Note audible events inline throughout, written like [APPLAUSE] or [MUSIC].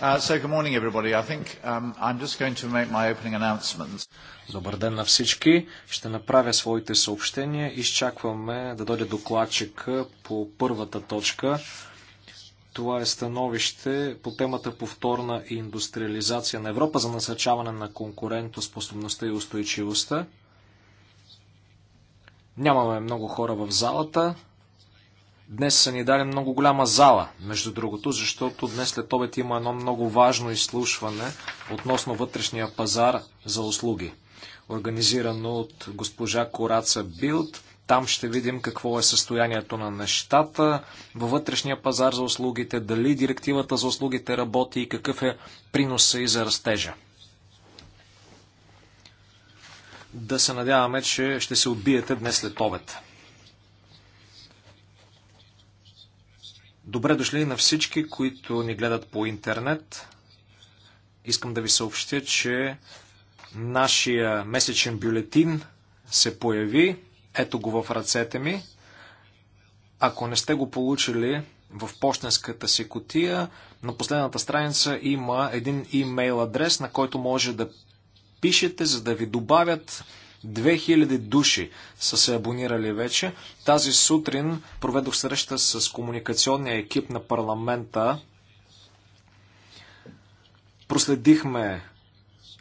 Uh, good morning, everybody. I think um, I'm just going to make my opening announcements. Добър ден на всички. Ще направя своите съобщения. Изчакваме да дойде докладчика по първата точка. Това е становище по темата повторна и индустриализация на Европа за насърчаване на конкурентоспособността и устойчивостта. Нямаме много хора в залата. Днес са ни дали много голяма зала, между другото, защото днес след обед има едно много важно изслушване относно вътрешния пазар за услуги, организирано от госпожа Кораца Билд. Там ще видим какво е състоянието на нещата във вътрешния пазар за услугите, дали директивата за услугите работи и какъв е приноса и за растежа. Да се надяваме, че ще се отбиете днес след обед. Добре дошли на всички, които ни гледат по интернет. Искам да ви съобщя, че нашия месечен бюлетин се появи. Ето го в ръцете ми. Ако не сте го получили в почтенската си котия, на последната страница има един имейл адрес, на който може да пишете, за да ви добавят 2000 души са се абонирали вече. Тази сутрин проведох среща с комуникационния екип на парламента. Проследихме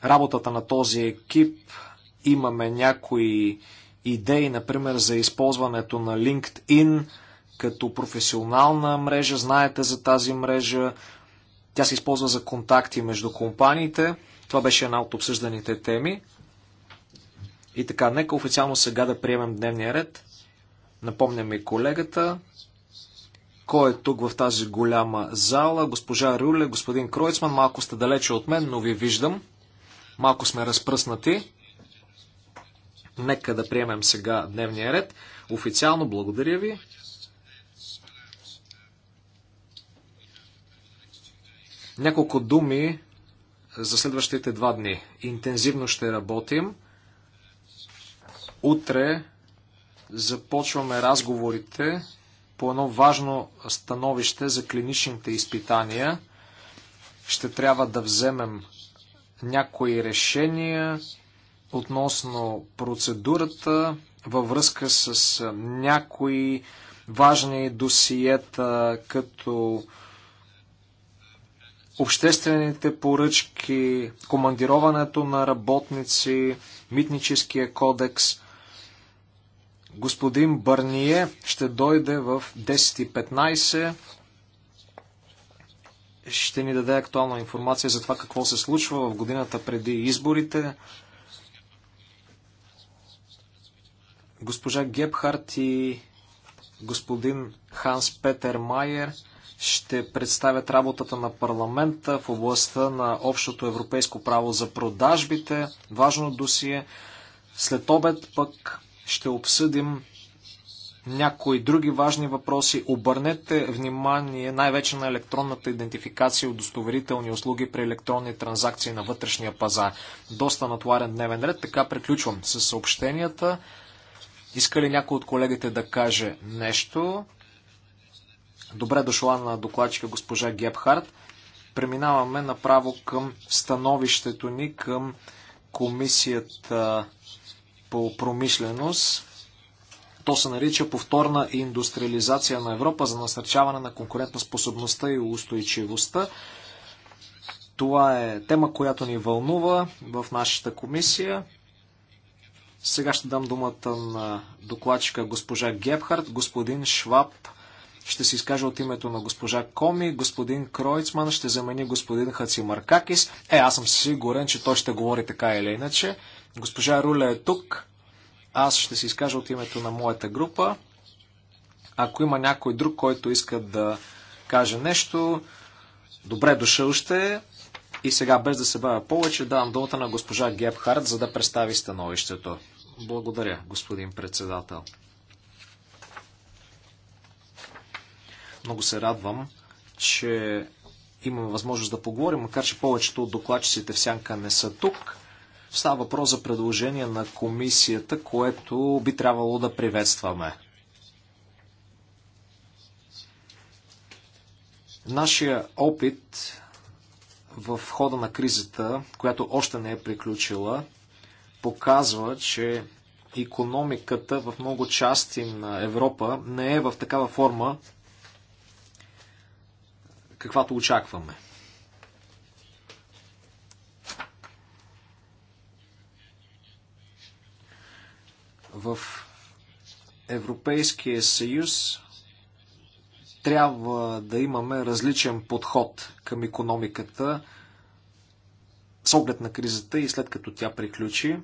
работата на този екип. Имаме някои идеи, например, за използването на LinkedIn като професионална мрежа. Знаете за тази мрежа. Тя се използва за контакти между компаниите. Това беше една от обсъжданите теми. И така, нека официално сега да приемем дневния ред. Напомням и колегата, кой е тук в тази голяма зала. Госпожа Рюле, господин Кройцман, малко сте далече от мен, но ви виждам. Малко сме разпръснати. Нека да приемем сега дневния ред. Официално благодаря ви. Няколко думи за следващите два дни. Интензивно ще работим. Утре започваме разговорите по едно важно становище за клиничните изпитания. Ще трябва да вземем някои решения относно процедурата във връзка с някои важни досиета, като обществените поръчки, командироването на работници, митническия кодекс – Господин Бърние ще дойде в 10.15. Ще ни даде актуална информация за това какво се случва в годината преди изборите. Госпожа Гепхарт и господин Ханс Петер Майер ще представят работата на парламента в областта на общото европейско право за продажбите. Важно досие. След обед пък ще обсъдим някои други важни въпроси. Обърнете внимание най-вече на електронната идентификация и удостоверителни услуги при електронни транзакции на вътрешния пазар. Доста натварен дневен ред. Така приключвам с съобщенията. Иска ли някой от колегите да каже нещо? Добре дошла на докладчика госпожа Гебхарт. Преминаваме направо към становището ни към комисията по промишленост. То се нарича повторна индустриализация на Европа за насърчаване на конкурентоспособността и устойчивостта. Това е тема, която ни вълнува в нашата комисия. Сега ще дам думата на докладчика госпожа Гебхарт, господин Шваб ще се изкаже от името на госпожа Коми, господин Кройцман ще замени господин Хацимаркакис. Е, аз съм сигурен, че той ще говори така или иначе. Госпожа Руля е тук. Аз ще се изкажа от името на моята група. Ако има някой друг, който иска да каже нещо, добре дошъл ще е. И сега, без да се бавя повече, давам думата на госпожа Гебхард, за да представи становището. Благодаря, господин председател. Много се радвам, че имаме възможност да поговорим, макар че повечето от докладчиците в сянка не са тук. Става въпрос за предложение на комисията, което би трябвало да приветстваме. Нашия опит в хода на кризата, която още не е приключила, показва, че економиката в много части на Европа не е в такава форма, каквато очакваме. в Европейския съюз трябва да имаме различен подход към економиката с оглед на кризата и след като тя приключи,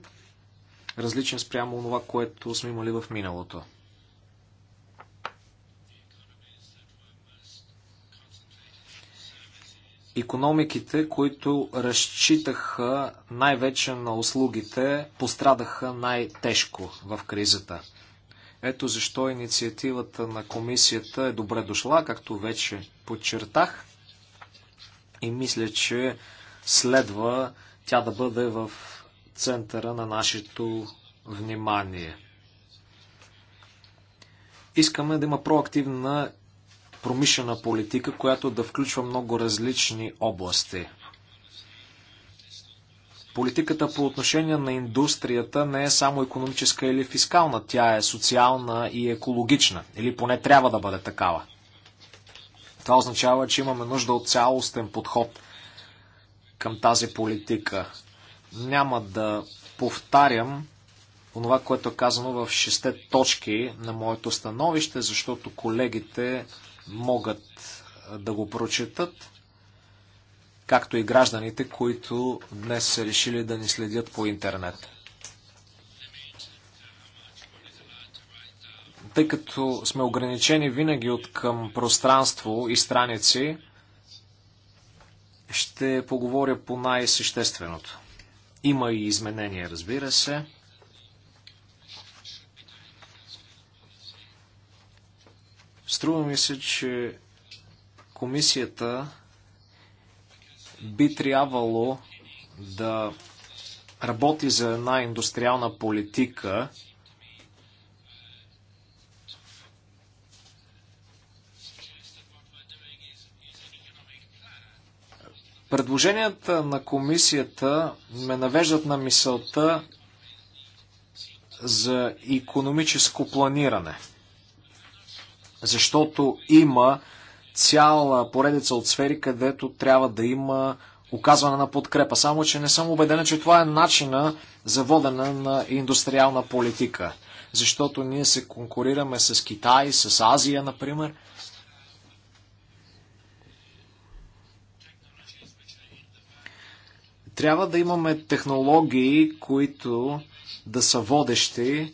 различен спрямо това, което сме имали в миналото. економиките, които разчитаха най-вече на услугите, пострадаха най-тежко в кризата. Ето защо инициативата на комисията е добре дошла, както вече подчертах. И мисля, че следва тя да бъде в центъра на нашето внимание. Искаме да има проактивна промишлена политика, която да включва много различни области. Политиката по отношение на индустрията не е само економическа или фискална, тя е социална и екологична, или поне трябва да бъде такава. Това означава, че имаме нужда от цялостен подход към тази политика. Няма да повтарям онова, което е казано в шесте точки на моето становище, защото колегите могат да го прочетат, както и гражданите, които днес са решили да ни следят по интернет. Тъй като сме ограничени винаги от към пространство и страници, ще поговоря по най-същественото. Има и изменения, разбира се. Струва ми се, че комисията би трябвало да работи за една индустриална политика, Предложенията на комисията ме навеждат на мисълта за економическо планиране – защото има цяла поредица от сфери, където трябва да има оказване на подкрепа. Само, че не съм убеден, че това е начина за водена на индустриална политика. Защото ние се конкурираме с Китай, с Азия, например. Трябва да имаме технологии, които да са водещи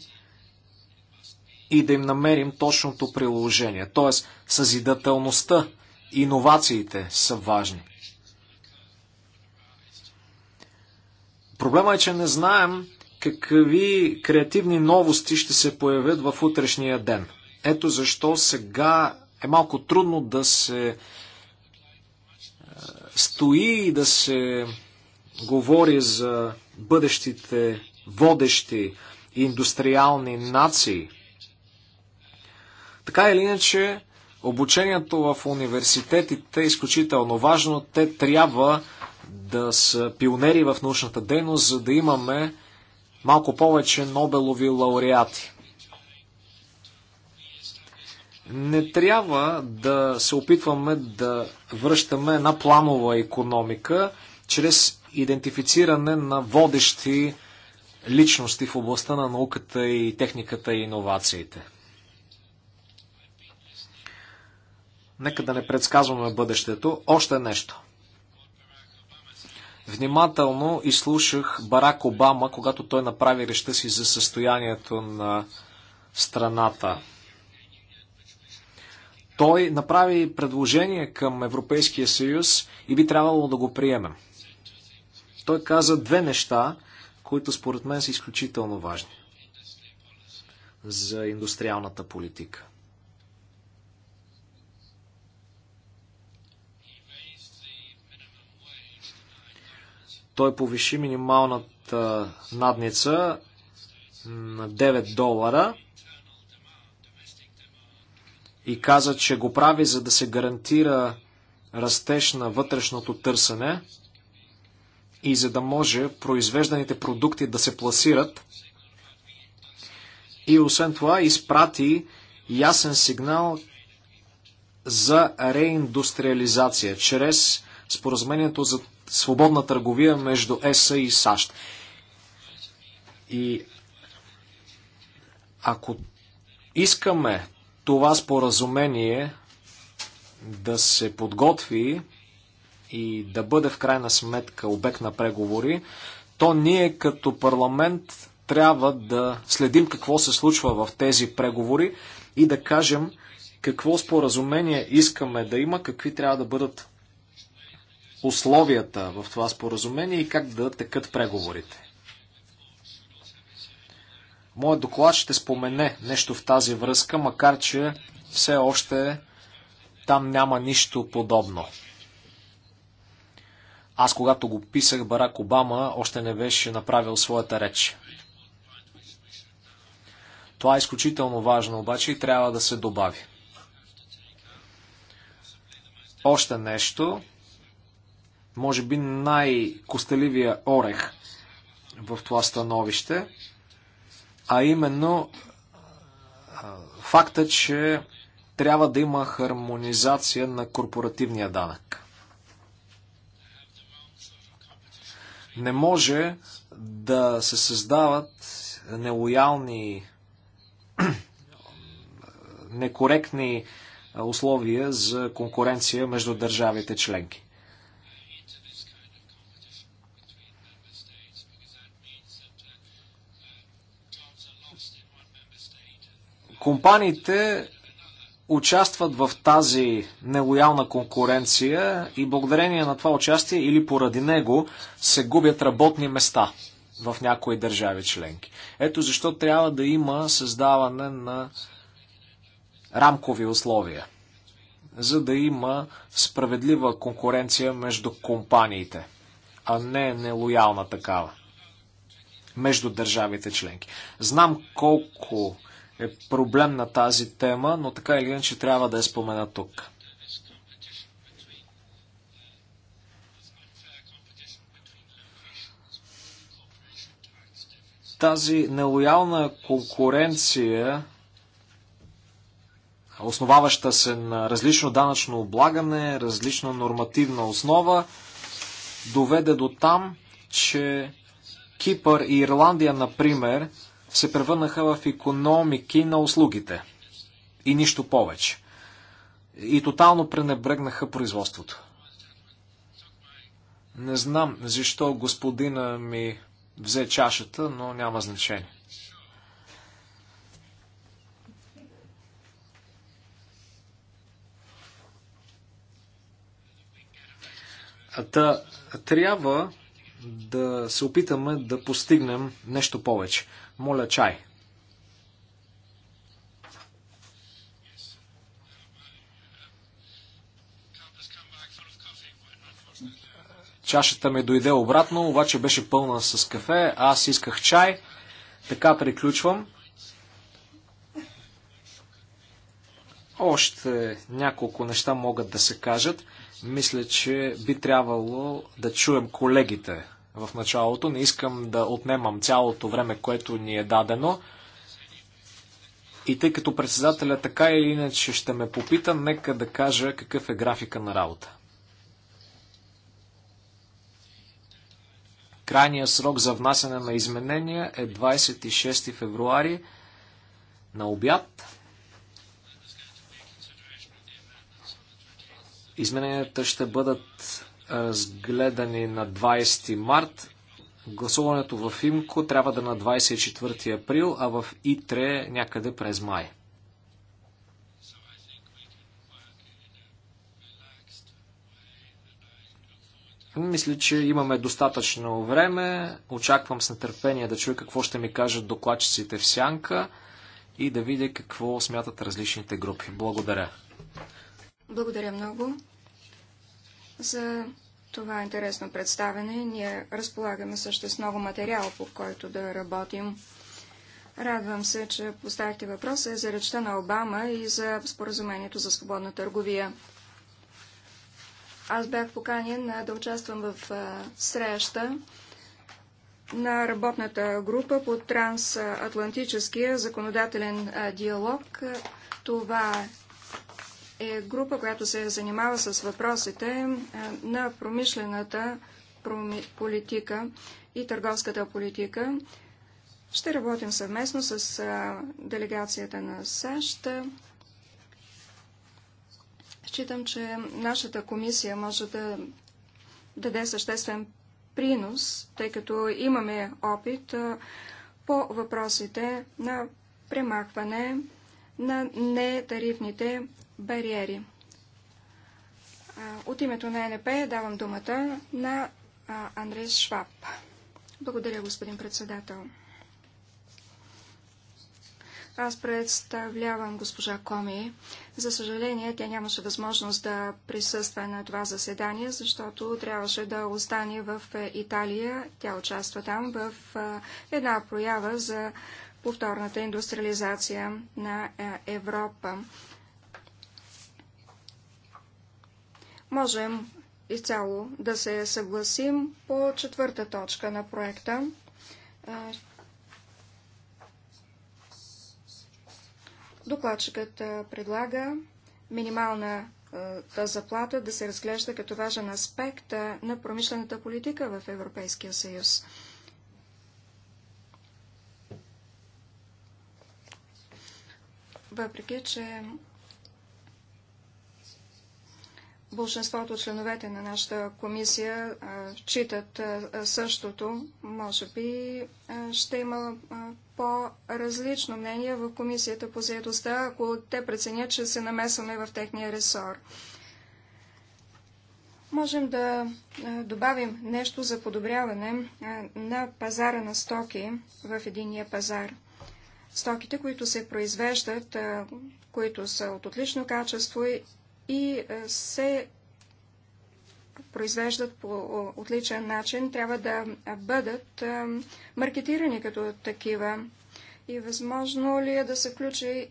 и да им намерим точното приложение. Т.е. съзидателността, иновациите са важни. Проблема е, че не знаем какви креативни новости ще се появят в утрешния ден. Ето защо сега е малко трудно да се е, стои и да се говори за бъдещите водещи индустриални нации. Така или иначе, обучението в университетите е изключително важно. Те трябва да са пионери в научната дейност, за да имаме малко повече Нобелови лауреати. Не трябва да се опитваме да връщаме една планова економика чрез идентифициране на водещи личности в областта на науката и техниката и иновациите. Нека да не предсказваме бъдещето. Още нещо. Внимателно изслушах Барак Обама, когато той направи реща си за състоянието на страната. Той направи предложение към Европейския съюз и би трябвало да го приемем. Той каза две неща, които според мен са изключително важни за индустриалната политика. Той повиши минималната надница на 9 долара и каза, че го прави за да се гарантира растеж на вътрешното търсене и за да може произвежданите продукти да се пласират. И освен това изпрати ясен сигнал за реиндустриализация чрез споразумението за свободна търговия между ЕСА и САЩ. И ако искаме това споразумение да се подготви и да бъде в крайна сметка обект на преговори, то ние като парламент трябва да следим какво се случва в тези преговори и да кажем какво споразумение искаме да има, какви трябва да бъдат условията в това споразумение и как да текат преговорите. Моят доклад ще спомене нещо в тази връзка, макар че все още там няма нищо подобно. Аз, когато го писах, Барак Обама още не беше направил своята реч. Това е изключително важно, обаче и трябва да се добави. Още нещо, може би най-костеливия орех в това становище, а именно факта, че трябва да има хармонизация на корпоративния данък. Не може да се създават нелоялни, [CLEARS THROAT] некоректни условия за конкуренция между държавите членки. Компаниите участват в тази нелоялна конкуренция и благодарение на това участие или поради него се губят работни места в някои държави членки. Ето защо трябва да има създаване на рамкови условия, за да има справедлива конкуренция между компаниите, а не нелоялна такава между държавите членки. Знам колко е проблем на тази тема, но така или иначе трябва да я спомена тук. Тази нелоялна конкуренция, основаваща се на различно данъчно облагане, различна нормативна основа, доведе до там, че Кипър и Ирландия, например, се превърнаха в економики на услугите. И нищо повече. И тотално пренебрегнаха производството. Не знам защо господина ми взе чашата, но няма значение. Та, трябва да се опитаме да постигнем нещо повече. Моля, чай. Чашата ми дойде обратно, обаче беше пълна с кафе. Аз исках чай. Така приключвам. Още няколко неща могат да се кажат. Мисля, че би трябвало да чуем колегите в началото. Не искам да отнемам цялото време, което ни е дадено. И тъй като председателя така или иначе ще ме попита, нека да кажа какъв е графика на работа. Крайният срок за внасяне на изменения е 26 февруари на обяд. Измененията ще бъдат разгледани на 20 март. Гласуването в ИМКО трябва да е на 24 април, а в ИТРЕ някъде през май. Мисля, че имаме достатъчно време. Очаквам с нетърпение да чуя какво ще ми кажат докладчиците в сянка и да видя какво смятат различните групи. Благодаря. Благодаря много за това интересно представене. Ние разполагаме също с много материал, по който да работим. Радвам се, че поставихте въпроса за речта на Обама и за споразумението за свободна търговия. Аз бях поканен да участвам в среща на работната група по трансатлантическия законодателен диалог. Това е група, която се занимава с въпросите е, на промишлената политика и търговската политика. Ще работим съвместно с е, делегацията на САЩ. Считам, че нашата комисия може да даде съществен принос, тъй като имаме опит е, по въпросите на премахване на нетарифните бариери. От името на НП давам думата на Андрес Шваб. Благодаря, господин председател. Аз представлявам госпожа Коми. За съжаление, тя нямаше възможност да присъства на това заседание, защото трябваше да остане в е, Италия. Тя участва там в е, една проява за повторната индустриализация на е, Европа. Можем изцяло да се съгласим по четвърта точка на проекта. Докладчикът предлага минимална заплата да се разглежда като важен аспект на промишлената политика в Европейския съюз. Въпреки, че Большинството от членовете на нашата комисия читат същото. Може би ще има по-различно мнение в комисията по заедостта, ако те преценят, че се намесваме в техния ресор. Можем да добавим нещо за подобряване на пазара на стоки в единия пазар. Стоките, които се произвеждат, които са от отлично качество и е, се произвеждат по отличен начин, трябва да бъдат е, маркетирани като такива. И възможно ли е да се включи е,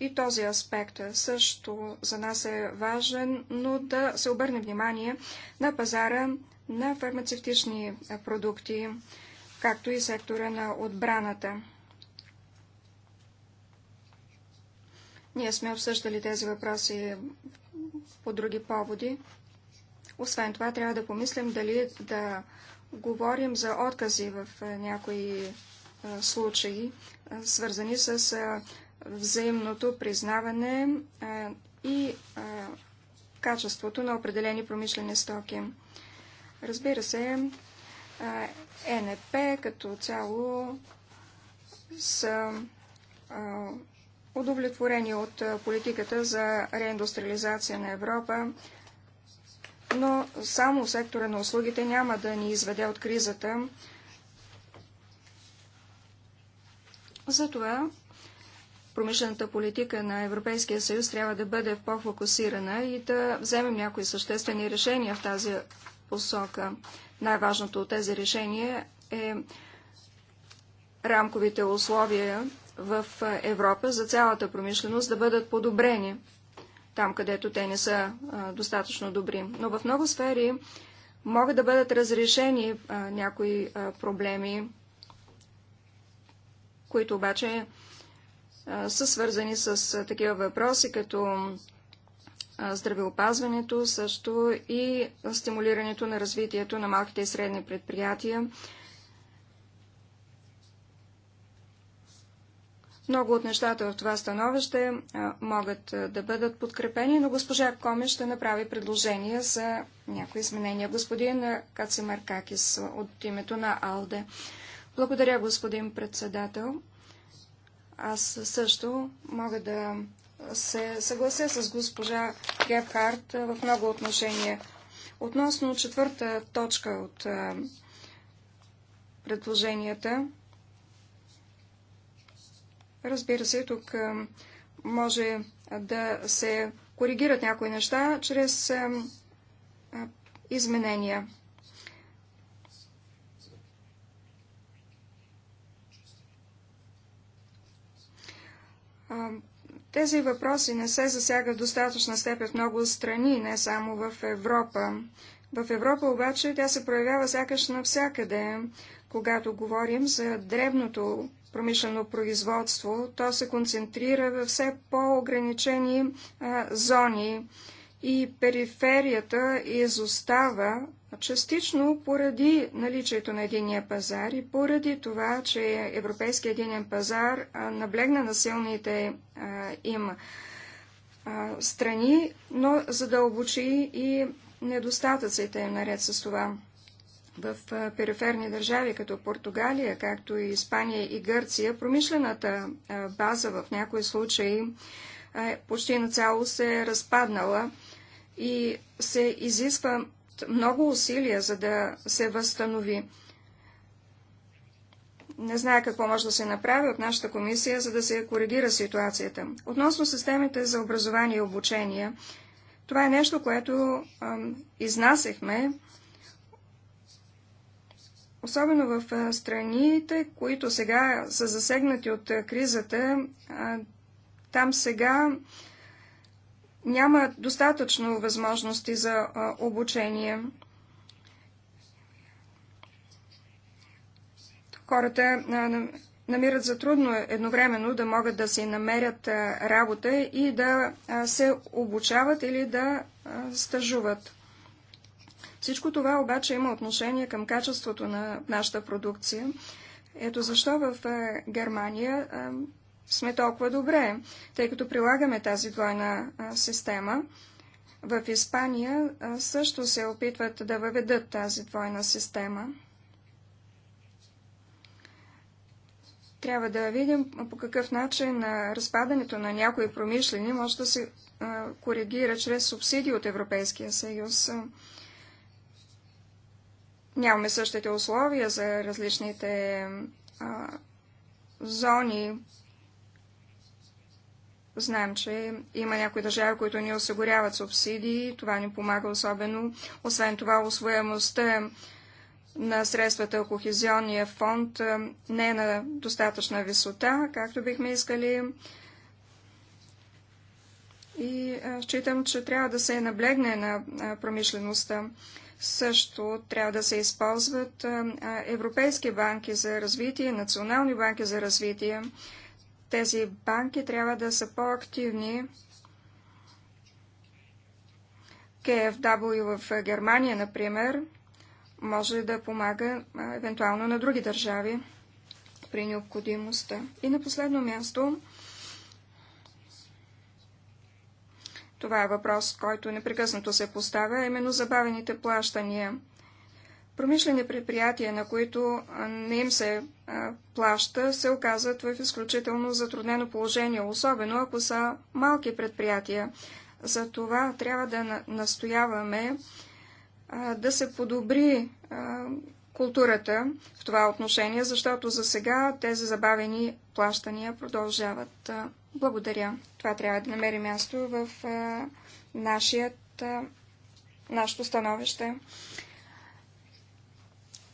и този аспект също за нас е важен, но да се обърне внимание на пазара на фармацевтични продукти, както и сектора на отбраната. Ние сме обсъждали тези въпроси по други поводи. Освен това, трябва да помислим дали да говорим за откази в някои случаи, свързани с взаимното признаване и качеството на определени промишлени стоки. Разбира се, НП като цяло са удовлетворени от политиката за реиндустриализация на Европа, но само сектора на услугите няма да ни изведе от кризата. Затова промишлената политика на Европейския съюз трябва да бъде по-фокусирана и да вземем някои съществени решения в тази посока. Най-важното от тези решения е рамковите условия в Европа за цялата промишленост да бъдат подобрени там, където те не са достатъчно добри. Но в много сфери могат да бъдат разрешени някои проблеми, които обаче са свързани с такива въпроси, като здравеопазването, също и стимулирането на развитието на малките и средни предприятия, Много от нещата в това становище могат да бъдат подкрепени, но госпожа Коме ще направи предложения за някои изменения. Господин Какис от името на АЛДЕ. Благодаря, господин председател. Аз също мога да се съглася с госпожа Гебхарт в много отношения. Относно четвърта точка от предложенията, Разбира се, тук може да се коригират някои неща чрез изменения. Тези въпроси не се засягат в достатъчна степен в много страни, не само в Европа. В Европа обаче тя се проявява сякаш навсякъде, когато говорим за дребното промишлено производство, то се концентрира в все по-ограничени зони и периферията изостава частично поради наличието на единия пазар и поради това, че Европейския единен пазар а, наблегна на силните а, им а, страни, но задълбочи и недостатъците им наред с това. В периферни държави, като Португалия, както и Испания и Гърция, промишлената база в някои случаи почти нацяло се е разпаднала и се изисква много усилия, за да се възстанови. Не знае какво може да се направи от нашата комисия, за да се коригира ситуацията. Относно системите за образование и обучение, това е нещо, което изнасяхме особено в страните, които сега са засегнати от кризата, там сега няма достатъчно възможности за обучение. Хората намират за трудно едновременно да могат да си намерят работа и да се обучават или да стажуват. Всичко това обаче има отношение към качеството на нашата продукция. Ето защо в е, Германия е, сме толкова добре, тъй като прилагаме тази двойна е, система. В Испания също се опитват да въведат тази двойна система. Трябва да видим по какъв начин разпадането на някои промишлени може да се коригира чрез субсидии от Европейския съюз. Нямаме същите условия за различните а, зони. Знаем, че има някои държави, които ни осигуряват субсидии. Това ни помага особено. Освен това, освоемостта на средствата от кохезионния фонд не е на достатъчна висота, както бихме искали. И считам, че трябва да се наблегне на промишлеността също трябва да се използват европейски банки за развитие, национални банки за развитие. Тези банки трябва да са по-активни. КФВ в Германия, например, може да помага евентуално на други държави при необходимостта. И на последно място Това е въпрос, който непрекъснато се поставя, именно забавените плащания. Промишлени предприятия, на които не им се плаща, се оказват в изключително затруднено положение, особено ако са малки предприятия. За това трябва да настояваме да се подобри културата в това отношение, защото за сега тези забавени плащания продължават. Благодаря. Това трябва да намери място в нашето становище.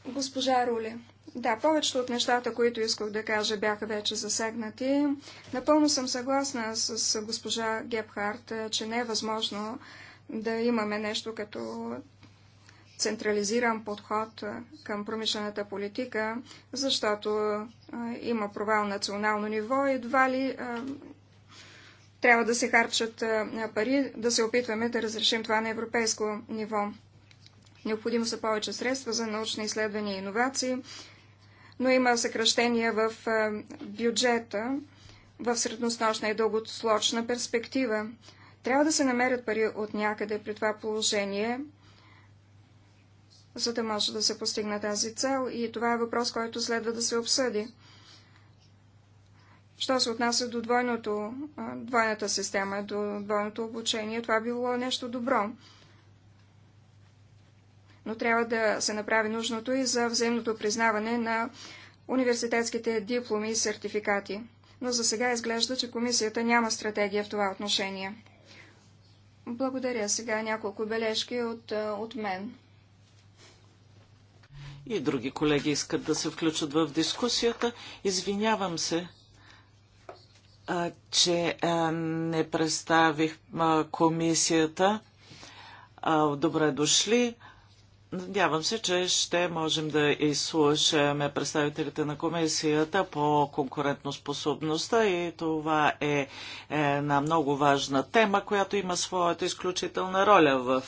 Госпожа Руле. Да, повечето от нещата, които исках да кажа, бяха вече засегнати. Напълно съм съгласна с госпожа Гепхарт, че не е възможно да имаме нещо като централизиран подход към промишлената политика, защото има провал национално ниво и едва ли трябва да се харчат пари, да се опитваме да разрешим това на европейско ниво. Необходимо са повече средства за научни изследвания и иновации, но има съкръщения в бюджета в средносрочна и дългосрочна перспектива. Трябва да се намерят пари от някъде при това положение за да може да се постигне тази цел и това е въпрос, който следва да се обсъди. Що се отнася до двойното, двойната система, до двойното обучение, това било нещо добро. Но трябва да се направи нужното и за взаимното признаване на университетските дипломи и сертификати. Но за сега изглежда, че комисията няма стратегия в това отношение. Благодаря сега няколко бележки от, от мен. И други колеги искат да се включат в дискусията. Извинявам се, че не представих комисията. Добре дошли. Надявам се, че ще можем да изслушаме представителите на комисията по конкурентноспособността и това е една много важна тема, която има своята изключителна роля в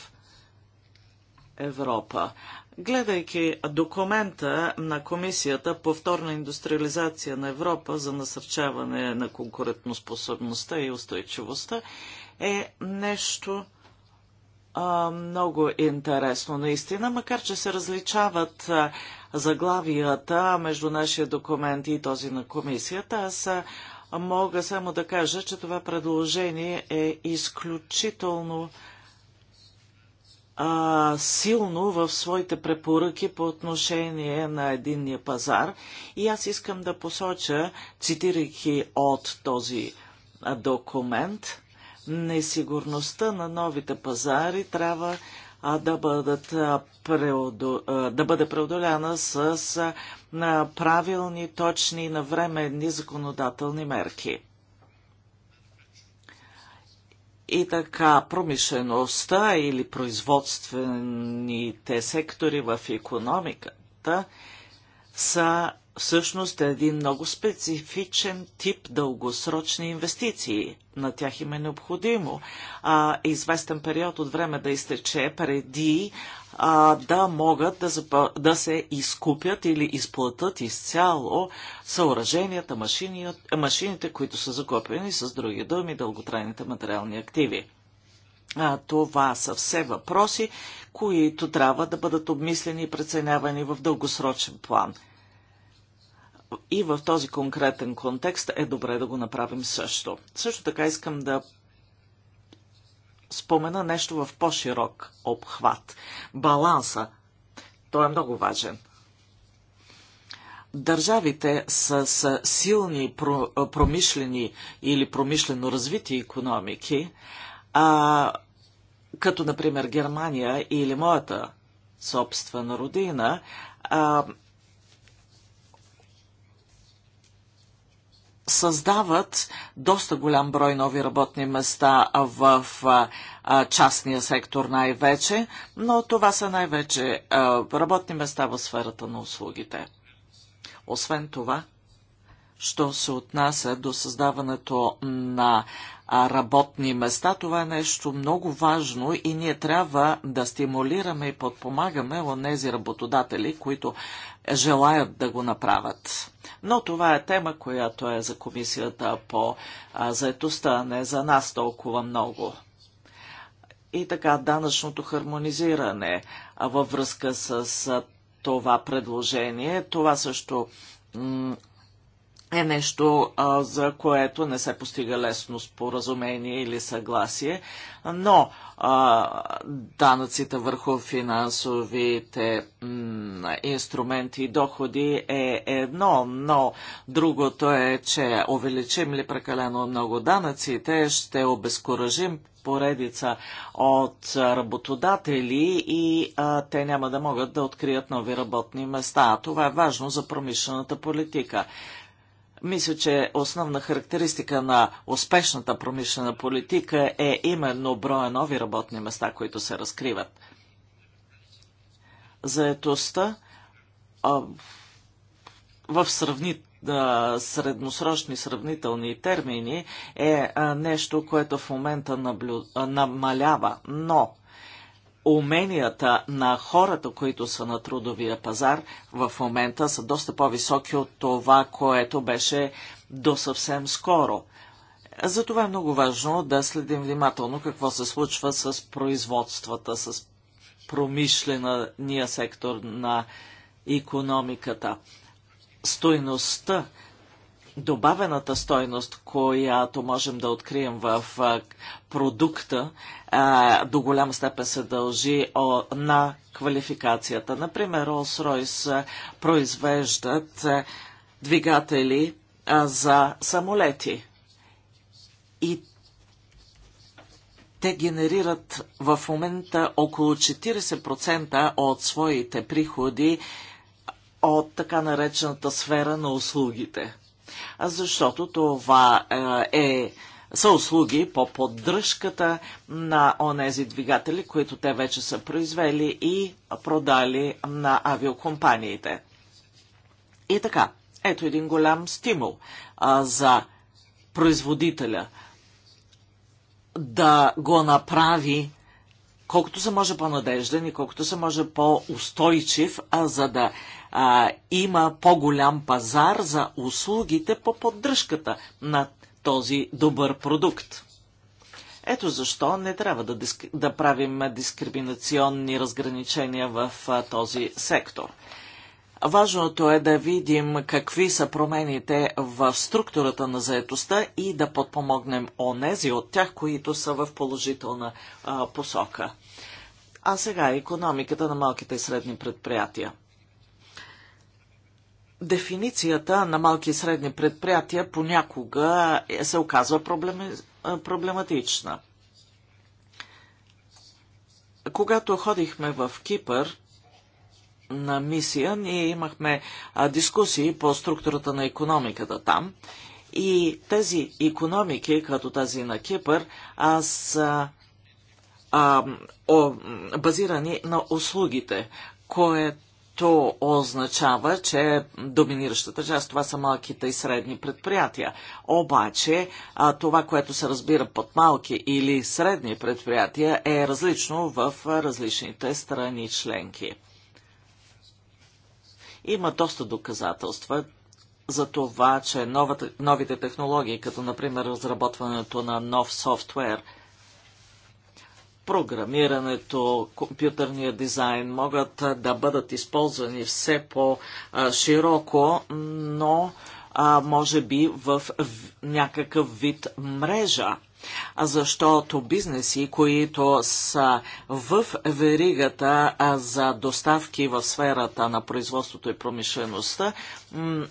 Европа. Гледайки документа на Комисията Повторна индустриализация на Европа за насърчаване на конкурентоспособността и устойчивостта е нещо а, много интересно наистина, макар че се различават а, заглавията между нашия документ и този на Комисията. Аз а, мога само да кажа, че това предложение е изключително а, а, силно в своите препоръки по отношение на единния пазар. И аз искам да посоча, цитирайки от този документ, несигурността на новите пазари трябва а, да, бъдат, а, преодо, а, да бъде преодоляна с а, правилни, точни и навременни законодателни мерки. И така, промишлеността или производствените сектори в економиката са всъщност един много специфичен тип дългосрочни инвестиции. На тях им е необходимо а, известен период от време да изтече преди а, да могат да, запа... да се изкупят или изплатат изцяло съоръженията, машини, машините, които са закупени с други думи, дълготрайните материални активи. А, това са все въпроси, които трябва да бъдат обмислени и преценявани в дългосрочен план. И в този конкретен контекст е добре да го направим също. Също така искам да спомена нещо в по-широк обхват. Баланса. Той е много важен. Държавите с, с силни промишлени или промишлено развити економики, а, като например Германия или моята собствена родина, а, създават доста голям брой нови работни места в частния сектор най-вече, но това са най-вече работни места в сферата на услугите. Освен това, що се отнася до създаването на работни места, това е нещо много важно и ние трябва да стимулираме и подпомагаме онези работодатели, които желаят да го направят. Но това е тема, която е за комисията по заетостта, не за нас толкова много. И така, данъчното хармонизиране във връзка с това предложение, това също е нещо, за което не се постига лесно споразумение или съгласие, но а, данъците върху финансовите инструменти и доходи е едно, но другото е, че увеличим ли прекалено много данъците, ще обезкуражим поредица от работодатели и а, те няма да могат да открият нови работни места. Това е важно за промишлената политика. Мисля, че основна характеристика на успешната промишлена политика е именно броя нови работни места, които се разкриват. Заетостта в сравнително средносрочни сравнителни термини е нещо, което в момента наблю... намалява, но уменията на хората, които са на трудовия пазар в момента са доста по-високи от това, което беше до съвсем скоро. Затова е много важно да следим внимателно какво се случва с производствата, с промишления сектор на економиката. Стойността добавената стойност, която можем да открием в продукта, до голяма степен се дължи на квалификацията. Например, Rolls-Royce произвеждат двигатели за самолети. И те генерират в момента около 40% от своите приходи от така наречената сфера на услугите защото това е, е са услуги по поддръжката на онези двигатели, които те вече са произвели и продали на авиокомпаниите. И така, ето един голям стимул а, за производителя да го направи колкото се може по-надежден и колкото се може по-устойчив, за да а, има по-голям пазар за услугите по поддръжката на този добър продукт. Ето защо не трябва да, диск... да правим дискриминационни разграничения в а, този сектор. Важното е да видим какви са промените в структурата на заетостта и да подпомогнем онези от тях, които са в положителна а, посока. А сега економиката на малките и средни предприятия дефиницията на малки и средни предприятия понякога е, се оказва проблематична. Когато ходихме в Кипър на мисия, ние имахме дискусии по структурата на економиката там и тези економики, като тази на Кипър, са базирани на услугите, което което означава, че доминиращата част това са малките и средни предприятия. Обаче това, което се разбира под малки или средни предприятия е различно в различните страни членки. Има доста доказателства за това, че новата, новите технологии, като например разработването на нов софтуер – програмирането, компютърния дизайн могат да бъдат използвани все по-широко, но а, може би в някакъв вид мрежа. Защото бизнеси, които са в веригата за доставки в сферата на производството и промишлеността,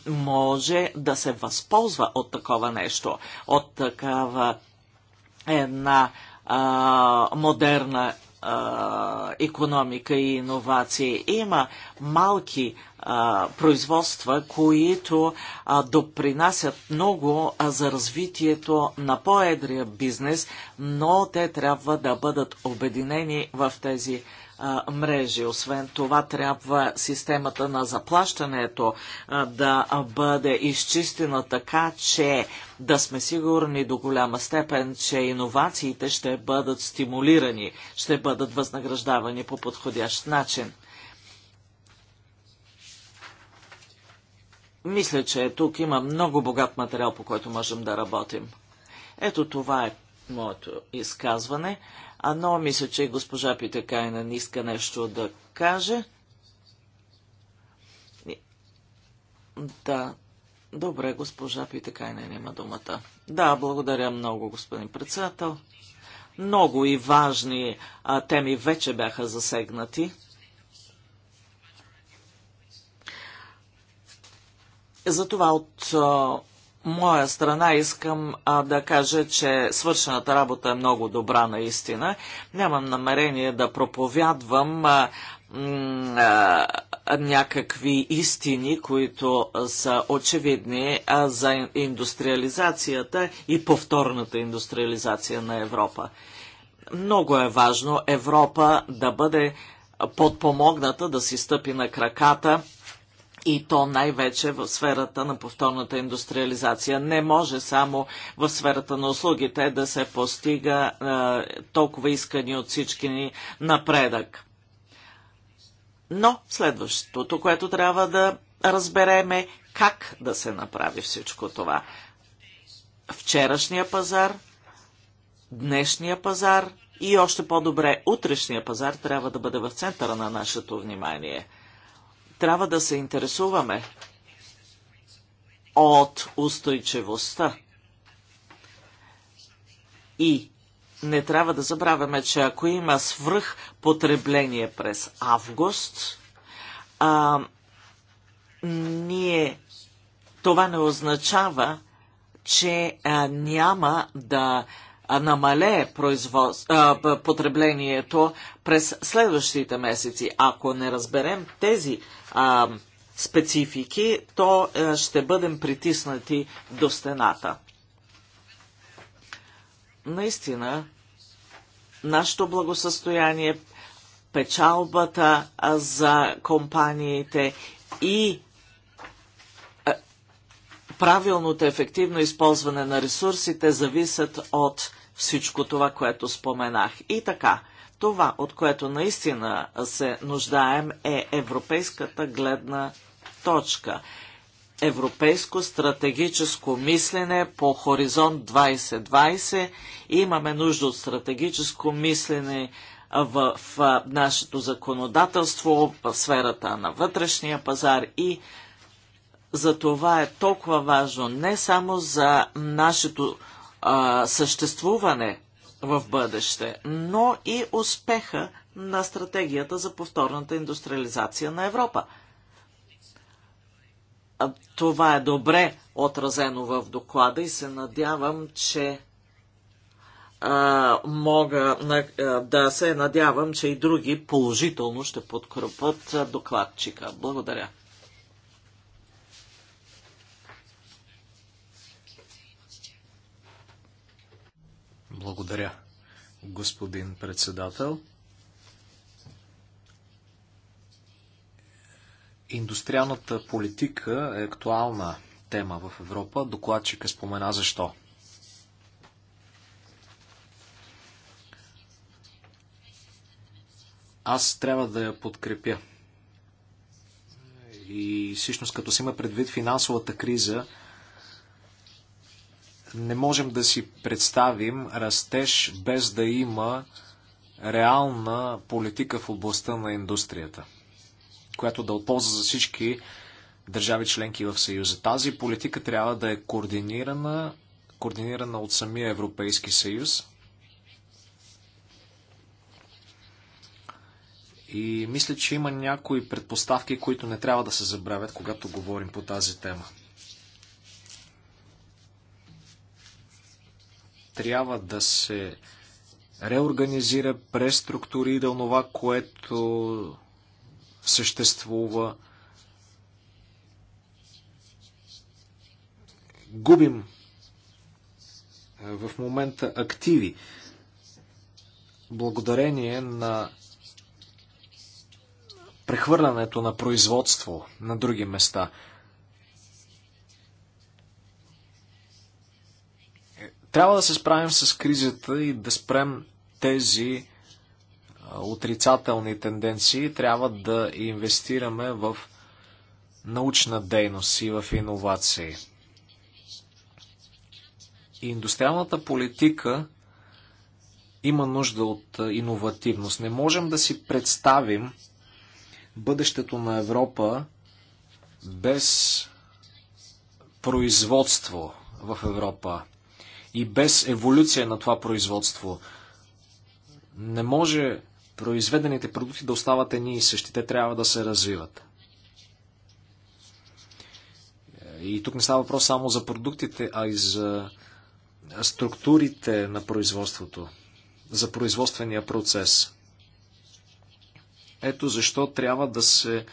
може да се възползва от такова нещо, от такава една а, модерна а, економика и иновации. Има малки а, производства, които а, допринасят много а, за развитието на по-едрия бизнес, но те трябва да бъдат обединени в тези мрежи. Освен това, трябва системата на заплащането да бъде изчистена така, че да сме сигурни до голяма степен, че иновациите ще бъдат стимулирани, ще бъдат възнаграждавани по подходящ начин. Мисля, че тук има много богат материал, по който можем да работим. Ето това е моето изказване. А но мисля, че госпожа Питакайна не иска нещо да каже. Да, добре, госпожа Питакайна има думата. Да, благодаря много, господин председател. Много и важни а, теми вече бяха засегнати. Затова от а, моя страна искам а, да кажа, че свършената работа е много добра наистина. Нямам намерение да проповядвам а, а, някакви истини, които са очевидни а, за индустриализацията и повторната индустриализация на Европа. Много е важно Европа да бъде подпомогната да си стъпи на краката и то най-вече в сферата на повторната индустриализация. Не може само в сферата на услугите да се постига е, толкова искани от всички ни напредък. Но следващото, което трябва да разбереме как да се направи всичко това. Вчерашния пазар, днешния пазар и още по-добре утрешния пазар трябва да бъде в центъра на нашето внимание – трябва да се интересуваме от устойчивостта. И не трябва да забравяме, че ако има свръх потребление през август, а, ние това не означава, че а, няма да намалее производ... а, потреблението през следващите месеци. Ако не разберем тези а, специфики, то а, е, ще бъдем притиснати до стената. Наистина, нашето благосъстояние, печалбата за компаниите и е, правилното ефективно използване на ресурсите зависят от всичко това, което споменах. И така, това, от което наистина се нуждаем, е европейската гледна точка. Европейско стратегическо мислене по хоризонт 2020. Имаме нужда от стратегическо мислене в, в нашето законодателство, в сферата на вътрешния пазар и за това е толкова важно не само за нашето а, съществуване в бъдеще, но и успеха на стратегията за повторната индустриализация на Европа. Това е добре отразено в доклада и се надявам, че а, мога а, да се надявам, че и други положително ще подкрепят докладчика. Благодаря. Благодаря, господин председател. Индустриалната политика е актуална тема в Европа. Докладчика спомена защо. Аз трябва да я подкрепя. И всъщност, като се има предвид финансовата криза, не можем да си представим растеж без да има реална политика в областта на индустрията, която да отползва за всички държави членки в Съюза. Тази политика трябва да е координирана, координирана от самия Европейски съюз. И мисля, че има някои предпоставки, които не трябва да се забравят, когато говорим по тази тема. трябва да се реорганизира, преструктури да това, което съществува. Губим е, в момента активи благодарение на прехвърлянето на производство на други места – Трябва да се справим с кризата и да спрем тези отрицателни тенденции. Трябва да инвестираме в научна дейност и в иновации. И индустриалната политика има нужда от иновативност. Не можем да си представим бъдещето на Европа без производство в Европа и без еволюция на това производство. Не може произведените продукти да остават едни и същи. Те трябва да се развиват. И тук не става въпрос само за продуктите, а и за структурите на производството, за производствения процес. Ето защо трябва да се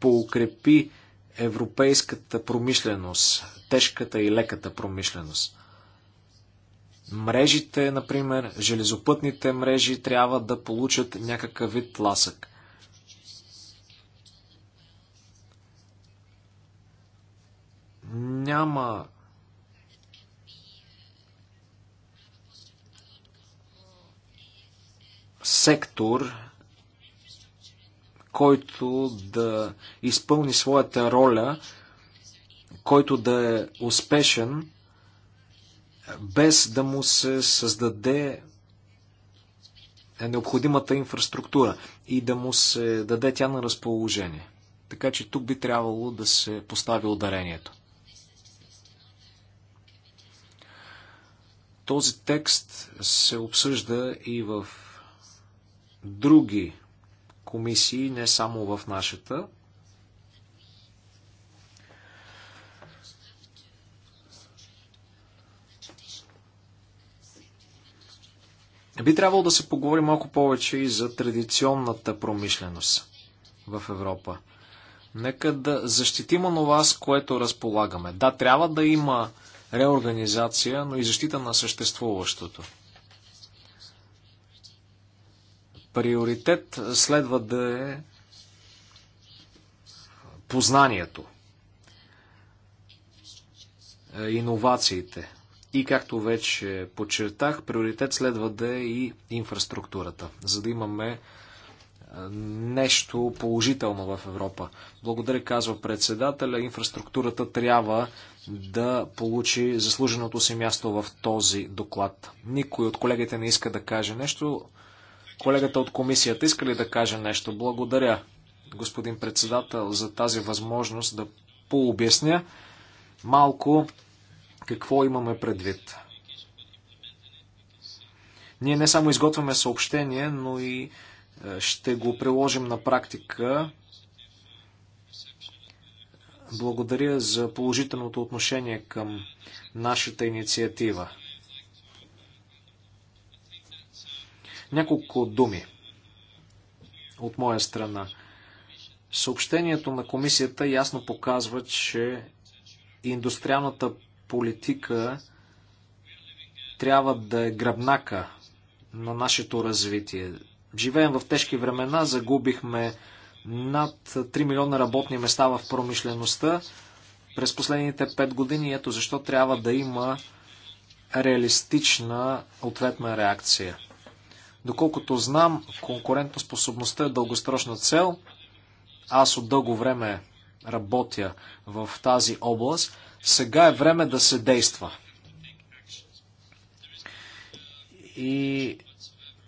поукрепи европейската промишленост, тежката и леката промишленост. Мрежите, например, железопътните мрежи трябва да получат някакъв вид ласък. Няма сектор, който да изпълни своята роля, който да е успешен, без да му се създаде необходимата инфраструктура и да му се даде тя на разположение. Така че тук би трябвало да се постави ударението. Този текст се обсъжда и в други комисии, не само в нашата. Би трябвало да се поговори малко повече и за традиционната промишленост в Европа. Нека да защитим онова, с което разполагаме. Да, трябва да има реорганизация, но и защита на съществуващото. Приоритет следва да е познанието, е, иновациите, и както вече подчертах, приоритет следва да е и инфраструктурата, за да имаме е, нещо положително в Европа. Благодаря, казва председателя. Инфраструктурата трябва да получи заслуженото си място в този доклад. Никой от колегите не иска да каже нещо. Колегата от комисията иска ли да каже нещо? Благодаря, господин председател, за тази възможност да пообясня малко какво имаме предвид? Ние не само изготвяме съобщение, но и е, ще го приложим на практика. Благодаря за положителното отношение към нашата инициатива. Няколко думи от моя страна. Съобщението на комисията ясно показва, че индустриалната политика трябва да е гръбнака на нашето развитие. Живеем в тежки времена, загубихме над 3 милиона работни места в промишлеността през последните 5 години. Ето защо трябва да има реалистична ответна реакция. Доколкото знам, конкурентоспособността е дългосрочна цел. Аз от дълго време работя в тази област. Сега е време да се действа. И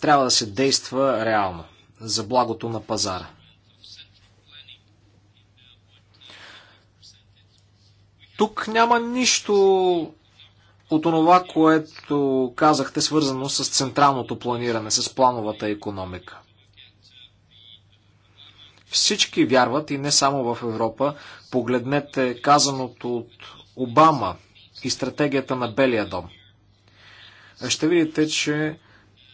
трябва да се действа реално за благото на пазара. Тук няма нищо от онова, което казахте, свързано с централното планиране, с плановата економика. Всички вярват и не само в Европа. Погледнете казаното от Обама и стратегията на Белия дом. Ще видите, че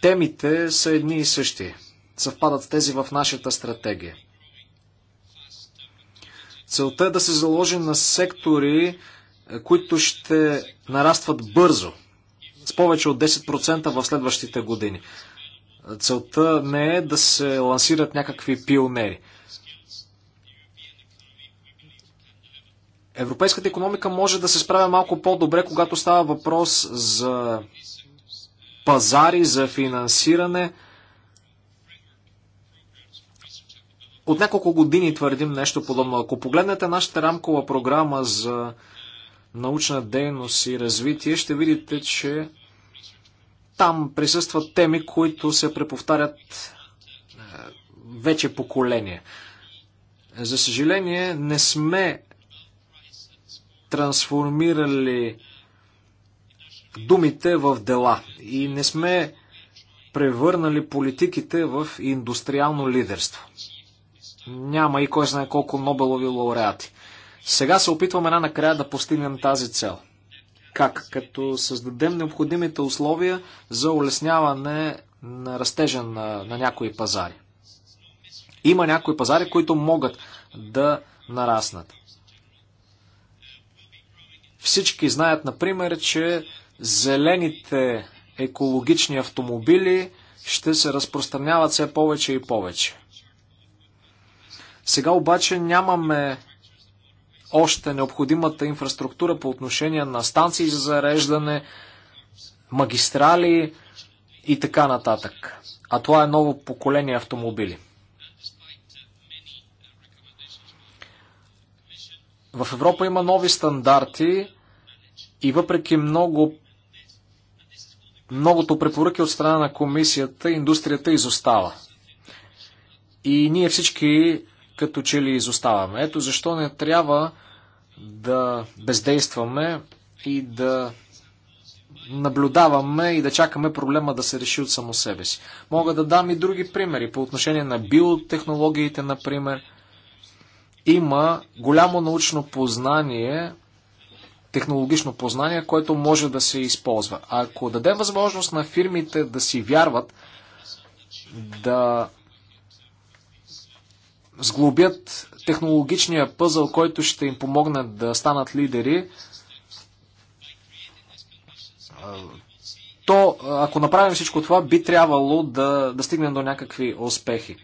темите са едни и същи. Съвпадат с тези в нашата стратегия. Целта е да се заложи на сектори, които ще нарастват бързо, с повече от 10% в следващите години. Целта не е да се лансират някакви пионери. Европейската економика може да се справя малко по-добре, когато става въпрос за пазари, за финансиране. От няколко години твърдим нещо подобно. Ако погледнете нашата рамкова програма за научна дейност и развитие, ще видите, че там присъстват теми, които се преповтарят е, вече поколение. За съжаление, не сме трансформирали думите в дела и не сме превърнали политиките в индустриално лидерство. Няма и кой знае колко Нобелови лауреати. Сега се опитваме една накрая да постигнем тази цел. Как? Като създадем необходимите условия за улесняване на растежа на, на някои пазари. Има някои пазари, които могат да нараснат. Всички знаят, например, че зелените екологични автомобили ще се разпространяват все повече и повече. Сега обаче нямаме още необходимата инфраструктура по отношение на станции за зареждане, магистрали и така нататък. А това е ново поколение автомобили. В Европа има нови стандарти и въпреки много многото препоръки от страна на комисията, индустрията изостава. И ние всички като че ли изоставаме. Ето защо не трябва да бездействаме и да наблюдаваме и да чакаме проблема да се реши от само себе си. Мога да дам и други примери по отношение на биотехнологиите, например – има голямо научно познание, технологично познание, което може да се използва. ако дадем възможност на фирмите да си вярват, да сглобят технологичния пъзъл, който ще им помогне да станат лидери, то ако направим всичко това, би трябвало да, да стигнем до някакви успехи.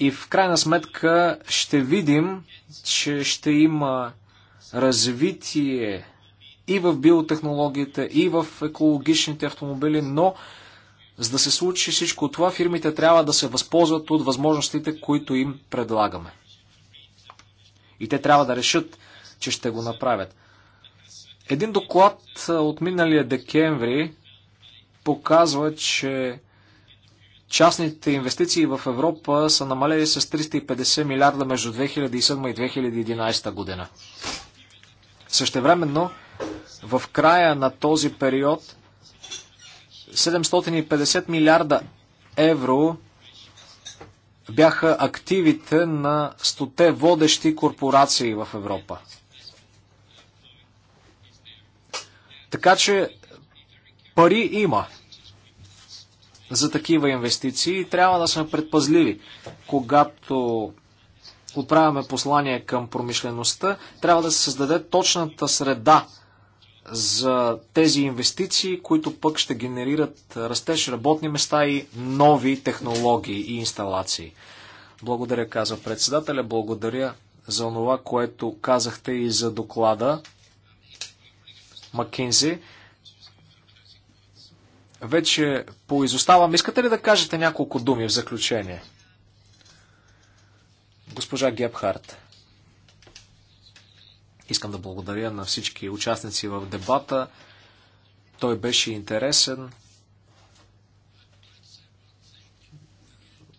И в крайна сметка ще видим, че ще има развитие и в биотехнологията, и в екологичните автомобили, но за да се случи всичко това, фирмите трябва да се възползват от възможностите, които им предлагаме. И те трябва да решат, че ще го направят. Един доклад от миналия декември показва, че Частните инвестиции в Европа са намалели с 350 милиарда между 2007 и 2011 година. Същевременно, в края на този период 750 милиарда евро бяха активите на стоте водещи корпорации в Европа. Така че пари има за такива инвестиции и трябва да сме предпазливи, когато отправяме послание към промишлеността, трябва да се създаде точната среда за тези инвестиции, които пък ще генерират растеж, работни места и нови технологии и инсталации. Благодаря, каза председателя, благодаря за това, което казахте и за доклада Макинзи. Вече поизоставам. Искате ли да кажете няколко думи в заключение? Госпожа Гебхарт. Искам да благодаря на всички участници в дебата. Той беше интересен.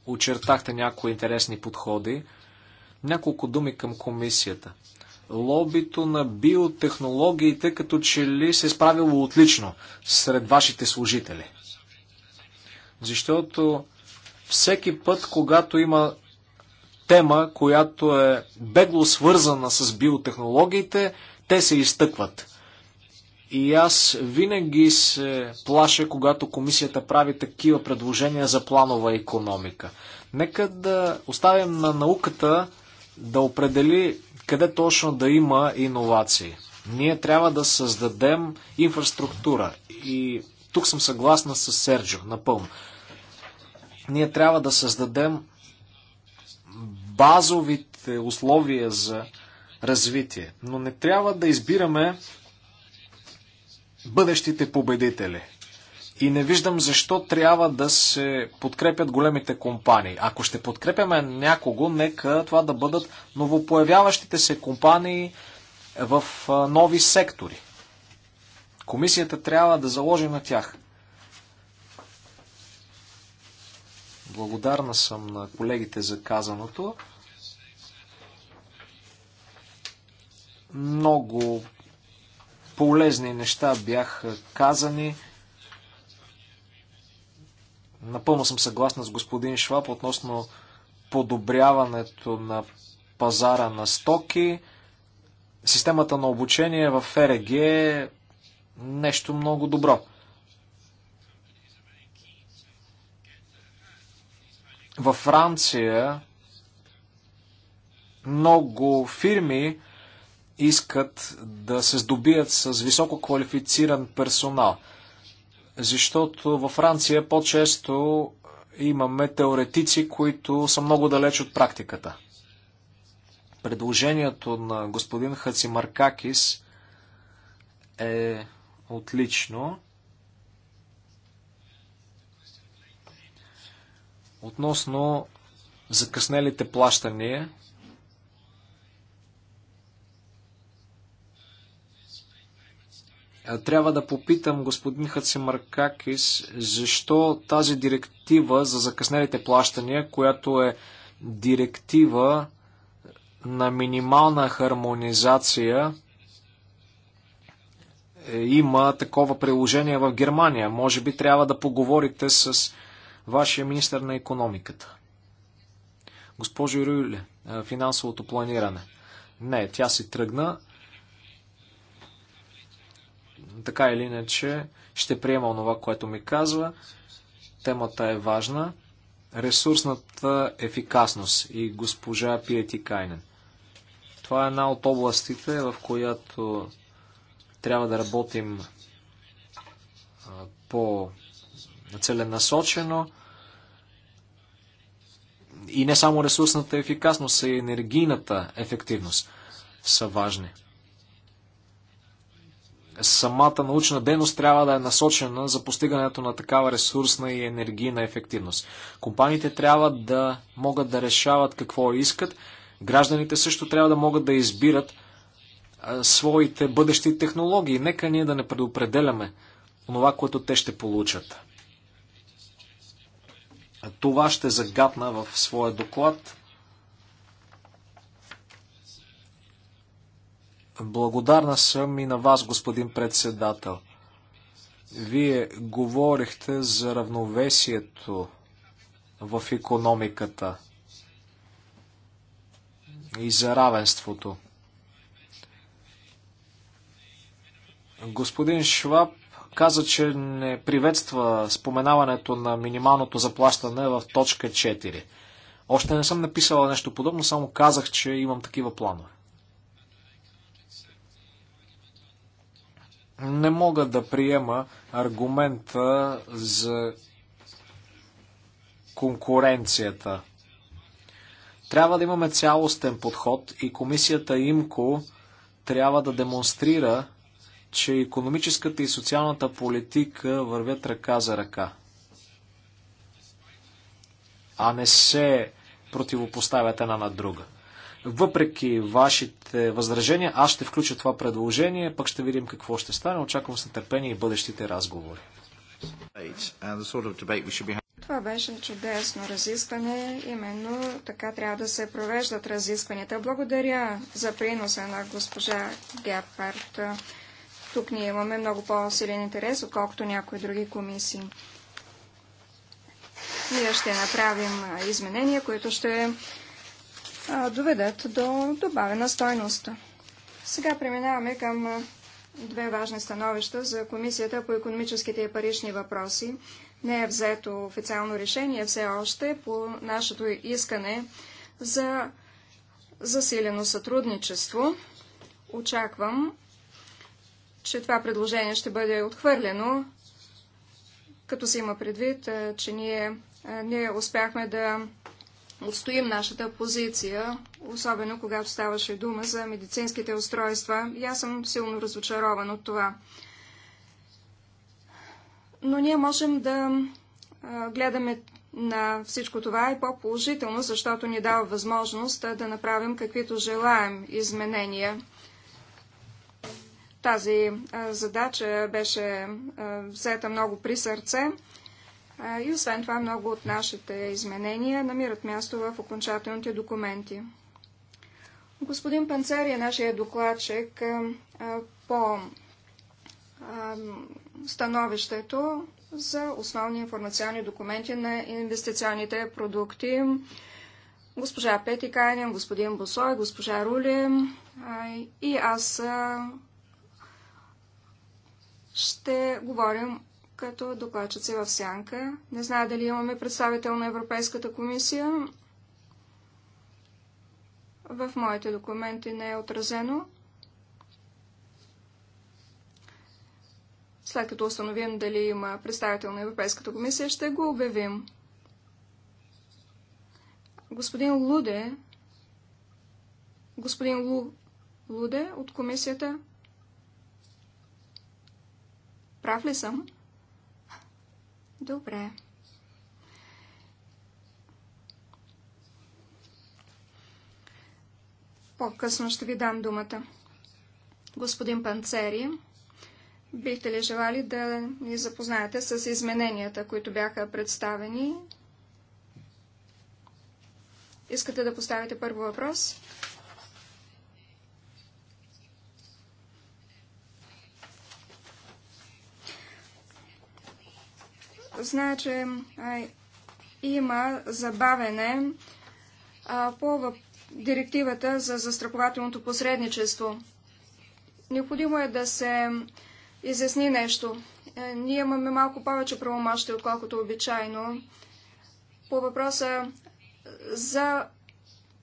Очертахте някои интересни подходи. Няколко думи към комисията лобито на биотехнологиите като че ли се е справило отлично сред вашите служители. Защото всеки път, когато има тема, която е бегло свързана с биотехнологиите, те се изтъкват. И аз винаги се плаша, когато комисията прави такива предложения за планова економика. Нека да оставим на науката да определи къде точно да има иновации. Ние трябва да създадем инфраструктура и тук съм съгласна с Серджо напълно. Ние трябва да създадем базовите условия за развитие, но не трябва да избираме бъдещите победители – и не виждам защо трябва да се подкрепят големите компании. Ако ще подкрепяме някого, нека това да бъдат новопоявяващите се компании в нови сектори. Комисията трябва да заложи на тях. Благодарна съм на колегите за казаното. Много полезни неща бяха казани. Напълно съм съгласна с господин Шваб относно подобряването на пазара на стоки. Системата на обучение в ФРГ е, е нещо много добро. Във Франция много фирми искат да се здобият с високо квалифициран персонал – защото във Франция по-често имаме теоретици, които са много далеч от практиката. Предложението на господин Хацимаркакис е отлично. Относно закъснелите плащания, Трябва да попитам господин Хацимаркакис, защо тази директива за закъснелите плащания, която е директива на минимална хармонизация, е, има такова приложение в Германия. Може би трябва да поговорите с вашия министр на економиката. Госпожо Рюле, финансовото планиране. Не, тя си тръгна така или иначе ще приема онова, което ми казва. Темата е важна. Ресурсната ефикасност и госпожа Пиети Кайнен. Това е една от областите, в която трябва да работим по целенасочено и не само ресурсната ефикасност, а и енергийната ефективност са важни самата научна дейност трябва да е насочена за постигането на такава ресурсна и енергийна ефективност. Компаниите трябва да могат да решават какво искат, гражданите също трябва да могат да избират своите бъдещи технологии. Нека ние да не предопределяме това, което те ще получат. Това ще загадна в своя доклад. Благодарна съм и на вас, господин председател. Вие говорихте за равновесието в економиката и за равенството. Господин Шваб каза, че не приветства споменаването на минималното заплащане в точка 4. Още не съм написала нещо подобно, само казах, че имам такива планове. Не мога да приема аргумента за конкуренцията. Трябва да имаме цялостен подход и комисията ИМКО трябва да демонстрира, че економическата и социалната политика вървят ръка за ръка, а не се противопоставят една на друга. Въпреки вашите възражения, аз ще включа това предложение, пък ще видим какво ще стане. Очаквам с нетърпение и бъдещите разговори. Това беше чудесно разискване. Именно така трябва да се провеждат разискванията. Благодаря за приноса на госпожа Гепард. Тук ние имаме много по-силен интерес, отколкото някои други комисии. Ние ще направим изменения, които ще доведат до добавена стойност. Сега преминаваме към две важни становища за Комисията по економическите и парични въпроси. Не е взето официално решение все още по нашето искане за засилено сътрудничество. Очаквам, че това предложение ще бъде отхвърлено, като се има предвид, че ние не успяхме да отстоим нашата позиция, особено когато ставаше дума за медицинските устройства. И аз съм силно разочарован от това. Но ние можем да гледаме на всичко това е по-положително, защото ни дава възможност да направим каквито желаем изменения. Тази задача беше взета много при сърце. И освен това, много от нашите изменения намират място в окончателните документи. Господин Панцери е нашия докладчик по становището за основни информационни документи на инвестиционните продукти. Госпожа Петикайнен, господин Босой, госпожа Рули и аз ще говорим като докладчици в сянка. Не знае дали имаме представител на Европейската комисия. В моите документи не е отразено. След като установим дали има представител на Европейската комисия, ще го обявим. Господин Луде, господин Лу, Луде от комисията, прав ли съм? Добре. По-късно ще ви дам думата. Господин Панцери, бихте ли желали да ни запознаете с измененията, които бяха представени? Искате да поставите първо въпрос? Зная, че има забавене по директивата за застрахователното посредничество. Необходимо е да се изясни нещо. Е, ние имаме малко повече правомощи, отколкото обичайно. По въпроса за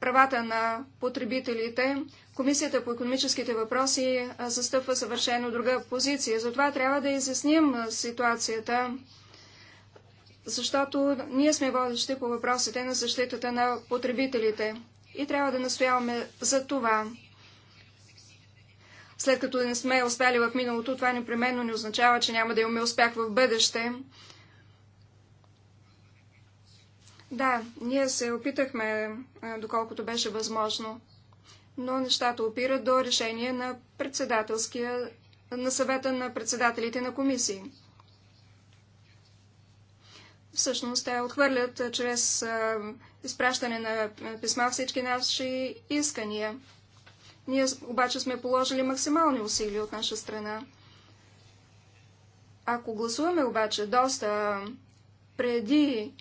правата на потребителите, Комисията по економическите въпроси застъпва съвършено друга позиция. Затова трябва да изясним ситуацията защото ние сме водещи по въпросите на защитата на потребителите и трябва да настояваме за това. След като не сме успели в миналото, това непременно не означава, че няма да имаме успях в бъдеще. Да, ние се опитахме, доколкото беше възможно, но нещата опират до решение на председателския, на съвета на председателите на комисии. Всъщност те отхвърлят чрез изпращане на писма всички наши искания. Ние обаче сме положили максимални усилия от наша страна. Ако гласуваме обаче доста преди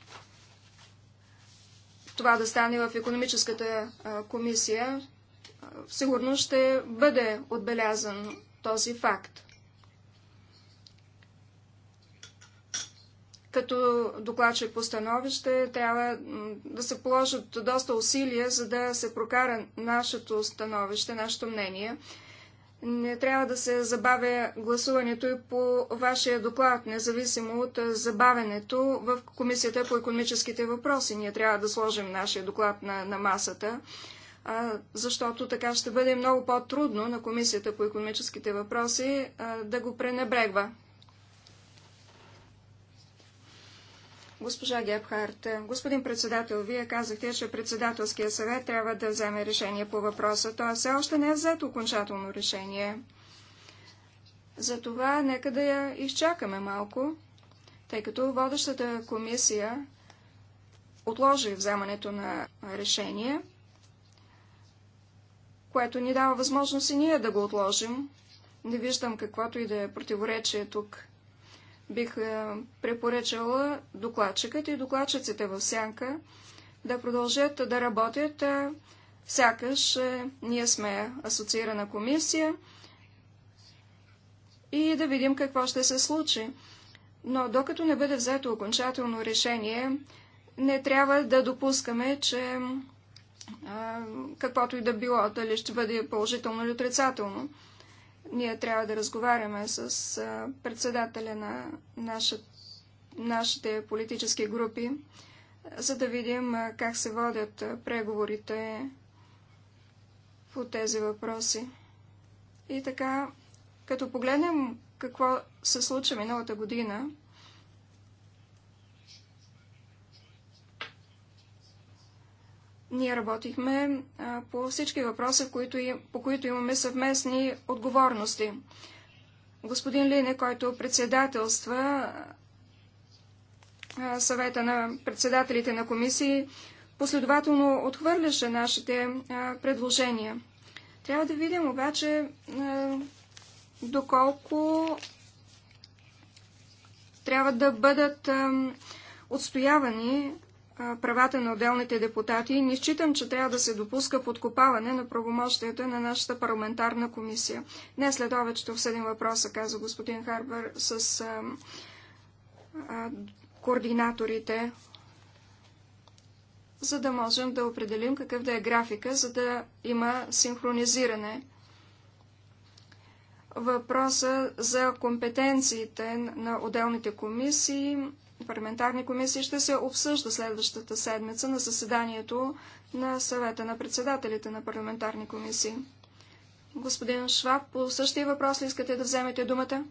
това да стане в економическата комисия, сигурно ще бъде отбелязан този факт. Като докладчик по становище трябва да се положат доста усилия, за да се прокара нашето становище, нашето мнение. Не трябва да се забавя гласуването и по вашия доклад, независимо от забавенето в Комисията по економическите въпроси. Ние трябва да сложим нашия доклад на, на масата защото така ще бъде много по-трудно на Комисията по економическите въпроси да го пренебрегва. Госпожа Гепхарт, господин председател, вие казахте, че председателския съвет трябва да вземе решение по въпроса. Той все още не е взето окончателно решение. Затова нека да я изчакаме малко, тъй като водещата комисия отложи вземането на решение, което ни дава възможност и ние да го отложим. Не виждам каквото и да е противоречие тук. Бих е, препоръчала докладчикът и докладчиците в сянка да продължат да работят, е, сякаш е, ние сме асоциирана комисия и да видим какво ще се случи. Но докато не бъде взето окончателно решение, не трябва да допускаме, че каквото и да било, дали ще бъде положително или отрицателно. Ние трябва да разговаряме с председателя на наша, нашите политически групи, за да видим как се водят преговорите по тези въпроси. И така, като погледнем какво се случи миналата година, Ние работихме по всички въпроси, по които имаме съвместни отговорности. Господин Лине, който председателства съвета на председателите на комисии, последователно отхвърляше нашите предложения. Трябва да видим обаче доколко трябва да бъдат отстоявани правата на отделните депутати, не считам, че трябва да се допуска подкопаване на правомощията на нашата парламентарна комисия. Не след обед ще обсъдим въпроса, каза господин Харбър, с а, а, координаторите, за да можем да определим какъв да е графика, за да има синхронизиране. Въпроса за компетенциите на отделните комисии парламентарни комисии ще се обсъжда следващата седмица на заседанието на съвета на председателите на парламентарни комисии. Господин Шваб, по същия въпрос ли искате да вземете думата?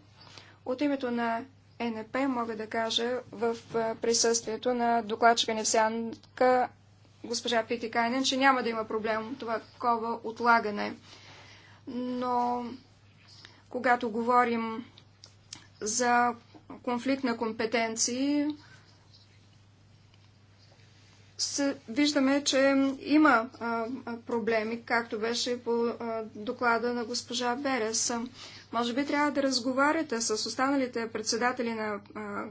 От името на ЕНП мога да кажа в присъствието на докладчика Невсянка госпожа Пити Кайнен, че няма да има проблем това такова отлагане. Но когато говорим за конфликт на компетенции, се, виждаме, че има а, проблеми, както беше по а, доклада на госпожа Берес. Може би трябва да разговаряте с останалите председатели на а,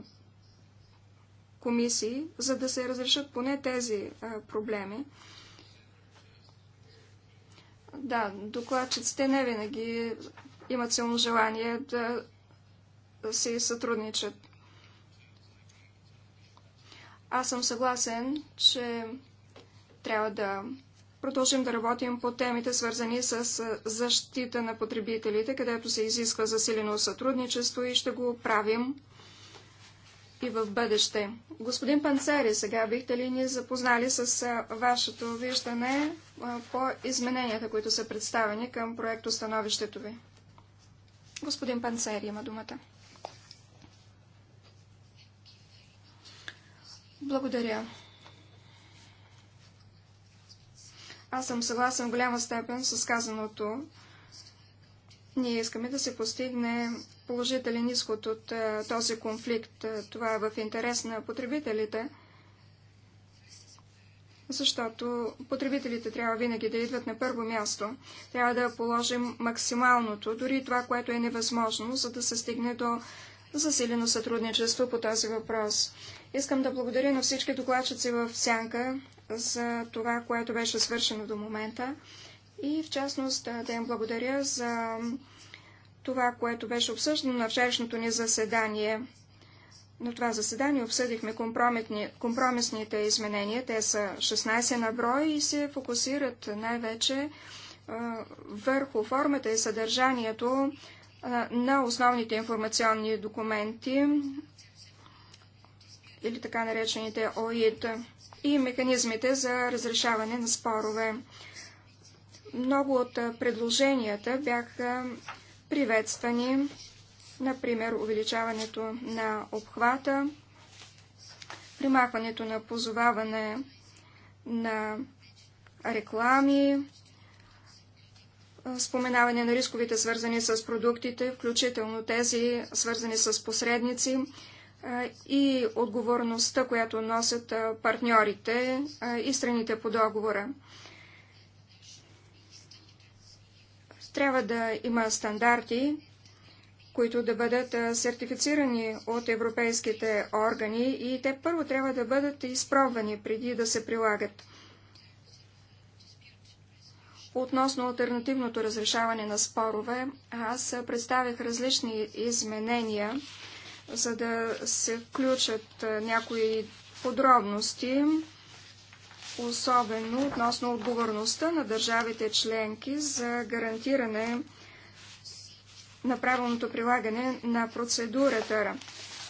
комисии, за да се разрешат поне тези а, проблеми. Да, докладчиците не винаги имат силно желание да си сътрудничат. Аз съм съгласен, че трябва да продължим да работим по темите, свързани с защита на потребителите, където се изисква засилено сътрудничество и ще го правим и в бъдеще. Господин Панцери, сега бихте ли ни запознали с вашето виждане по измененията, които са представени към проекто становището ви? Господин Панцери има думата. Благодаря. Аз съм съгласен в голяма степен с казаното. Ние искаме да се постигне положителен изход от е, този конфликт. Е, това е в интерес на потребителите, защото потребителите трябва винаги да идват на първо място. Трябва да положим максималното, дори това, което е невъзможно, за да се стигне до засилено сътрудничество по този въпрос. Искам да благодаря на всички докладчици в Сянка за това, което беше свършено до момента и в частност да им благодаря за това, което беше обсъждано на вчерашното ни заседание. На това заседание обсъдихме компромисните изменения. Те са 16 на брой и се фокусират най-вече върху формата и съдържанието на основните информационни документи или така наречените ОИД и механизмите за разрешаване на спорове. Много от предложенията бяха приветствани, например увеличаването на обхвата, примахването на позоваване на реклами, споменаване на рисковите, свързани с продуктите, включително тези, свързани с посредници и отговорността, която носят партньорите и страните по договора. Трябва да има стандарти, които да бъдат сертифицирани от европейските органи и те първо трябва да бъдат изпробвани преди да се прилагат. Относно альтернативното разрешаване на спорове, аз представих различни изменения, за да се включат някои подробности, особено относно отговорността на държавите членки за гарантиране на правилното прилагане на процедурата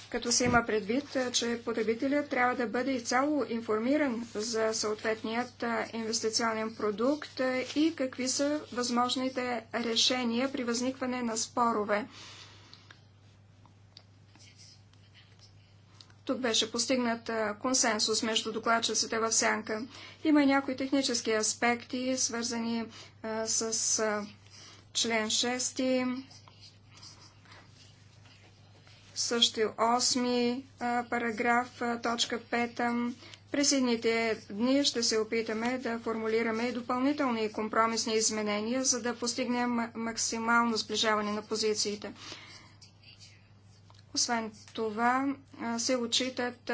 като се има предвид, е, че потребителят трябва да бъде изцяло информиран за съответният е, инвестиционен продукт е, и какви са възможните решения при възникване на спорове. Тук беше постигнат консенсус между докладчиците в сянка. Има и някои технически аспекти, свързани с член 6 също 8 параграф, точка 5. През едните дни ще се опитаме да формулираме и допълнителни компромисни изменения, за да постигнем максимално сближаване на позициите. Освен това се отчитат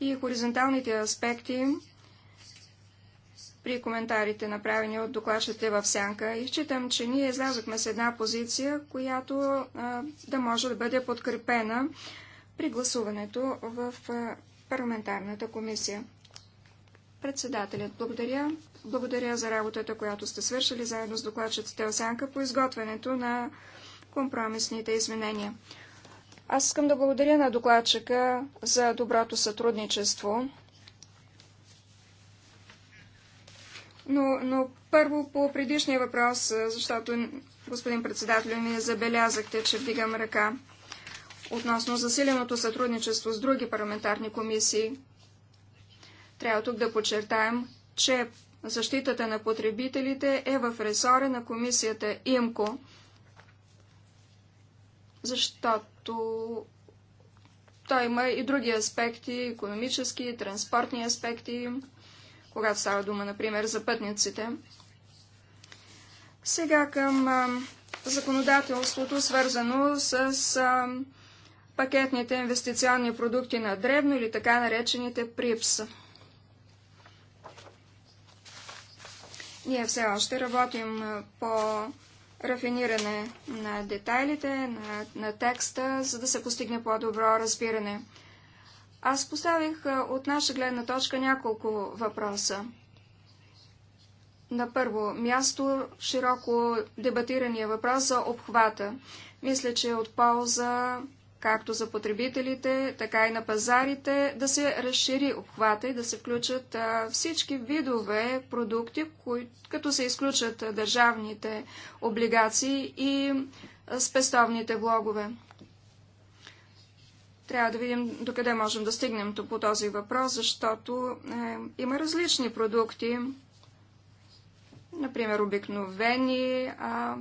и хоризонталните аспекти при коментарите, направени от докладчите в Сянка. И считам, че ние излязохме с една позиция, която да може да бъде подкрепена при гласуването в парламентарната комисия. Председателят, благодаря. Благодаря за работата, която сте свършили заедно с докладчиците в Сянка по изготвянето на компромисните изменения. Аз искам да благодаря на докладчика за доброто сътрудничество. Но, но първо по предишния въпрос, защото господин председател ми забелязахте, че вдигам ръка относно засиленото сътрудничество с други парламентарни комисии. Трябва тук да подчертаем, че защитата на потребителите е в ресора на комисията ИМКО, защото той има и други аспекти, економически, транспортни аспекти когато става дума, например, за пътниците. Сега към а, законодателството, свързано с а, пакетните инвестиционни продукти на древно или така наречените ПРИПС. Ние все още работим по рафиниране на детайлите, на, на текста, за да се постигне по-добро разбиране. Аз поставих от наша гледна точка няколко въпроса. На първо място широко дебатирания въпрос за обхвата. Мисля, че е от полза както за потребителите, така и на пазарите, да се разшири обхвата и да се включат всички видове продукти, като се изключат държавните облигации и спестовните влогове. Трябва да видим докъде можем да стигнем по този въпрос, защото е, има различни продукти, например обикновени а,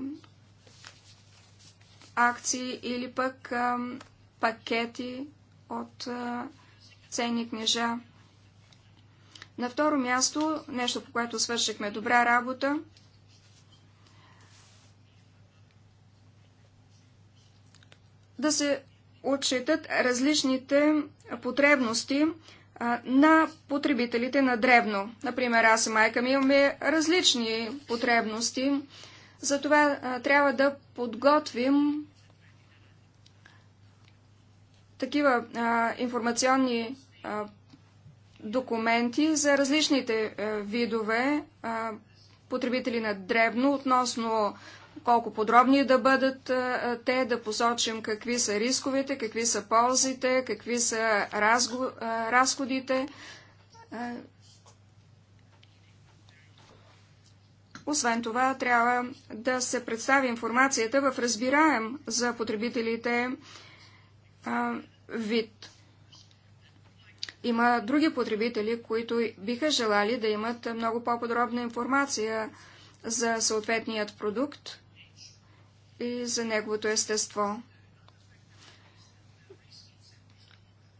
акции или пък а, пакети от а, ценни книжа. На второ място, нещо по което свършихме добра работа, да се отчитат различните потребности на потребителите на дребно. Например, аз и майка ми имаме различни потребности, затова трябва да подготвим такива а, информационни а, документи за различните а, видове а, потребители на дребно относно колко подробни да бъдат те, да посочим какви са рисковете, какви са ползите, какви са разго, разходите. освен това, трябва да се представи информацията в разбираем за потребителите вид. Има други потребители, които биха желали да имат много по-подробна информация за съответният продукт и за неговото естество.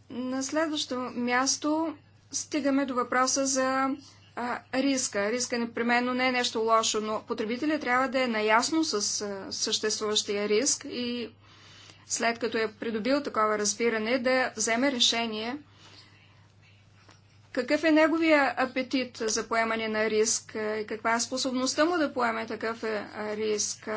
На следващо място стигаме до въпроса за а, риска. Риска непременно не е нещо лошо, но потребителят трябва да е наясно с а, съществуващия риск и след като е придобил такова разбиране, да вземе решение какъв е неговия апетит за поемане на риск и каква е способността му да поеме такъв риск.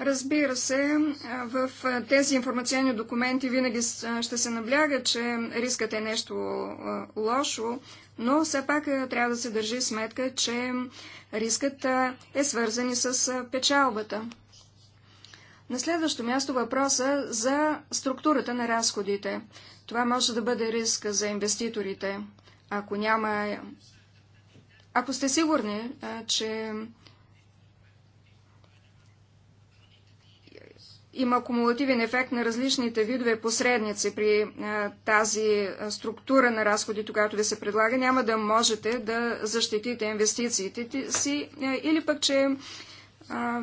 Разбира се, в тези информационни документи винаги ще се набляга, че рискът е нещо лошо, но все пак трябва да се държи сметка, че рискът е свързан и с печалбата. На следващо място въпроса за структурата на разходите. Това може да бъде риск за инвеститорите, ако няма... Ако сте сигурни, че има кумулативен ефект на различните видове посредници при а, е, тази е, структура на разходите, когато ви се предлага, няма да можете да защитите инвестициите си а, е, или пък, че а,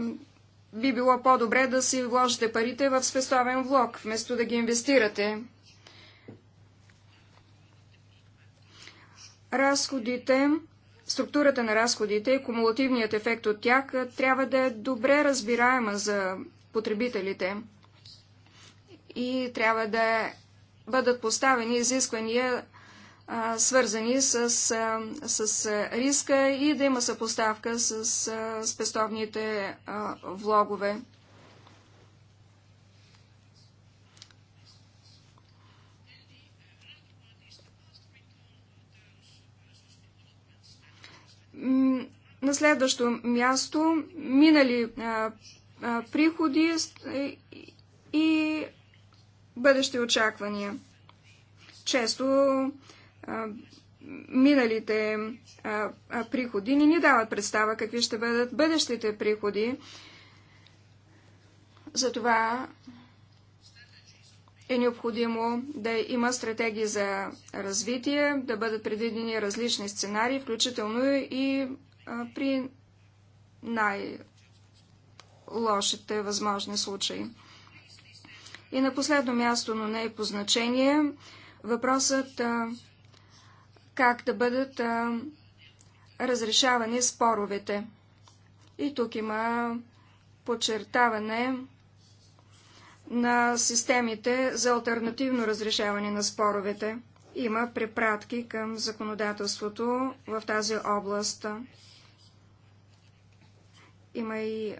би било по-добре да си вложите парите в спестовен влог, вместо да ги инвестирате. Разходите структурата на разходите и кумулативният ефект от тях трябва да е добре разбираема за потребителите и трябва да бъдат поставени изисквания, свързани с, с риска и да има съпоставка с спестовните влогове. На следващо място, минали а, приходи и бъдещи очаквания. Често миналите приходи не ни дават представа какви ще бъдат бъдещите приходи. Затова е необходимо да има стратегии за развитие, да бъдат предвидени различни сценарии, включително и при най- лошите възможни случаи. И на последно място, но не е по значение, въпросът а, как да бъдат а, разрешавани споровете. И тук има подчертаване на системите за альтернативно разрешаване на споровете. Има препратки към законодателството в тази област. Има и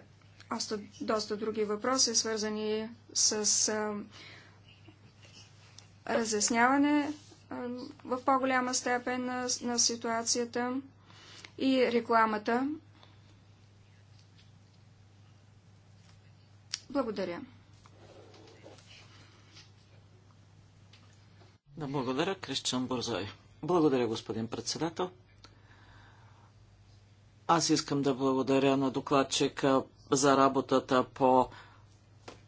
още доста други въпроси, свързани с а, разясняване а, в по-голяма степен на, на ситуацията и рекламата. Благодаря. Да, благодаря, Крещан Борзой. Благодаря, господин председател. Аз искам да благодаря на докладчика за работата по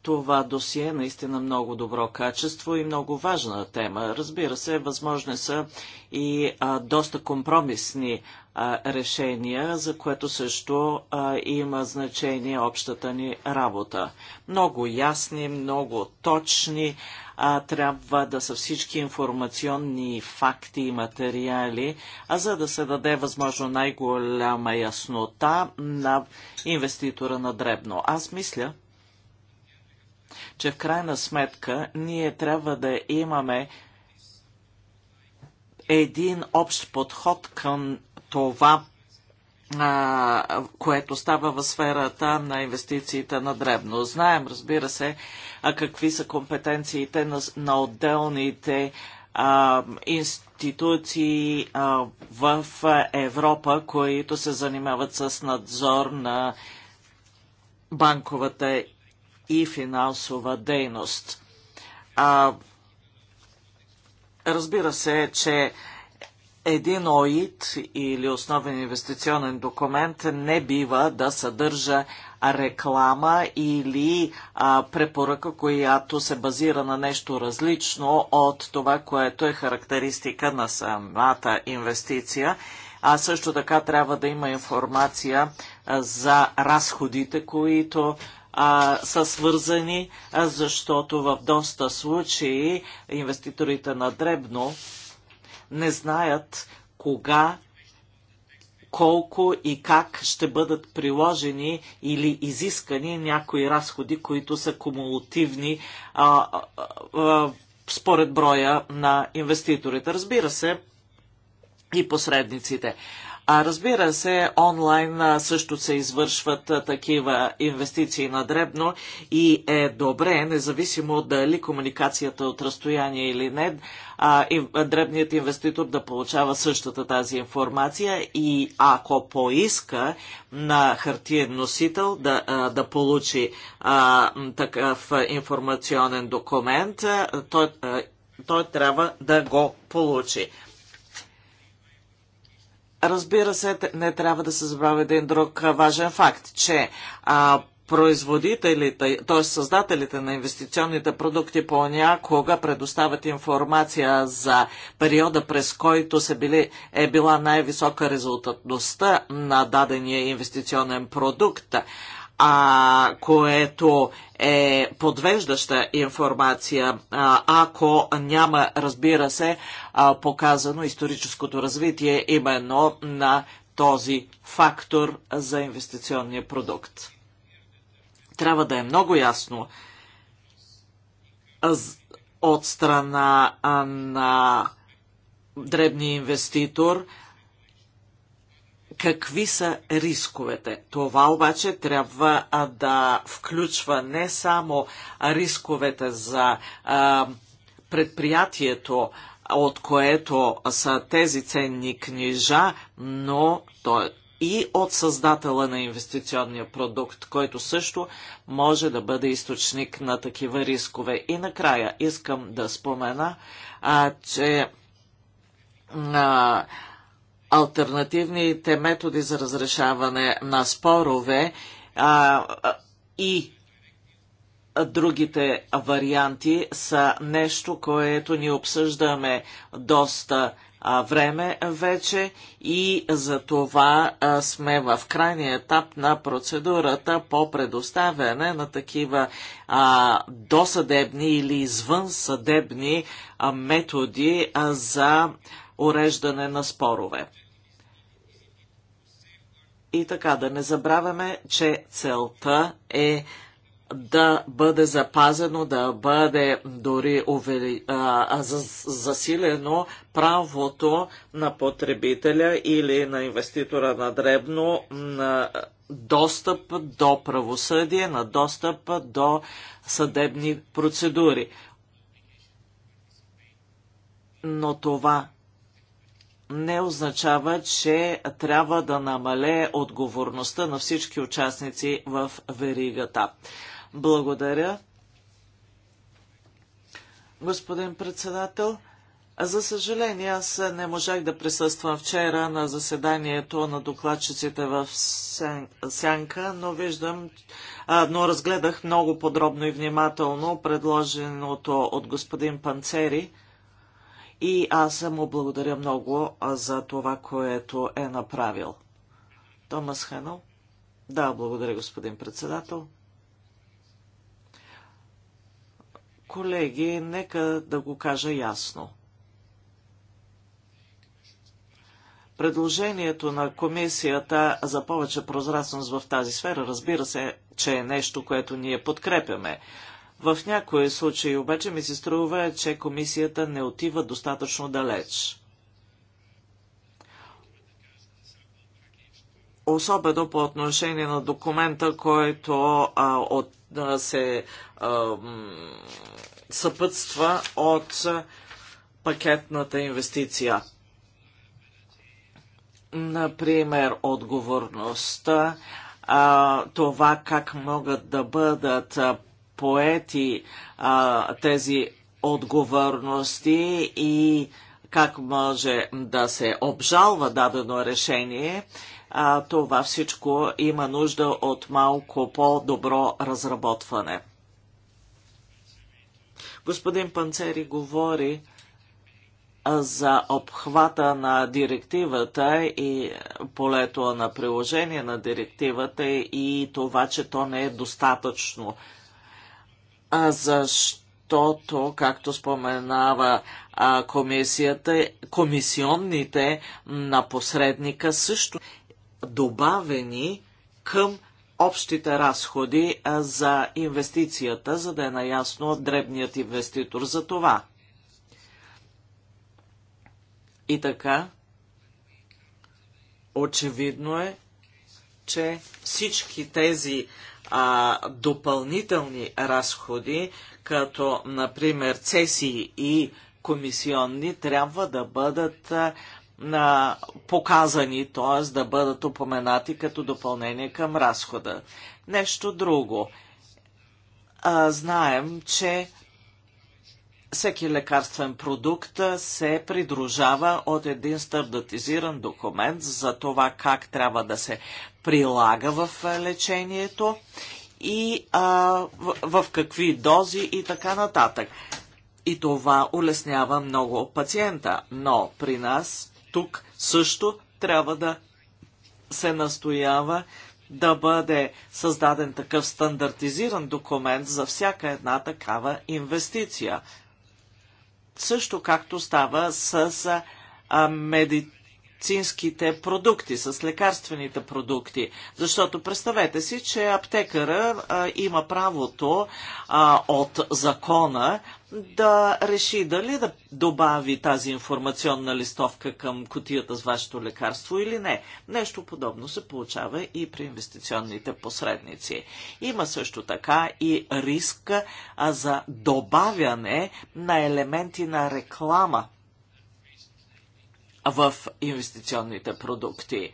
това досие е наистина много добро качество и много важна тема. Разбира се, възможни са и а, доста компромисни а, решения, за което също а, има значение общата ни работа. Много ясни, много точни а, трябва да са всички информационни факти и материали, а за да се даде възможно най-голяма яснота на инвеститора на дребно. Аз мисля, че в крайна сметка ние трябва да имаме един общ подход към това, а, което става в сферата на инвестициите на дребно. Знаем, разбира се, а какви са компетенциите на, на отделните а, институции а, в Европа, които се занимават с надзор на банковата и финансова дейност. А, разбира се, че един ОИД или основен инвестиционен документ не бива да съдържа реклама или а, препоръка, която се базира на нещо различно от това, което е характеристика на самата инвестиция. А също така трябва да има информация за разходите, които а, са свързани, а, защото в доста случаи инвеститорите на дребно не знаят кога, колко и как ще бъдат приложени или изискани някои разходи, които са кумулативни а, а, а, според броя на инвеститорите. Разбира се, и посредниците. А разбира се, онлайн също се извършват такива инвестиции на дребно и е добре, независимо дали комуникацията е от разстояние или не, а, дребният инвеститор да получава същата тази информация и ако поиска на хартиен носител да, да получи а, такъв информационен документ, той, той трябва да го получи. Разбира се, не трябва да се забравя един друг важен факт, че а, производителите, т.е. създателите на инвестиционните продукти понякога предоставят информация за периода, през който се били, е била най-висока резултатността на дадения инвестиционен продукт а, което е подвеждаща информация, а, ако няма, разбира се, а, показано историческото развитие именно на този фактор за инвестиционния продукт. Трябва да е много ясно от страна на дребния инвеститор – какви са рисковете. Това обаче трябва да включва не само рисковете за предприятието, от което са тези ценни книжа, но то е и от създателя на инвестиционния продукт, който също може да бъде източник на такива рискове. И накрая искам да спомена, а, че а, альтернативните методи за разрешаване на спорове а, и другите варианти са нещо, което ни обсъждаме доста време вече и за това сме в крайния етап на процедурата по предоставяне на такива а, досъдебни или извънсъдебни а, методи а, за уреждане на спорове. И така, да не забравяме, че целта е да бъде запазено, да бъде дори увели, а, засилено правото на потребителя или на инвеститора на дребно на достъп до правосъдие, на достъп до съдебни процедури. Но това не означава, че трябва да намалее отговорността на всички участници в веригата. Благодаря. Господин председател, за съжаление, аз не можах да присъствам вчера на заседанието на докладчиците в Сянка, но виждам, но разгледах много подробно и внимателно предложеното от господин Панцери – и аз му благодаря много за това, което е направил. Томас Хенъл? Да, благодаря, господин председател. Колеги, нека да го кажа ясно. Предложението на комисията за повече прозрачност в тази сфера, разбира се, че е нещо, което ние подкрепяме. В някои случаи обаче ми се струва, че комисията не отива достатъчно далеч. Особено по отношение на документа, който а, от, а, се а, съпътства от пакетната инвестиция. Например, отговорността, а, това как могат да бъдат поети а, тези отговорности и как може да се обжалва дадено решение, а, това всичко има нужда от малко по-добро разработване. Господин Панцери говори за обхвата на директивата и полето на приложение на директивата и това, че то не е достатъчно а защото, както споменава а, комисията, комисионните на посредника също добавени към общите разходи за инвестицията, за да е наясно дребният инвеститор за това. И така, очевидно е, че всички тези а, допълнителни разходи, като например цесии и комисионни, трябва да бъдат а, показани, т.е. да бъдат упоменати като допълнение към разхода. Нещо друго. А, знаем, че всеки лекарствен продукт се придружава от един стандартизиран документ за това как трябва да се прилага в лечението и а, в, в какви дози и така нататък. И това улеснява много пациента, но при нас тук също трябва да се настоява да бъде създаден такъв стандартизиран документ за всяка една такава инвестиция. Също както става с а, меди медицинските продукти, с лекарствените продукти. Защото представете си, че аптекара а, има правото а, от закона да реши дали да добави тази информационна листовка към котията с вашето лекарство или не. Нещо подобно се получава и при инвестиционните посредници. Има също така и риск за добавяне на елементи на реклама в инвестиционните продукти.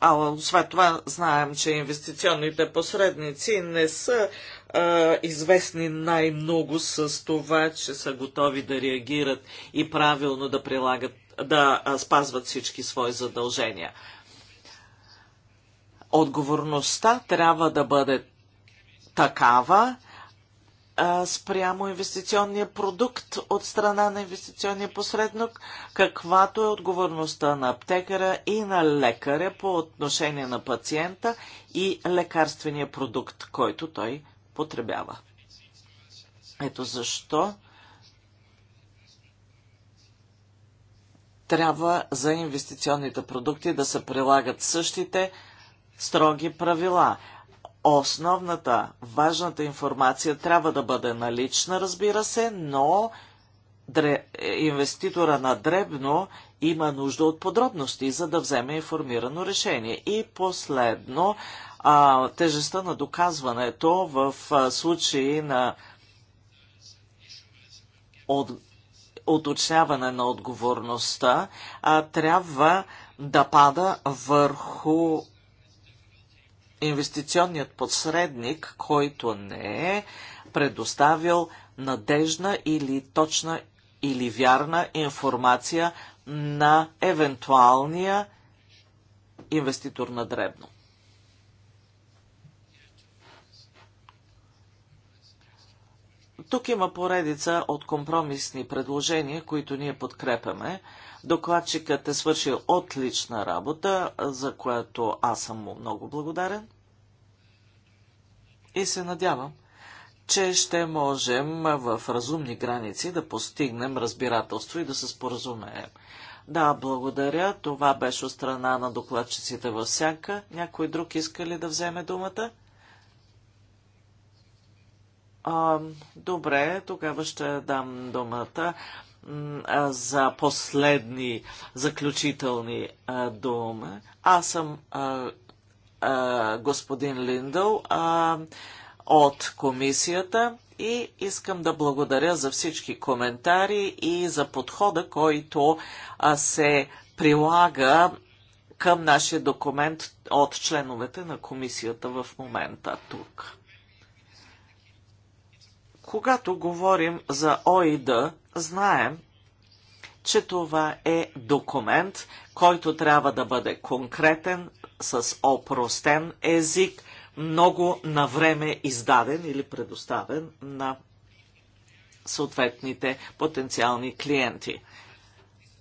А освен това знаем, че инвестиционните посредници не са а, известни най-много с това, че са готови да реагират и правилно да прилагат, да а, спазват всички свои задължения. Отговорността трябва да бъде такава, спрямо инвестиционния продукт от страна на инвестиционния посредник, каквато е отговорността на аптекара и на лекаря по отношение на пациента и лекарствения продукт, който той потребява. Ето защо трябва за инвестиционните продукти да се прилагат същите строги правила основната, важната информация трябва да бъде налична, разбира се, но дре, инвеститора на дребно има нужда от подробности, за да вземе информирано решение. И последно, а, тежестта на доказването в а, случаи на от, уточняване на отговорността а, трябва да пада върху инвестиционният посредник, който не е предоставил надежна или точна или вярна информация на евентуалния инвеститор на дребно. Тук има поредица от компромисни предложения, които ние подкрепяме. Докладчикът е свършил отлична работа, за което аз съм му много благодарен. И се надявам, че ще можем в разумни граници да постигнем разбирателство и да се споразумеем. Да, благодаря. Това беше от страна на докладчиците във всяка. Някой друг иска ли да вземе думата? А, добре, тогава ще дам думата за последни заключителни думи. Аз съм господин Линдъл от комисията и искам да благодаря за всички коментари и за подхода, който се прилага към нашия документ от членовете на комисията в момента тук. Когато говорим за ОИД, знаем, че това е документ, който трябва да бъде конкретен, с опростен език, много на време издаден или предоставен на съответните потенциални клиенти.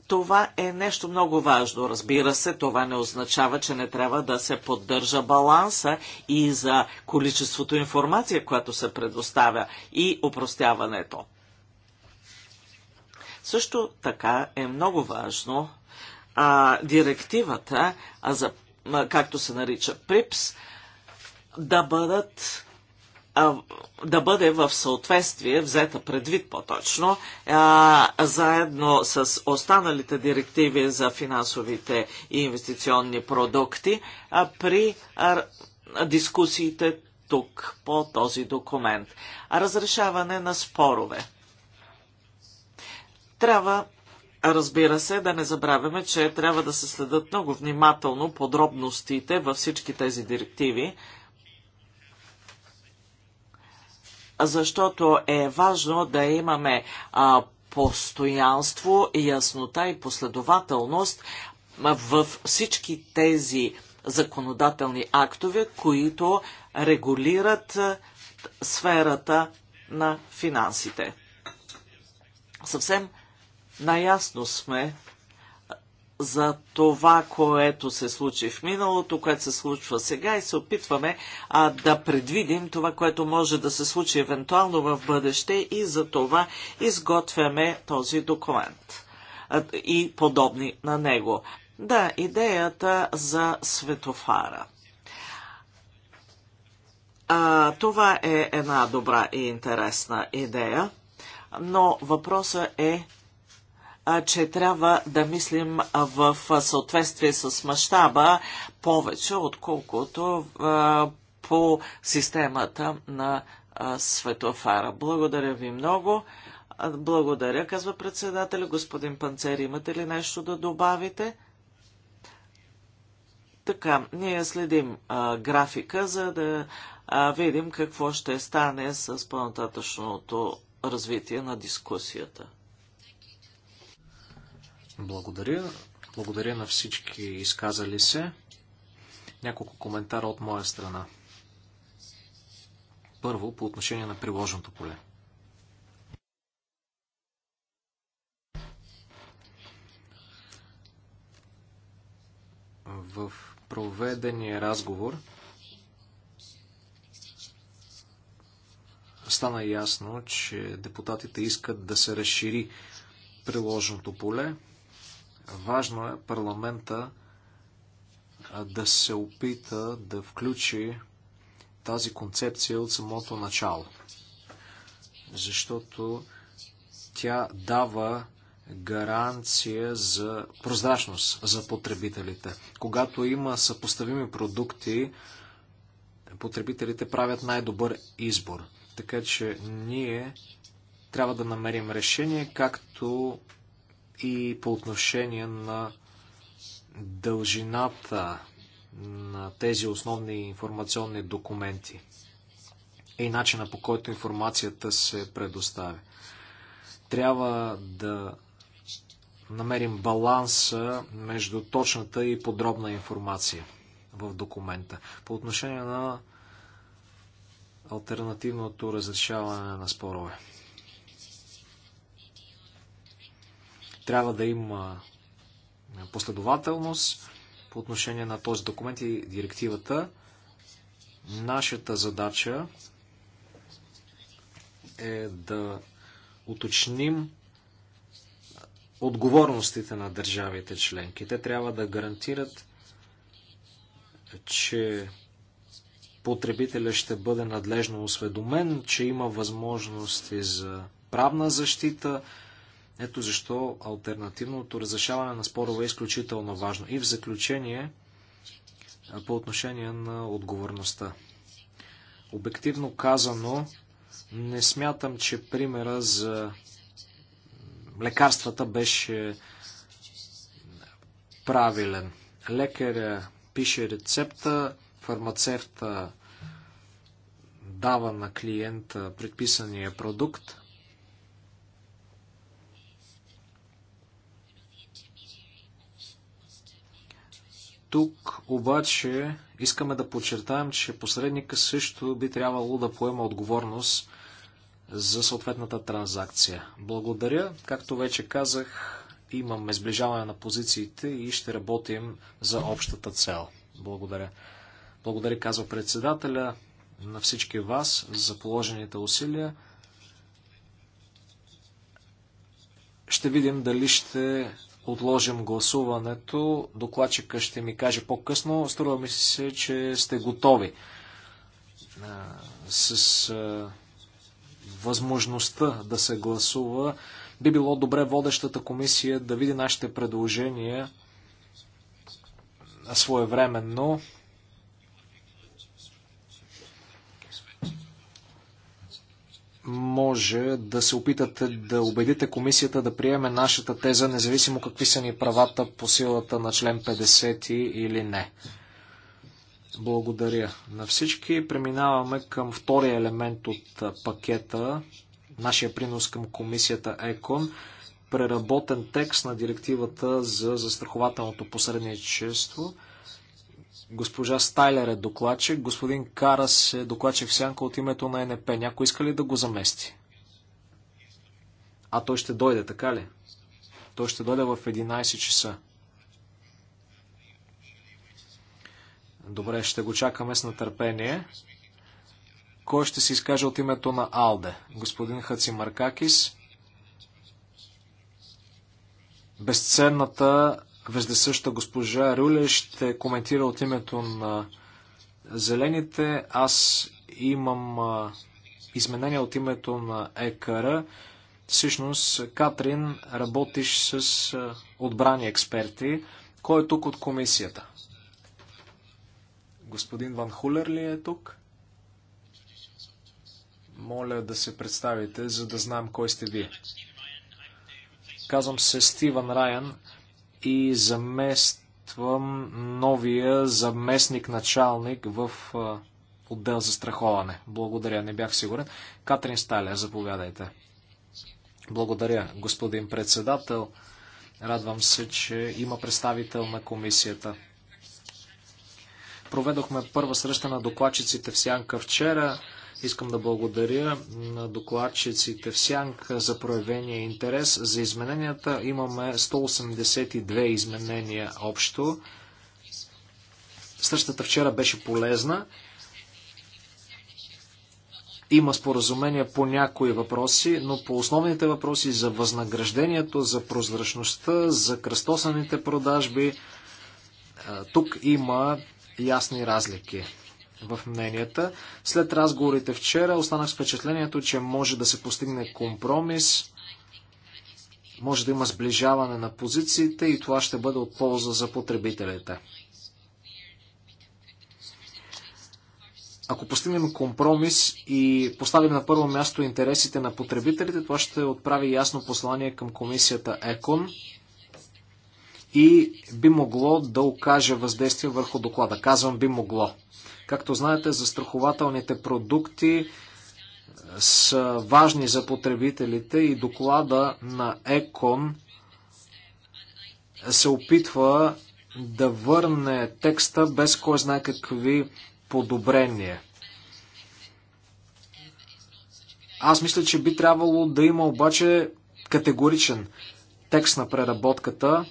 Това е нещо много важно. Разбира се, това не означава, че не трябва да се поддържа баланса и за количеството информация, която се предоставя и упростяването. Също така е много важно а, директивата, а за, а, както се нарича ПРИПС, да бъдат а, да бъде в съответствие, взета предвид по-точно, заедно с останалите директиви за финансовите и инвестиционни продукти а, при а, дискусиите тук по този документ. Разрешаване на спорове. Трябва, разбира се, да не забравяме, че трябва да се следят много внимателно подробностите във всички тези директиви, защото е важно да имаме а, постоянство, яснота и последователност във всички тези законодателни актове, които регулират сферата на финансите. Съвсем Наясно сме за това, което се случи в миналото, което се случва сега и се опитваме а, да предвидим това, което може да се случи евентуално в бъдеще и за това изготвяме този документ а, и подобни на него. Да, идеята за светофара. А, това е една добра и интересна идея, но въпросът е че трябва да мислим в съответствие с мащаба повече, отколкото по системата на светофара. Благодаря ви много. Благодаря, казва председателя. Господин Панцер, имате ли нещо да добавите? Така, ние следим а, графика, за да а, видим какво ще стане с по-нататъчното развитие на дискусията. Благодаря. Благодаря на всички изказали се. Няколко коментара от моя страна. Първо, по отношение на приложното поле. В проведения разговор стана ясно, че депутатите искат да се разшири приложното поле. Важно е парламента да се опита да включи тази концепция от самото начало. Защото тя дава гаранция за прозрачност за потребителите. Когато има съпоставими продукти, потребителите правят най-добър избор. Така че ние трябва да намерим решение, както и по отношение на дължината на тези основни информационни документи и начина по който информацията се предоставя. Трябва да намерим баланса между точната и подробна информация в документа. По отношение на альтернативното разрешаване на спорове. Трябва да има последователност по отношение на този документ и директивата. Нашата задача е да уточним отговорностите на държавите членки. Те трябва да гарантират, че потребителя ще бъде надлежно осведомен, че има възможности за правна защита, ето защо альтернативното разрешаване на спорове е изключително важно. И в заключение, по отношение на отговорността. Обективно казано, не смятам, че примера за лекарствата беше правилен. Лекаря пише рецепта, фармацевта дава на клиента предписания продукт, Тук обаче искаме да подчертаем, че посредника също би трябвало да поема отговорност за съответната транзакция. Благодаря. Както вече казах, имаме сближаване на позициите и ще работим за общата цел. Благодаря. Благодаря, казва председателя, на всички вас за положените усилия. Ще видим дали ще отложим гласуването. Докладчика ще ми каже по-късно. Струва ми се, че сте готови а, с а, възможността да се гласува. Би било добре водещата комисия да види нашите предложения своевременно. може да се опитате да убедите комисията да приеме нашата теза, независимо какви са ни правата по силата на член 50 или не. Благодаря на всички. Преминаваме към втория елемент от пакета, нашия принос към комисията ЕКОН, преработен текст на директивата за застрахователното посредничество – Госпожа Стайлер е докладчик, господин Карас е докладчик в сянка от името на НП. Някой иска ли да го замести? А той ще дойде, така ли? Той ще дойде в 11 часа. Добре, ще го чакаме с натърпение. Кой ще се изкаже от името на Алде? Господин Хаци Маркакис. Безценната вездесъща госпожа Рюле ще коментира от името на зелените. Аз имам изменения от името на ЕКР. Всъщност, Катрин, работиш с отбрани експерти. Кой е тук от комисията? Господин Ван Хулер ли е тук? Моля да се представите, за да знам кой сте вие. Казвам се Стивън Райан и замествам новия заместник началник в отдел за страховане. Благодаря, не бях сигурен. Катрин Сталя, заповядайте. Благодаря, господин председател. Радвам се, че има представител на комисията. Проведохме първа среща на докладчиците в Сянка вчера. Искам да благодаря на докладчиците в Сянг за проявения интерес. За измененията имаме 182 изменения общо. Същата вчера беше полезна. Има споразумения по някои въпроси, но по основните въпроси за възнаграждението, за прозрачността, за кръстосаните продажби, тук има ясни разлики в мненията. След разговорите вчера останах с впечатлението, че може да се постигне компромис, може да има сближаване на позициите и това ще бъде от полза за потребителите. Ако постигнем компромис и поставим на първо място интересите на потребителите, това ще отправи ясно послание към комисията ЕКОН и би могло да окаже въздействие върху доклада. Казвам би могло. Както знаете, застрахователните продукти е, са важни за потребителите и доклада на ЕКОН се опитва да върне текста без кой знае какви подобрения. Аз мисля, че би трябвало да има обаче категоричен текст на преработката.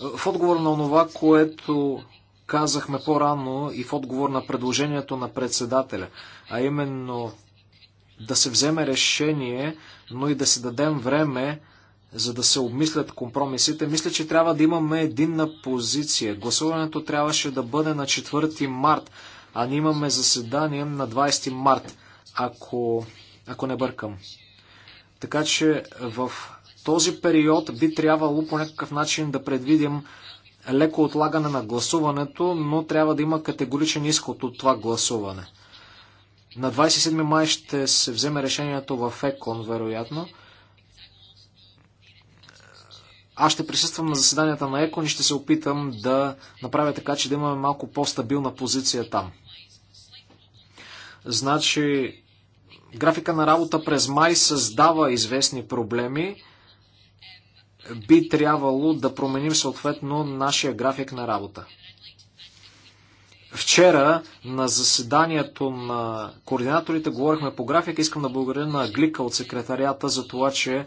В отговор на това, което казахме по-рано и в отговор на предложението на председателя, а именно да се вземе решение, но и да си дадем време, за да се обмислят компромисите, мисля, че трябва да имаме единна позиция. Гласуването трябваше да бъде на 4 март, а ние имаме заседание на 20 март, ако, ако не бъркам. Така че в този период би трябвало по някакъв начин да предвидим леко отлагане на гласуването, но трябва да има категоричен изход от това гласуване. На 27 май ще се вземе решението в ЕКОН, вероятно. Аз ще присъствам на заседанията на ЕКОН и ще се опитам да направя така, че да имаме малко по-стабилна позиция там. Значи, графика на работа през май създава известни проблеми би трябвало да променим съответно нашия график на работа. Вчера на заседанието на координаторите говорихме по график. Искам да благодаря на Глика от секретарията за това, че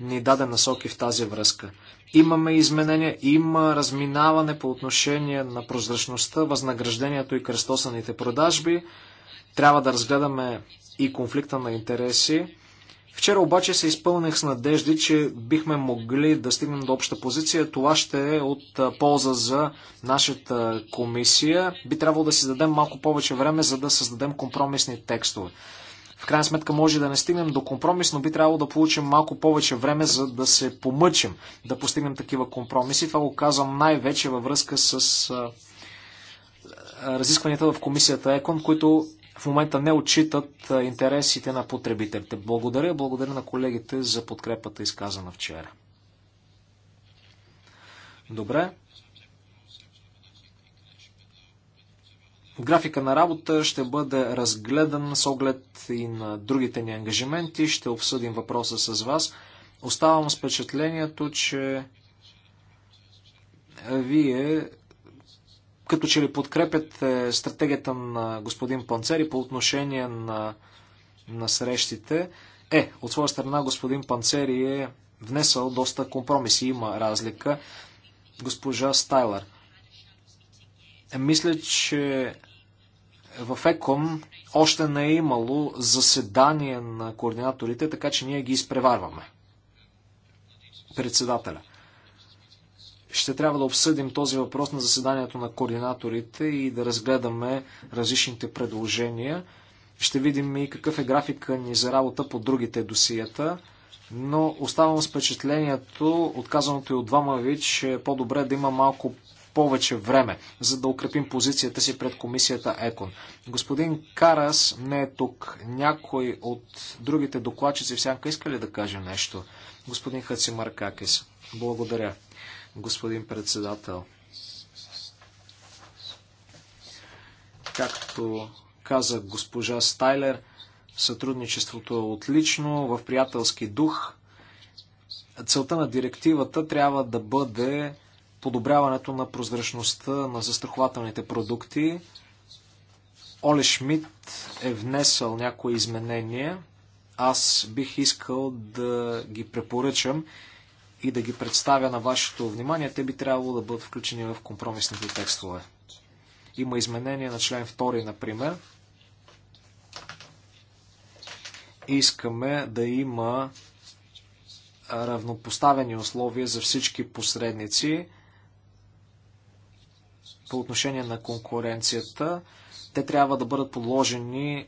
ни даде насоки в тази връзка. Имаме изменения, има разминаване по отношение на прозрачността, възнаграждението и кръстосаните продажби. Трябва да разгледаме и конфликта на интереси. Вчера обаче се изпълних с надежди, че бихме могли да стигнем до обща позиция. Това ще е от полза за нашата комисия. Би трябвало да си дадем малко повече време, за да създадем компромисни текстове. В крайна сметка може да не стигнем до компромис, но би трябвало да получим малко повече време, за да се помъчим да постигнем такива компромиси. Това го казвам най-вече във връзка с разискванията в комисията ЕКОН, които в момента не отчитат интересите на потребителите. Благодаря, благодаря на колегите за подкрепата изказана вчера. Добре. Графика на работа ще бъде разгледан с оглед и на другите ни ангажименти. Ще обсъдим въпроса с вас. Оставам с впечатлението, че вие като че ли подкрепят е, стратегията на господин Панцери по отношение на, на срещите. Е, от своя страна господин Панцери е внесъл доста компромиси, има разлика. Госпожа Стайлер. Е, мисля, че в ЕКОМ още не е имало заседание на координаторите, така че ние ги изпреварваме. Председателя. Ще трябва да обсъдим този въпрос на заседанието на координаторите и да разгледаме различните предложения. Ще видим и какъв е графика ни за работа по другите досията. Но оставам с впечатлението, отказаното и от двама ви, че е по-добре да има малко повече време, за да укрепим позицията си пред комисията ЕКОН. Господин Карас не е тук. Някой от другите докладчици в сянка иска ли да каже нещо? Господин Какис. Благодаря господин председател. Както каза госпожа Стайлер, сътрудничеството е отлично, в приятелски дух. Целта на директивата трябва да бъде подобряването на прозрачността на застрахователните продукти. Оле Шмидт е внесъл някои изменения. Аз бих искал да ги препоръчам и да ги представя на вашето внимание, те би трябвало да бъдат включени в компромисните текстове. Има изменение на член 2, например. Искаме да има равнопоставени условия за всички посредници по отношение на конкуренцията. Те трябва да бъдат подложени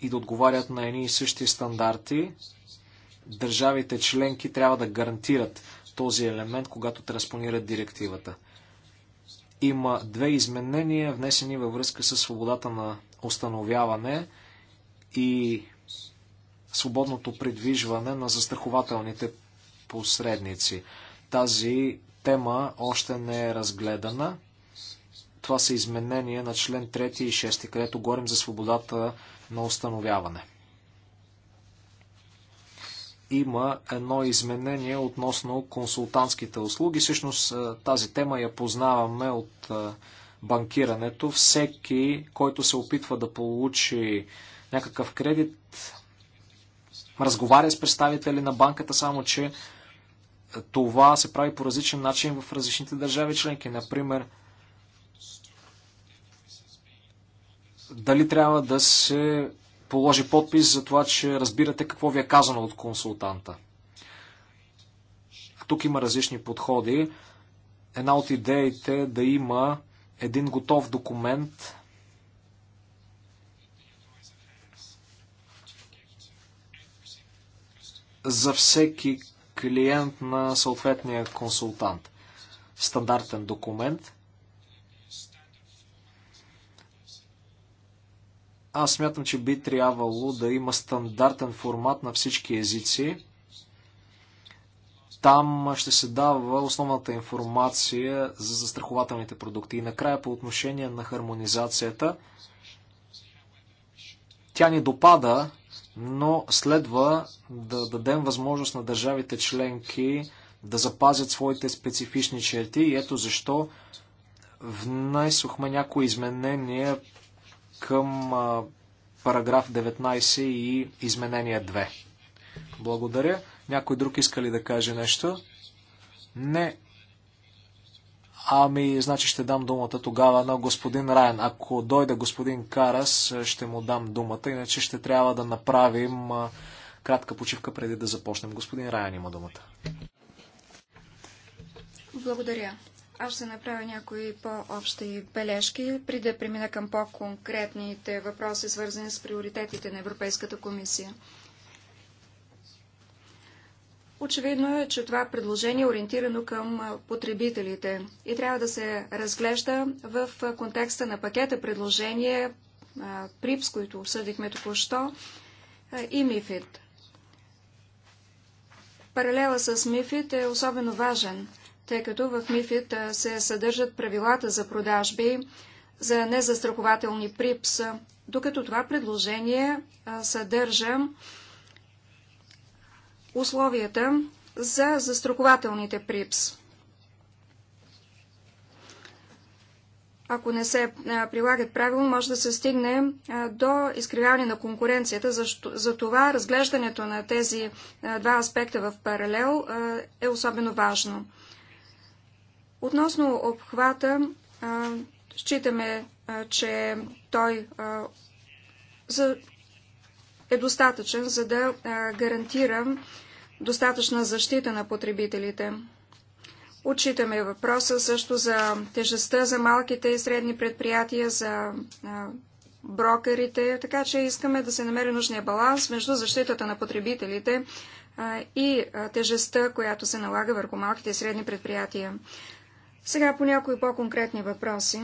и да отговарят на едни и същи стандарти държавите членки трябва да гарантират този елемент, когато транспонират директивата. Има две изменения, внесени във връзка с свободата на установяване и свободното придвижване на застрахователните посредници. Тази тема още не е разгледана. Това са изменения на член 3 и 6, където говорим за свободата на установяване има едно изменение относно консултантските услуги. Всъщност тази тема я познаваме от банкирането. Всеки, който се опитва да получи някакъв кредит, разговаря с представители на банката, само че това се прави по различен начин в различните държави членки. Например, дали трябва да се положи подпис за това, че разбирате какво ви е казано от консултанта. Тук има различни подходи. Една от идеите е да има един готов документ, за всеки клиент на съответния консултант. Стандартен документ. Аз смятам, че би трябвало да има стандартен формат на всички езици. Там ще се дава основната информация за застрахователните продукти. И накрая по отношение на хармонизацията, тя ни допада, но следва да дадем възможност на държавите членки да запазят своите специфични черти и ето защо внесохме някои изменения към параграф 19 и изменение 2. Благодаря. Някой друг иска ли да каже нещо? Не. Ами, значи ще дам думата тогава на господин Райан. Ако дойде господин Карас, ще му дам думата, иначе ще трябва да направим кратка почивка преди да започнем. Господин Райан има думата. Благодаря. Аз ще направя някои по-общи бележки, преди да премина към по-конкретните въпроси, свързани с приоритетите на Европейската комисия. Очевидно е, че това предложение е ориентирано към потребителите и трябва да се разглежда в контекста на пакета предложение ПРИПС, които обсъдихме току-що, и МИФИД. Паралела с МИФИД е особено важен – тъй като в МИФИД се съдържат правилата за продажби за незастрахователни припс, докато това предложение съдържа условията за застрахователните припс. Ако не се прилагат правилно, може да се стигне до изкривяване на конкуренцията. Затова разглеждането на тези два аспекта в паралел е особено важно. Относно обхвата, считаме, че той е достатъчен, за да гарантира достатъчна защита на потребителите. Отчитаме въпроса също за тежестта за малките и средни предприятия, за брокерите, така че искаме да се намери нужния баланс между защитата на потребителите и тежестта, която се налага върху малките и средни предприятия. Сега по някои по-конкретни въпроси.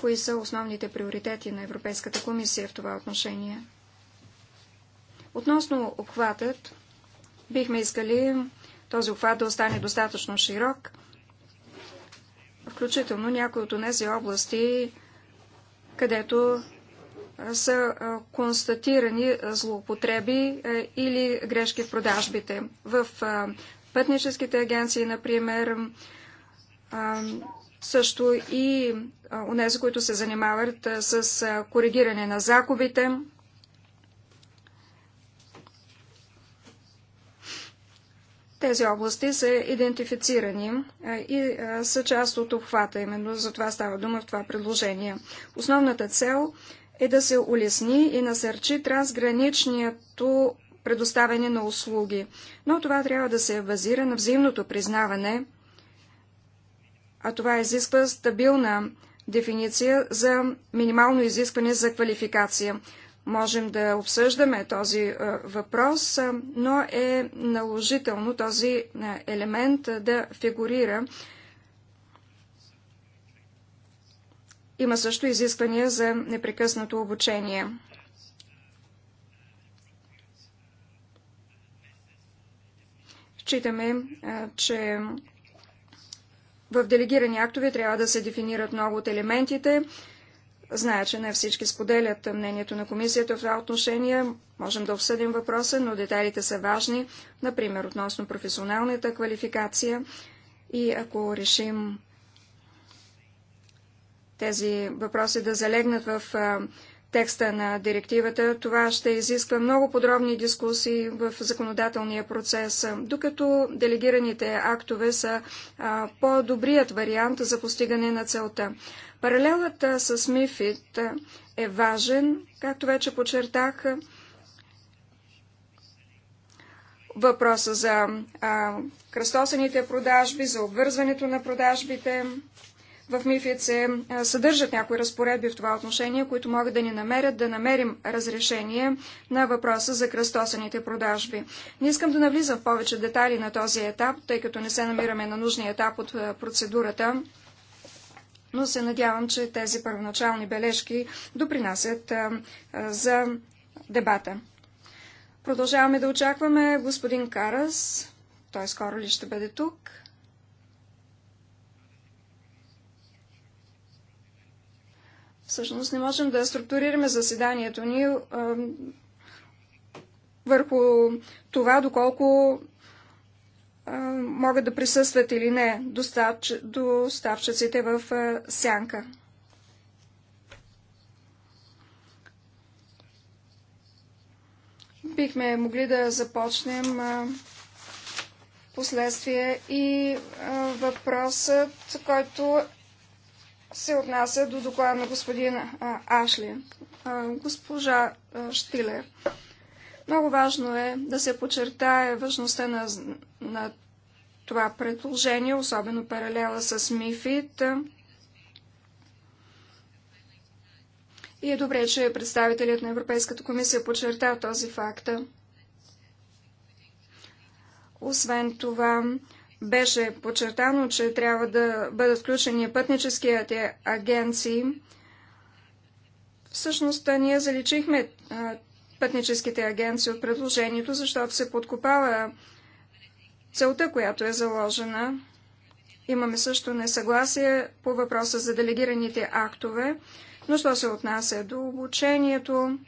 Кои са основните приоритети на Европейската комисия в това отношение? Относно обхватът, бихме искали този обхват да остане достатъчно широк, включително някои от тези области, където са констатирани злоупотреби или грешки в продажбите. В пътническите агенции, например, също и унези, които се занимават с коригиране на загубите. Тези области са идентифицирани и са част от обхвата, именно за това става дума в това предложение. Основната цел е да се улесни и насърчи трансграничното предоставяне на услуги, но това трябва да се базира на взаимното признаване – а това изисква стабилна дефиниция за минимално изискване за квалификация. Можем да обсъждаме този е, въпрос, е, но е наложително този е, елемент да фигурира. Има също изисквания за непрекъснато обучение. Считаме, че в делегирани актове трябва да се дефинират много от елементите. Зная, че не всички споделят мнението на комисията в това отношение. Можем да обсъдим въпроса, но детайлите са важни, например, относно професионалната квалификация. И ако решим тези въпроси да залегнат в текста на директивата. Това ще изисква много подробни дискусии в законодателния процес, докато делегираните актове са по-добрият вариант за постигане на целта. Паралелът с МифИТ е важен, както вече подчертах, въпроса за а, кръстосаните продажби, за обвързването на продажбите, в МИФИД се е, съдържат някои разпоредби в това отношение, които могат да ни намерят да намерим разрешение на въпроса за кръстосаните продажби. Не искам да навлизам в повече детайли на този етап, тъй като не се намираме на нужния етап от е, процедурата, но се надявам, че тези първоначални бележки допринасят а, е, а, за дебата. Продължаваме да очакваме господин Карас. Той скоро ли ще бъде тук? Всъщност не можем да структурираме заседанието ни а, върху това, доколко а, могат да присъстват или не доставчиците в а, сянка. Бихме могли да започнем последствие и въпросът, който се отнася до доклада на господин Ашли, госпожа Штилер. Много важно е да се подчертае важността на, на това предложение, особено паралела с МИФИД. И е добре, че представителят на Европейската комисия подчерта този факт. Освен това, беше подчертано, че трябва да бъдат включени пътническите агенции. Всъщност, ние заличихме пътническите агенции от предложението, защото се подкопава целта, която е заложена. Имаме също несъгласие по въпроса за делегираните актове, но що се отнася до обучението,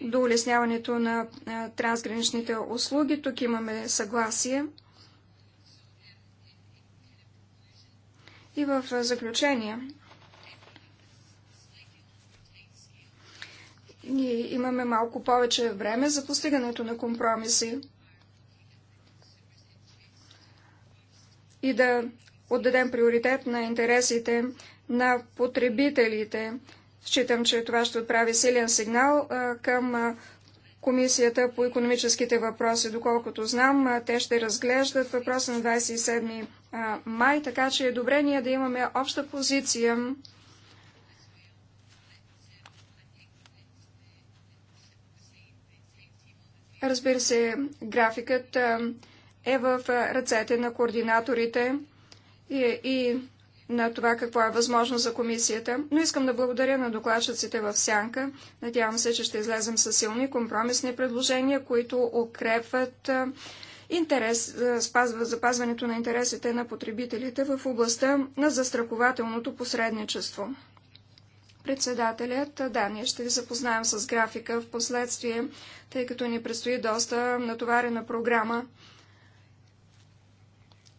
до улесняването на трансграничните услуги, тук имаме съгласие. И в заключение, ние имаме малко повече време за постигането на компромиси и да отдадем приоритет на интересите на потребителите. Считам, че това ще отправи силен сигнал към Комисията по економическите въпроси. Доколкото знам, те ще разглеждат въпроса на 27 май, така че е добре ние да имаме обща позиция. Разбира се, графикът е в ръцете на координаторите и, и на това какво е възможно за комисията, но искам да благодаря на докладчиците в Сянка. Надявам се, че ще излезем с силни компромисни предложения, които укрепват интерес, е, спазва запазването на интересите на потребителите в областта на застрахователното посредничество. Председателят, да, ние ще ви запознаем с графика в последствие, тъй като ни предстои доста натоварена програма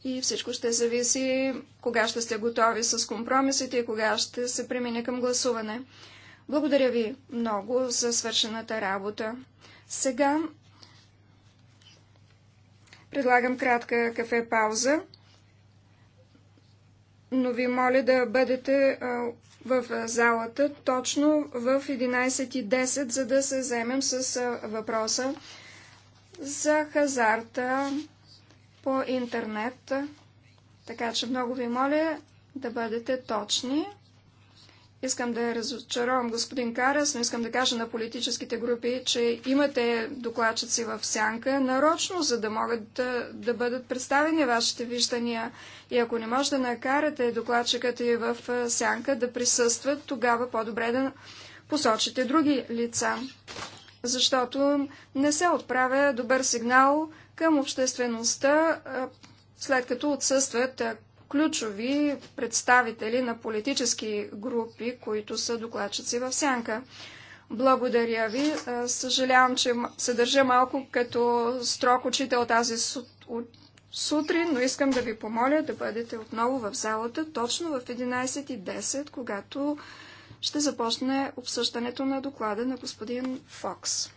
и всичко ще зависи кога ще сте готови с компромисите и кога ще се премине към гласуване. Благодаря ви много за свършената работа. Сега Предлагам кратка кафе пауза, но ви моля да бъдете в залата точно в 11.10, за да се вземем с въпроса за хазарта по интернет. Така че много ви моля да бъдете точни. Искам да разочаровам господин Карас, но искам да кажа на политическите групи, че имате докладчици в сянка нарочно, за да могат да, да бъдат представени вашите виждания. И ако не може да накарате докладчикът и в сянка да присъстват, тогава по-добре да посочите други лица. Защото не се отправя добър сигнал към обществеността, след като отсъстват ключови представители на политически групи, които са докладчици в сянка. Благодаря ви. Съжалявам, че се държа малко като строк учител тази сутрин, но искам да ви помоля да бъдете отново в залата точно в 11.10, когато ще започне обсъждането на доклада на господин Фокс.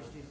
Abstimmung.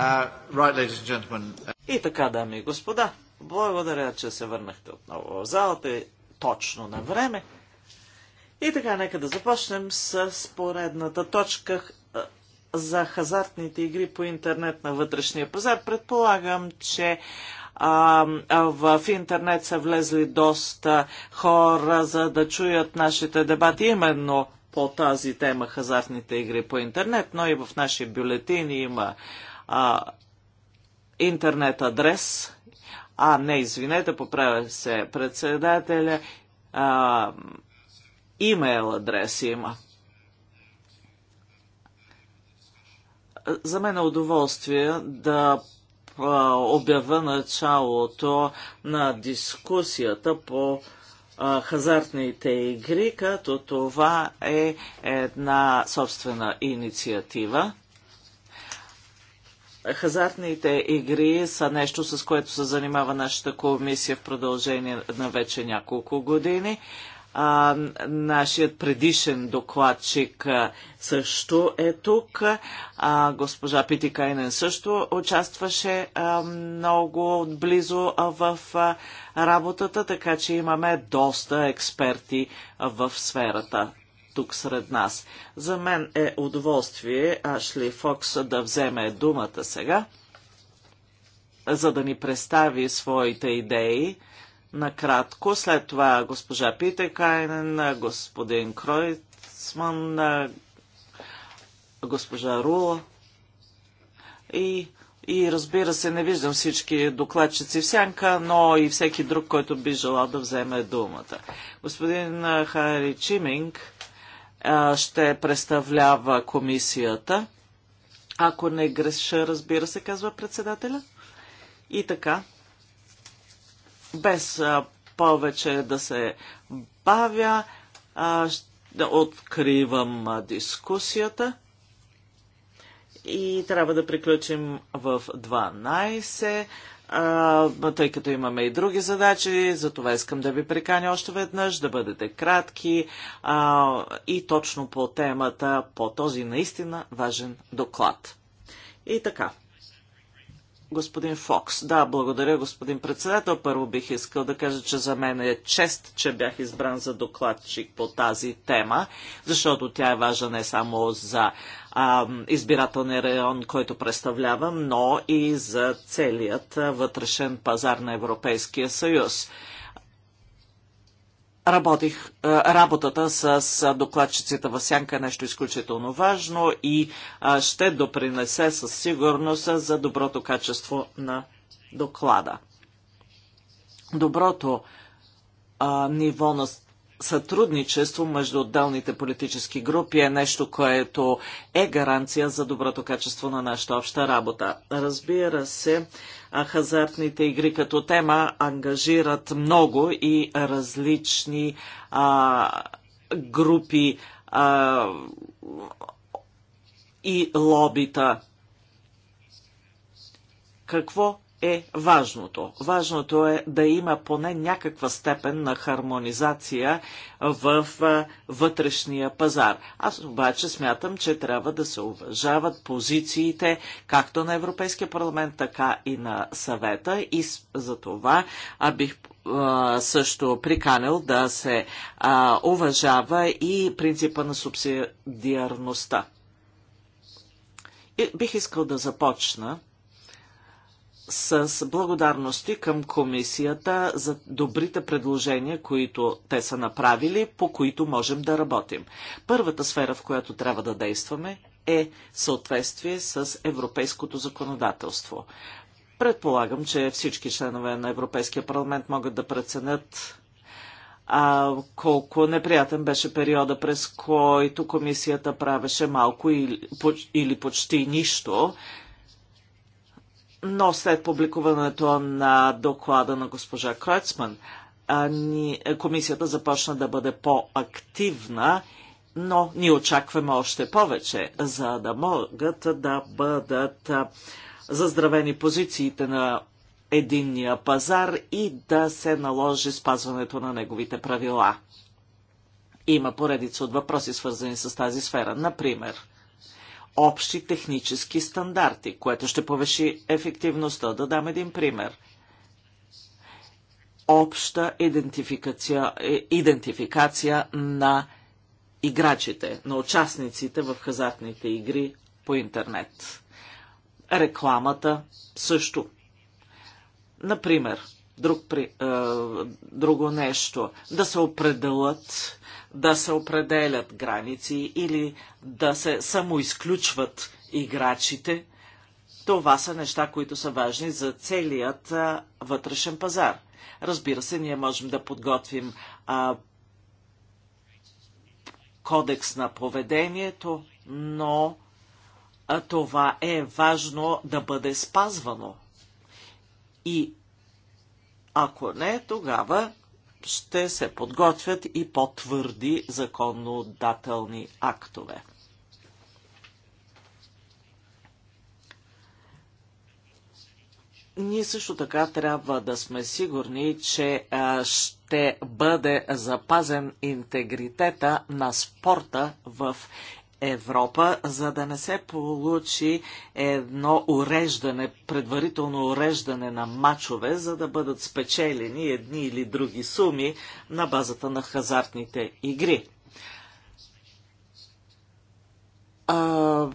Uh, uh, и така, дами и господа, благодаря, че се върнахте отново в залата и точно на време. И така, нека да започнем с поредната точка е, за хазартните игри по интернет на вътрешния пазар. Предполагам, че а, в интернет са влезли доста хора, за да чуят нашите дебати именно по тази тема хазартните игри по интернет, но и в нашия бюлетин има а, интернет адрес, а не, извинете, поправя се председателя, а, имейл адрес има. За мен е удоволствие да обява началото на дискусията по хазартните игри, като това е една собствена инициатива хазартните игри са нещо, с което се занимава нашата комисия в продължение на вече няколко години. А, нашият предишен докладчик също е тук. А, госпожа Питикайнен също участваше а, много близо в а, работата, така че имаме доста експерти а, в сферата тук сред нас. За мен е удоволствие Ашли Фокс да вземе думата сега, за да ни представи своите идеи накратко. След това госпожа Питекайнен, господин Кройцман, госпожа Рула и и разбира се, не виждам всички докладчици в сянка, но и всеки друг, който би желал да вземе думата. Господин Хари Чиминг ще представлява комисията. Ако не греша, разбира се, казва председателя. И така, без повече да се бавя, да откривам дискусията. И трябва да приключим в 12 а, тъй като имаме и други задачи, за това искам да ви приканя още веднъж, да бъдете кратки а, и точно по темата, по този наистина важен доклад. И така господин Фокс. Да, благодаря, господин председател. Първо бих искал да кажа, че за мен е чест, че бях избран за докладчик по тази тема, защото тя е важна не само за а, избирателния район, който представлявам, но и за целият вътрешен пазар на Европейския съюз. Работих е, работата с докладчицата в Сянка е нещо изключително важно и ще допринесе със сигурност за доброто качество на доклада. Доброто ниво на сътрудничество между отделните политически групи е нещо, което е гаранция за доброто качество на нашата обща работа. Разбира се, хазартните игри като тема ангажират много и различни а, групи а, и лобита. Какво е важното. Важното е да има поне някаква степен на хармонизация в вътрешния пазар. Аз обаче смятам, че трябва да се уважават позициите както на Европейския парламент, така и на съвета и за това а бих също приканил да се а, уважава и принципа на субсидиарността. И бих искал да започна с благодарности към комисията за добрите предложения, които те са направили, по които можем да работим. Първата сфера, в която трябва да действаме, е съответствие с европейското законодателство. Предполагам, че всички членове на Европейския парламент могат да преценят а, колко неприятен беше периода, през който комисията правеше малко или, или почти нищо но след публикуването на доклада на госпожа Кройцман, комисията започна да бъде по-активна, но ни очакваме още повече, за да могат да бъдат заздравени позициите на единния пазар и да се наложи спазването на неговите правила. Има поредица от въпроси, свързани с тази сфера. Например, общи технически стандарти, което ще повиши ефективността. Да дам един пример. Обща идентификация, е, идентификация на играчите, на участниците в хазартните игри по интернет. Рекламата също. Например, друг, е, друго нещо, да се определят да се определят граници или да се самоизключват играчите, това са неща, които са важни за целият а, вътрешен пазар. Разбира се, ние можем да подготвим а, кодекс на поведението, но а, това е важно да бъде спазвано. И ако не, тогава ще се подготвят и по-твърди законодателни актове. Ние също така трябва да сме сигурни, че ще бъде запазен интегритета на спорта в Европа, за да не се получи едно уреждане, предварително уреждане на мачове, за да бъдат спечелени едни или други суми на базата на хазартните игри. А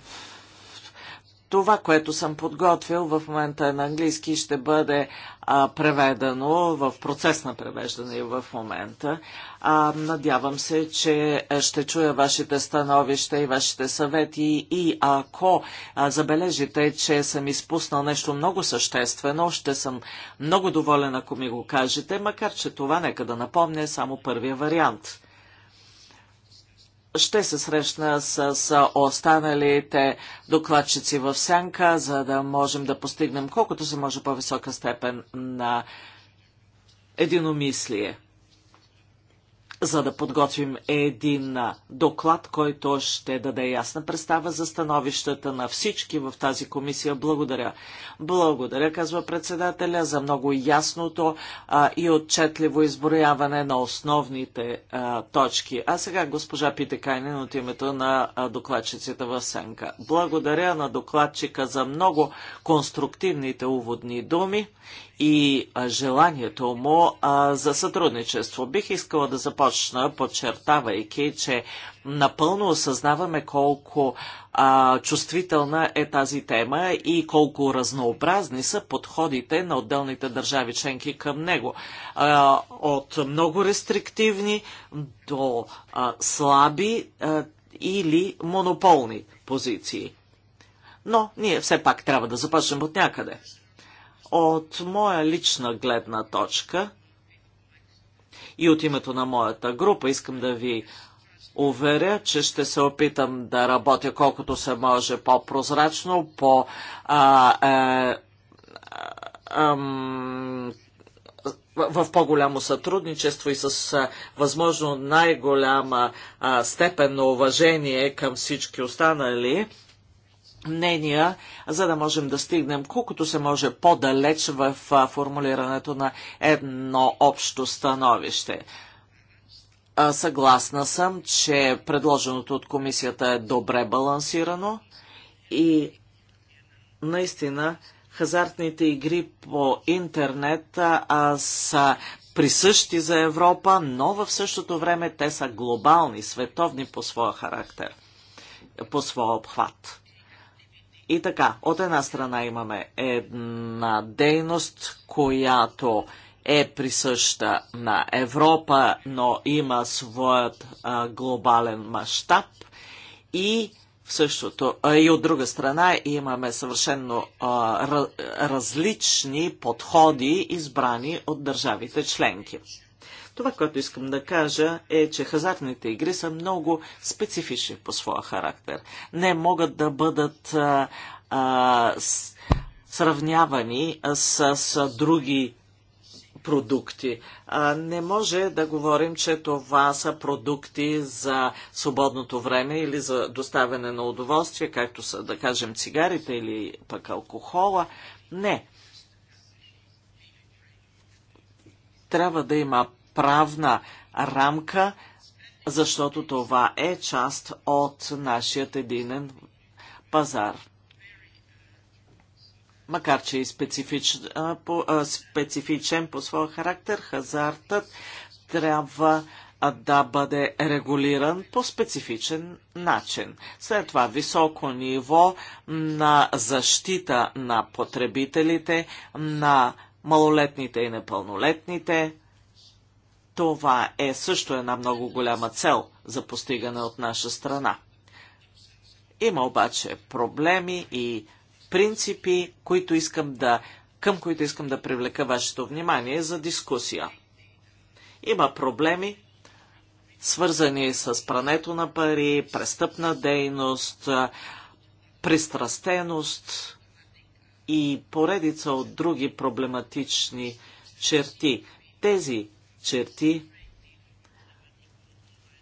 това, което съм подготвил в момента е на английски, ще бъде а, преведено в процес на превеждане в момента. А, надявам се, че ще чуя вашите становища и вашите съвети и ако а, забележите, че съм изпуснал нещо много съществено, ще съм много доволен, ако ми го кажете, макар че това, нека да напомня, е само първия вариант ще се срещна с, с останалите докладчици в сянка, за да можем да постигнем колкото се може по-висока степен на единомислие за да подготвим един доклад, който ще даде ясна представа за становищата на всички в тази комисия. Благодаря. Благодаря, казва председателя, за много ясното а, и отчетливо изброяване на основните а, точки. А сега госпожа Питекайнен от името на докладчицата в Сенка. Благодаря на докладчика за много конструктивните уводни думи и желанието му за сътрудничество. Бих искала да започна, подчертавайки, че напълно осъзнаваме колко а, чувствителна е тази тема и колко разнообразни са подходите на отделните държави членки към него. А, от много рестриктивни до а, слаби а, или монополни позиции. Но ние все пак трябва да започнем от някъде. От моя лична гледна точка и от името на моята група искам да ви уверя, че ще се опитам да работя колкото се може по-прозрачно, по... А, е, а, в по-голямо сътрудничество и с възможно най-голяма степен на уважение към всички останали мнения, за да можем да стигнем колкото се може по-далеч в формулирането на едно общо становище. Съгласна съм, че предложеното от комисията е добре балансирано и наистина хазартните игри по интернет а, са присъщи за Европа, но в същото време те са глобални, световни по своя характер, по своя обхват. И така, от една страна имаме една дейност, която е присъща на Европа, но има своят а, глобален мащаб и в същото. А, и от друга страна имаме съвършенно а, различни подходи, избрани от държавите членки. Това, което искам да кажа е, че хазартните игри са много специфични по своя характер. Не могат да бъдат а, а, с, сравнявани с, с други продукти. А, не може да говорим, че това са продукти за свободното време или за доставяне на удоволствие, както са, да кажем, цигарите или пък алкохола. Не. Трябва да има правна рамка, защото това е част от нашия единен пазар. Макар, че е и специфич, по, специфичен по своя характер, хазартът трябва да бъде регулиран по специфичен начин. След това високо ниво на защита на потребителите, на малолетните и непълнолетните, това е също една много голяма цел за постигане от наша страна. Има обаче проблеми и принципи, които искам да, към които искам да привлека вашето внимание за дискусия. Има проблеми, свързани с прането на пари, престъпна дейност, пристрастеност и поредица от други проблематични черти. Тези черти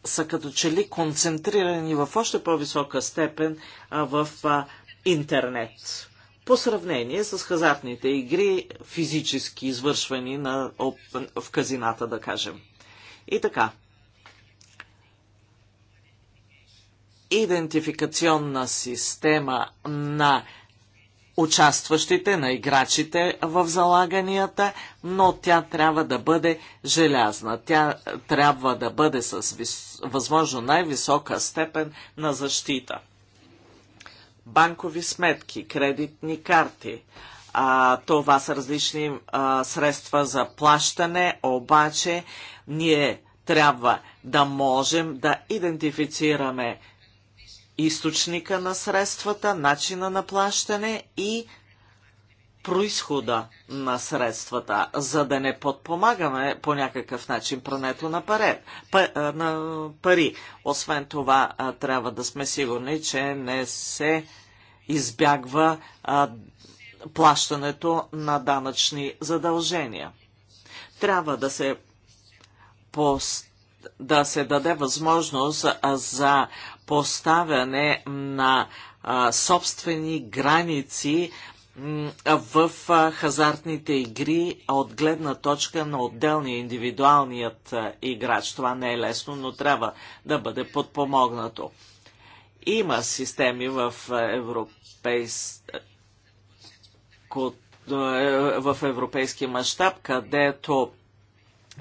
са като че ли концентрирани в още по-висока степен а, в а, интернет. По сравнение с хазартните игри, физически извършвани на, об, в казината, да кажем. И така. Идентификационна система на участващите, на играчите в залаганията, но тя трябва да бъде желязна. Тя е, трябва да бъде с вис... възможно най-висока степен на защита. Банкови сметки, кредитни карти. А, това са различни а, средства за плащане, обаче ние трябва да можем да идентифицираме източника на средствата, начина на плащане и происхода на средствата, за да не подпомагаме по някакъв начин прането на, паре, па, на пари. Освен това, трябва да сме сигурни, че не се избягва а, плащането на данъчни задължения. Трябва да се, пост, да се даде възможност за поставяне на а, собствени граници в хазартните игри от гледна точка на отделния индивидуалният играч. Това не е лесно, но трябва да бъде подпомогнато. Има системи в европейски в европейски мащаб, където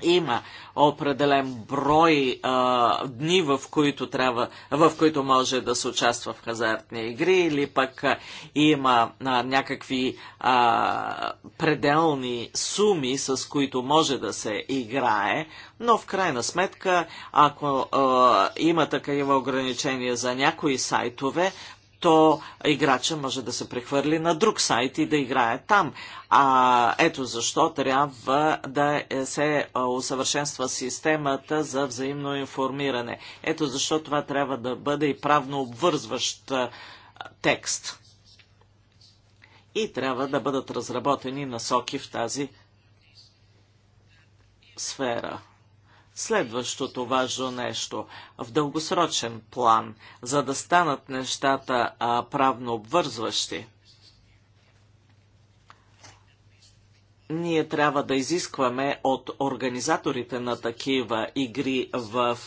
има определен брой а, дни, в които, трябва, в които може да се участва в хазартни игри или пък а, има а, някакви а, пределни суми, с които може да се играе, но в крайна сметка, ако а, има такива ограничения за някои сайтове, то играча може да се прехвърли на друг сайт и да играе там. А, ето защо трябва да се усъвършенства системата за взаимно информиране. Ето защо това трябва да бъде и правно обвързващ текст. И трябва да бъдат разработени насоки в тази сфера следващото важно нещо в дългосрочен план, за да станат нещата а, правно обвързващи. Ние трябва да изискваме от организаторите на такива игри в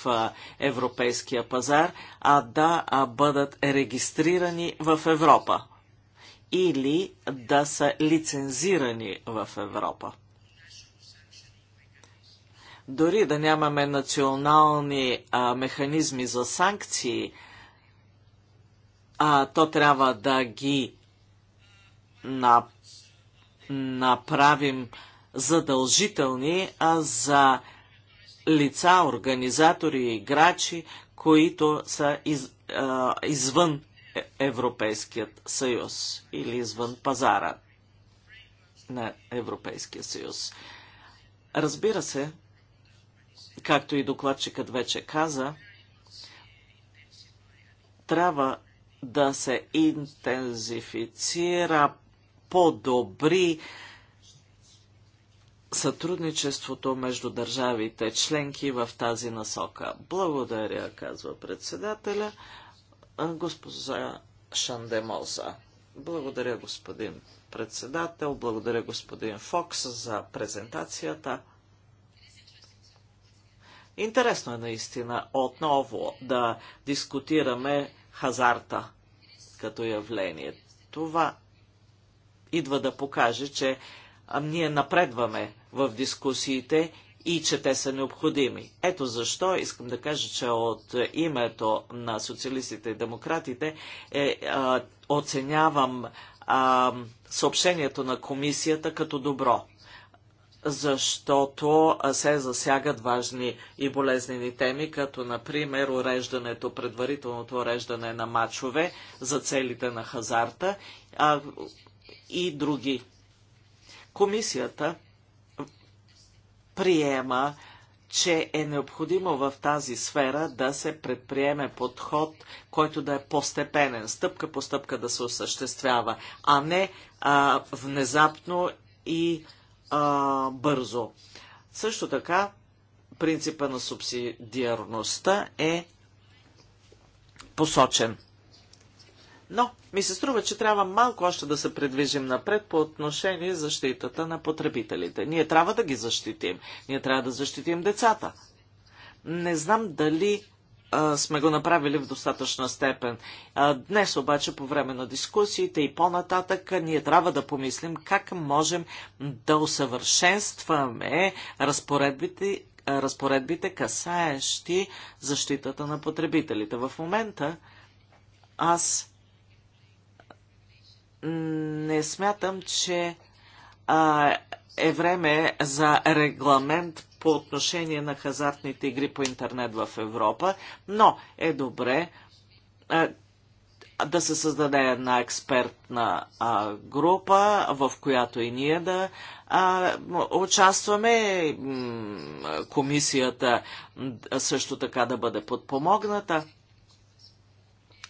европейския пазар, а да бъдат регистрирани в Европа или да са лицензирани в Европа. Дори да нямаме национални а, механизми за санкции, а, то трябва да ги на, направим задължителни а за лица, организатори и играчи, които са из, а, извън Европейският съюз или извън пазара на Европейския съюз. Разбира се, както и докладчикът вече каза, трябва да се интензифицира по-добри сътрудничеството между държавите членки в тази насока. Благодаря, казва председателя, госпожа Шандемоза. Благодаря, господин председател, благодаря, господин Фокс, за презентацията. Интересно е наистина отново да дискутираме хазарта като явление. Това идва да покаже, че ние напредваме в дискусиите и че те са необходими. Ето защо искам да кажа, че от името на социалистите и демократите е, е, оценявам е, съобщението на комисията като добро защото се засягат важни и болезнени теми, като например уреждането, предварителното уреждане на мачове за целите на хазарта а, и други. Комисията приема, че е необходимо в тази сфера да се предприеме подход, който да е постепенен, стъпка по стъпка да се осъществява, а не а, внезапно и а, а, бързо. Също така, принципа на субсидиарността е посочен. Но ми се струва, че трябва малко още да се предвижим напред по отношение защитата на потребителите. Ние трябва да ги защитим. Ние трябва да защитим децата. Не знам дали сме го направили в достатъчна степен. днес обаче по време на дискусиите и по-нататък ние трябва да помислим как можем да усъвършенстваме разпоредбите, разпоредбите касаещи защитата на потребителите. В момента аз не смятам, че а, е време за регламент по отношение на хазартните игри по интернет в Европа, но е добре а, да се създаде една експертна а, група, в която и ние да а, участваме, комисията също така да бъде подпомогната,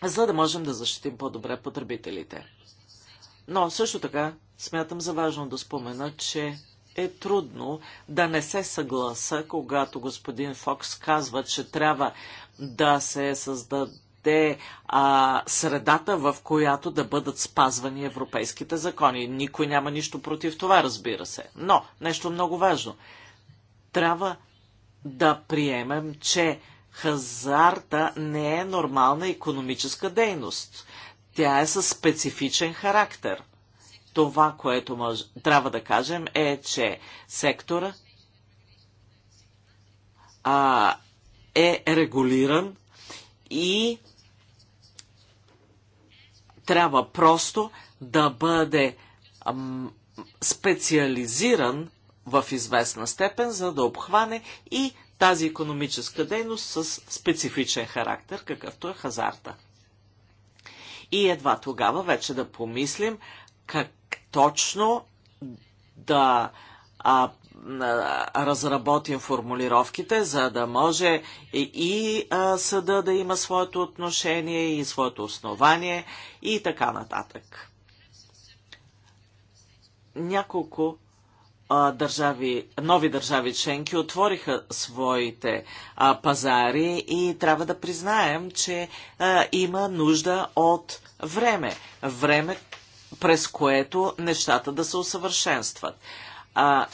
за да можем да защитим по-добре потребителите. Но също така смятам за важно да спомена, че е трудно да не се съгласа, когато господин Фокс казва, че трябва да се създаде а, средата, в която да бъдат спазвани европейските закони. Никой няма нищо против това, разбира се. Но, нещо много важно. Трябва да приемем, че хазарта не е нормална економическа дейност. Тя е със специфичен характер. Това, което мож... трябва да кажем е, че сектора а, е регулиран и трябва просто да бъде ам, специализиран в известна степен, за да обхване и тази економическа дейност с специфичен характер, какъвто е хазарта. И едва тогава вече да помислим как точно да а, разработим формулировките, за да може и, и а, съда да има своето отношение и своето основание и така нататък. Няколко държави, нови държави членки отвориха своите а, пазари и трябва да признаем, че а, има нужда от време. Време, през което нещата да се усъвършенстват. А,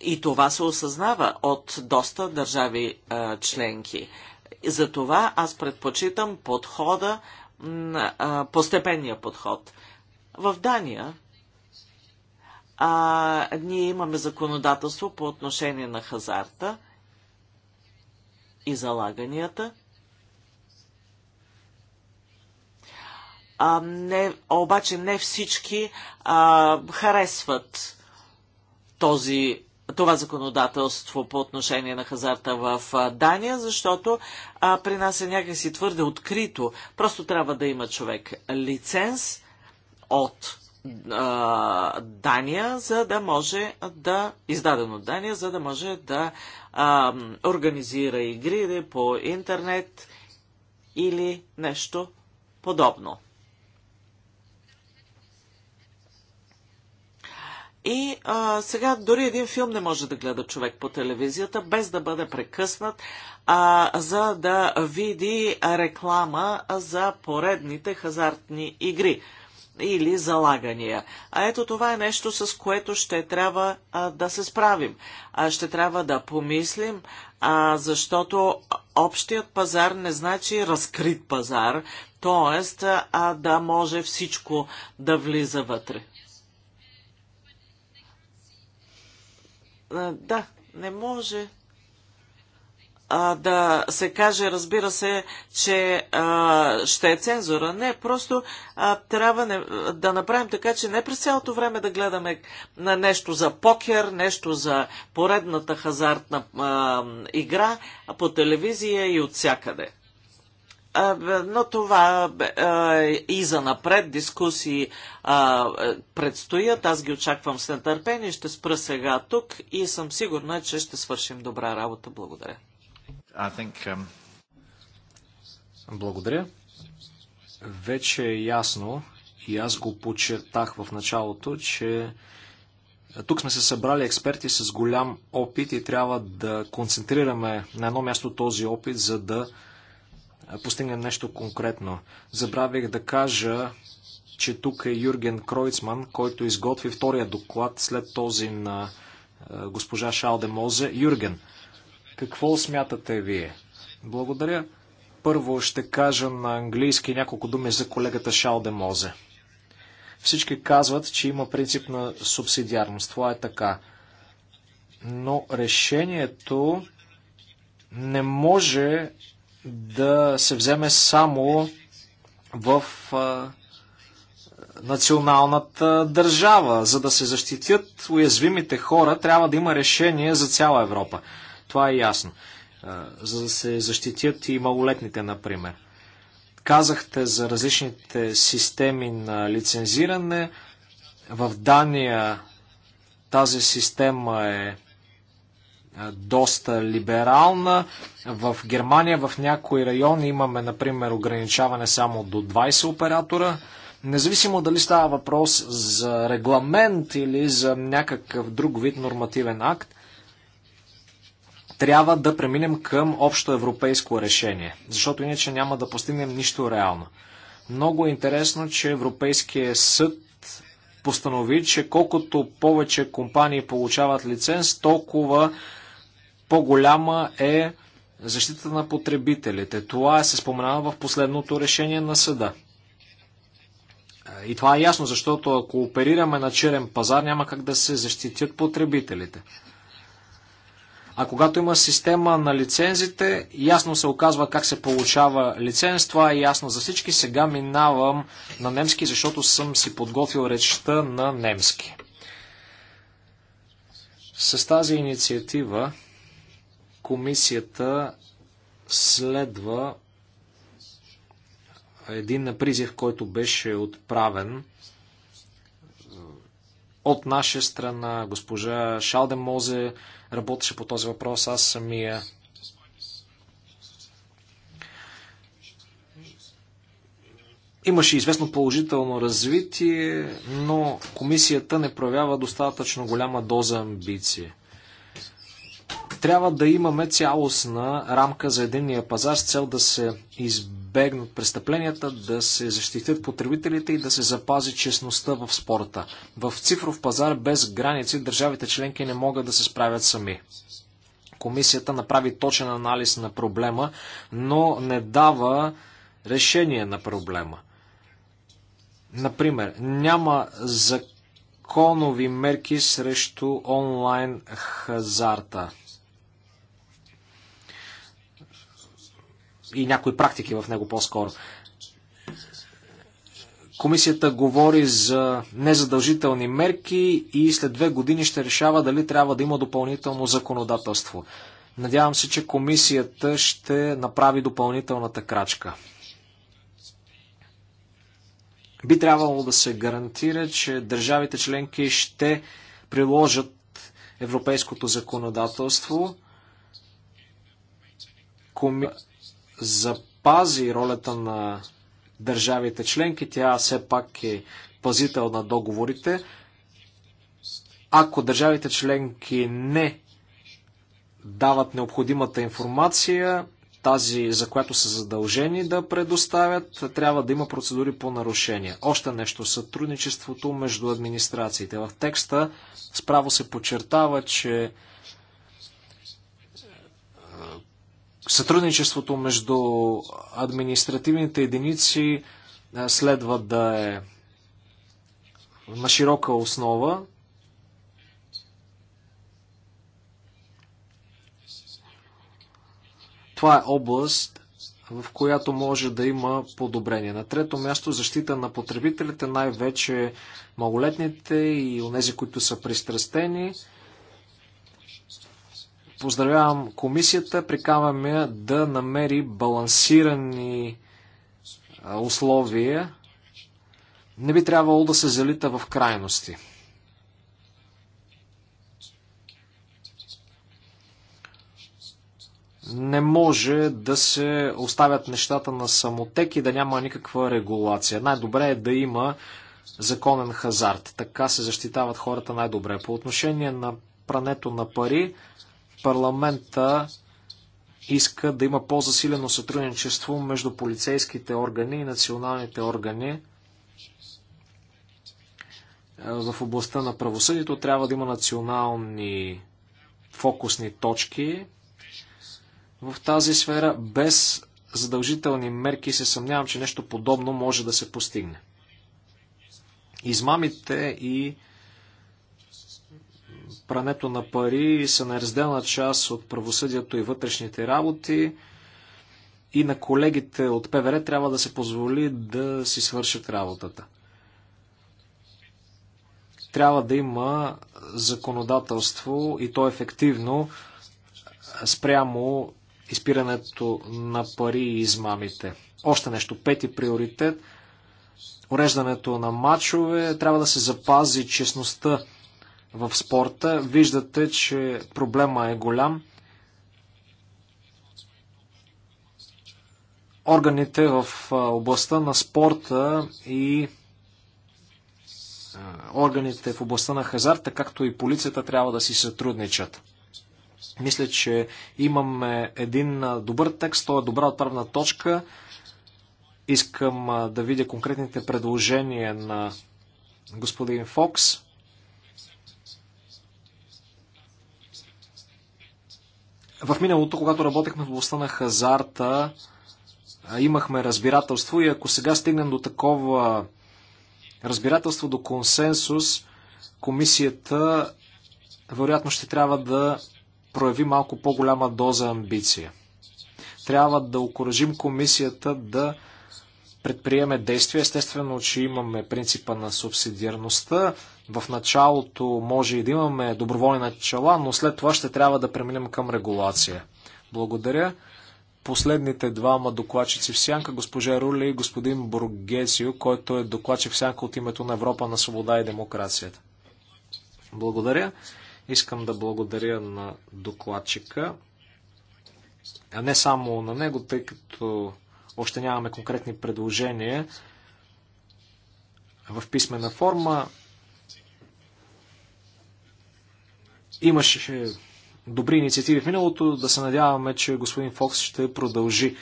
и това се осъзнава от доста държави а, членки. Затова аз предпочитам подхода, а, постепенния подход. В Дания а, ние имаме законодателство по отношение на хазарта и залаганията. А, не, обаче не всички а, харесват този, това законодателство по отношение на хазарта в Дания, защото а, при нас е някакси твърде открито. Просто трябва да има човек лиценз от Дания, за да може да, издадено Дания, за да може да а, организира игри по интернет или нещо подобно. И а, сега дори един филм не може да гледа човек по телевизията, без да бъде прекъснат, а, за да види реклама за поредните хазартни игри или залагания. А ето това е нещо, с което ще трябва а, да се справим. А, ще трябва да помислим, а, защото общият пазар не значи разкрит пазар, т.е. да може всичко да влиза вътре. А, да, не може а, да се каже, разбира се, че а, ще е цензура. Не, просто а, трябва не, да направим така, че не през цялото време да гледаме на нещо за покер, нещо за поредната хазартна а, игра по телевизия и от всякъде. Но това а, и за напред дискусии а, предстоят. Аз ги очаквам с нетърпение. Ще спра сега тук и съм сигурна, че ще свършим добра работа. Благодаря think, um... Благодаря. Вече е ясно и аз го подчертах в началото, че тук сме се събрали експерти с голям опит и трябва да концентрираме на едно място този опит, за да постигнем нещо конкретно. Забравих да кажа, че тук е Юрген Кройцман, който изготви втория доклад след този на госпожа Шалде Мозе. Юрген, какво смятате вие? Благодаря. Първо ще кажа на английски няколко думи за колегата де Мозе. Всички казват, че има принцип на субсидиарност. Това е така. Но решението не може да се вземе само в а, националната държава. За да се защитят уязвимите хора, трябва да има решение за цяла Европа. Това е ясно. За да се защитят и малолетните, например. Казахте за различните системи на лицензиране. В Дания тази система е доста либерална. В Германия в някои райони имаме, например, ограничаване само до 20 оператора. Независимо дали става въпрос за регламент или за някакъв друг вид нормативен акт, трябва да преминем към общо европейско решение, защото иначе няма да постигнем нищо реално. Много е интересно, че Европейския съд постанови, че колкото повече компании получават лиценз, толкова по-голяма е защита на потребителите. Това се споменава в последното решение на съда. И това е ясно, защото ако оперираме на черен пазар, няма как да се защитят потребителите. А когато има система на лицензите, ясно се оказва как се получава лиценз. Това е ясно за всички. Сега минавам на немски, защото съм си подготвил речта на немски. С тази инициатива комисията следва един призив, който беше отправен от наша страна, госпожа Шалдемозе, Мозе, работеше по този въпрос аз самия. Имаше известно положително развитие, но комисията не проявява достатъчно голяма доза амбиции. Трябва да имаме цялостна рамка за единния пазар с цел да се избира от престъпленията, да се защитят потребителите и да се запази честността в спорта. В цифров пазар без граници държавите членки не могат да се справят сами. Комисията направи точен анализ на проблема, но не дава решение на проблема. Например, няма законови мерки срещу онлайн хазарта. и някои практики в него по-скоро. Комисията говори за незадължителни мерки и след две години ще решава дали трябва да има допълнително законодателство. Надявам се, че комисията ще направи допълнителната крачка. Би трябвало да се гарантира, че държавите членки ще приложат европейското законодателство. Коми запази ролята на държавите членки, тя все пак е пазител на договорите. Ако държавите членки не дават необходимата информация, тази, за която са задължени да предоставят, трябва да има процедури по нарушение. Още нещо сътрудничеството между администрациите. В текста справо се подчертава, че сътрудничеството между административните единици следва да е на широка основа. Това е област, в която може да има подобрение. На трето място защита на потребителите, най-вече малолетните и онези, които са пристрастени. Поздравявам комисията, прикавам я да намери балансирани условия. Не би трябвало да се залита в крайности. не може да се оставят нещата на самотек и да няма никаква регулация. Най-добре е да има законен хазарт. Така се защитават хората най-добре. По отношение на прането на пари, парламента иска да има по-засилено сътрудничество между полицейските органи и националните органи е, в областта на правосъдието. Трябва да има национални фокусни точки в тази сфера. Без задължителни мерки се съмнявам, че нещо подобно може да се постигне. Измамите и прането на пари са неразделна част от правосъдието и вътрешните работи и на колегите от ПВР трябва да се позволи да си свършат работата. Трябва да има законодателство и то ефективно спрямо изпирането на пари и измамите. Още нещо, пети приоритет – уреждането на мачове, трябва да се запази честността в спорта. Виждате, че проблема е голям. Органите в областта на спорта и органите в областта на хазарта, както и полицията, трябва да си сътрудничат. Мисля, че имаме един добър текст, той е добра отправна точка. Искам да видя конкретните предложения на господин Фокс. В миналото, когато работехме в областта на хазарта, имахме разбирателство и ако сега стигнем до такова разбирателство, до консенсус, комисията вероятно ще трябва да прояви малко по-голяма доза амбиция. Трябва да окоръжим комисията да предприеме действия. Естествено, че имаме принципа на субсидиарността. В началото може и да имаме доброволни начала, но след това ще трябва да преминем към регулация. Благодаря. Последните двама докладчици в сянка, госпожа Рули и господин Бургесио, който е докладчик в сянка от името на Европа на свобода и демокрацията. Благодаря. Искам да благодаря на докладчика, а не само на него, тъй като още нямаме конкретни предложения в писмена форма. Имаше добри инициативи в миналото, да се надяваме, че господин Фокс ще продължи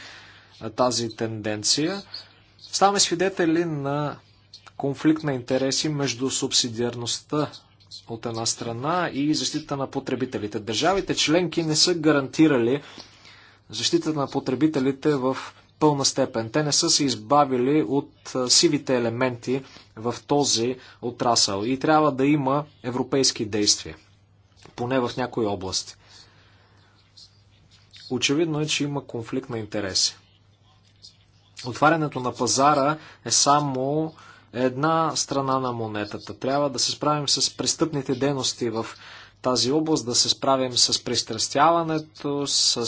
тази тенденция. Ставаме свидетели на конфликт на интереси между субсидиарността от една страна и защита на потребителите. Държавите членки не са гарантирали защита на потребителите в пълна степен. Те не са се избавили от сивите елементи в този отрасъл и трябва да има европейски действия поне в някои области. Очевидно е, че има конфликт на интереси. Отварянето на пазара е само една страна на монетата. Трябва да се справим с престъпните дейности в тази област, да се справим с пристрастяването, с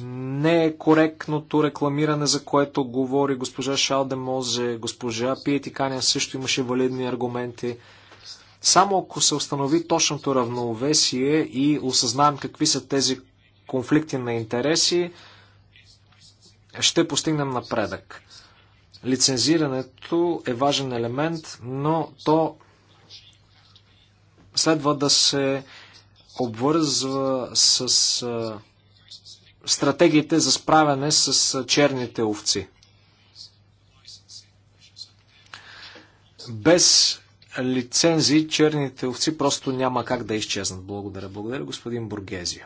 некоректното рекламиране, за което говори госпожа Шалдемозе, госпожа Пиетикания също имаше валидни аргументи. Само ако се установи точното равновесие и осъзнаем какви са тези конфликти на интереси, ще постигнем напредък. Лицензирането е важен елемент, но то следва да се обвързва с стратегиите за справяне с черните овци. Без лицензи, черните овци просто няма как да изчезнат. Благодаря. Благодаря, господин Бургезио.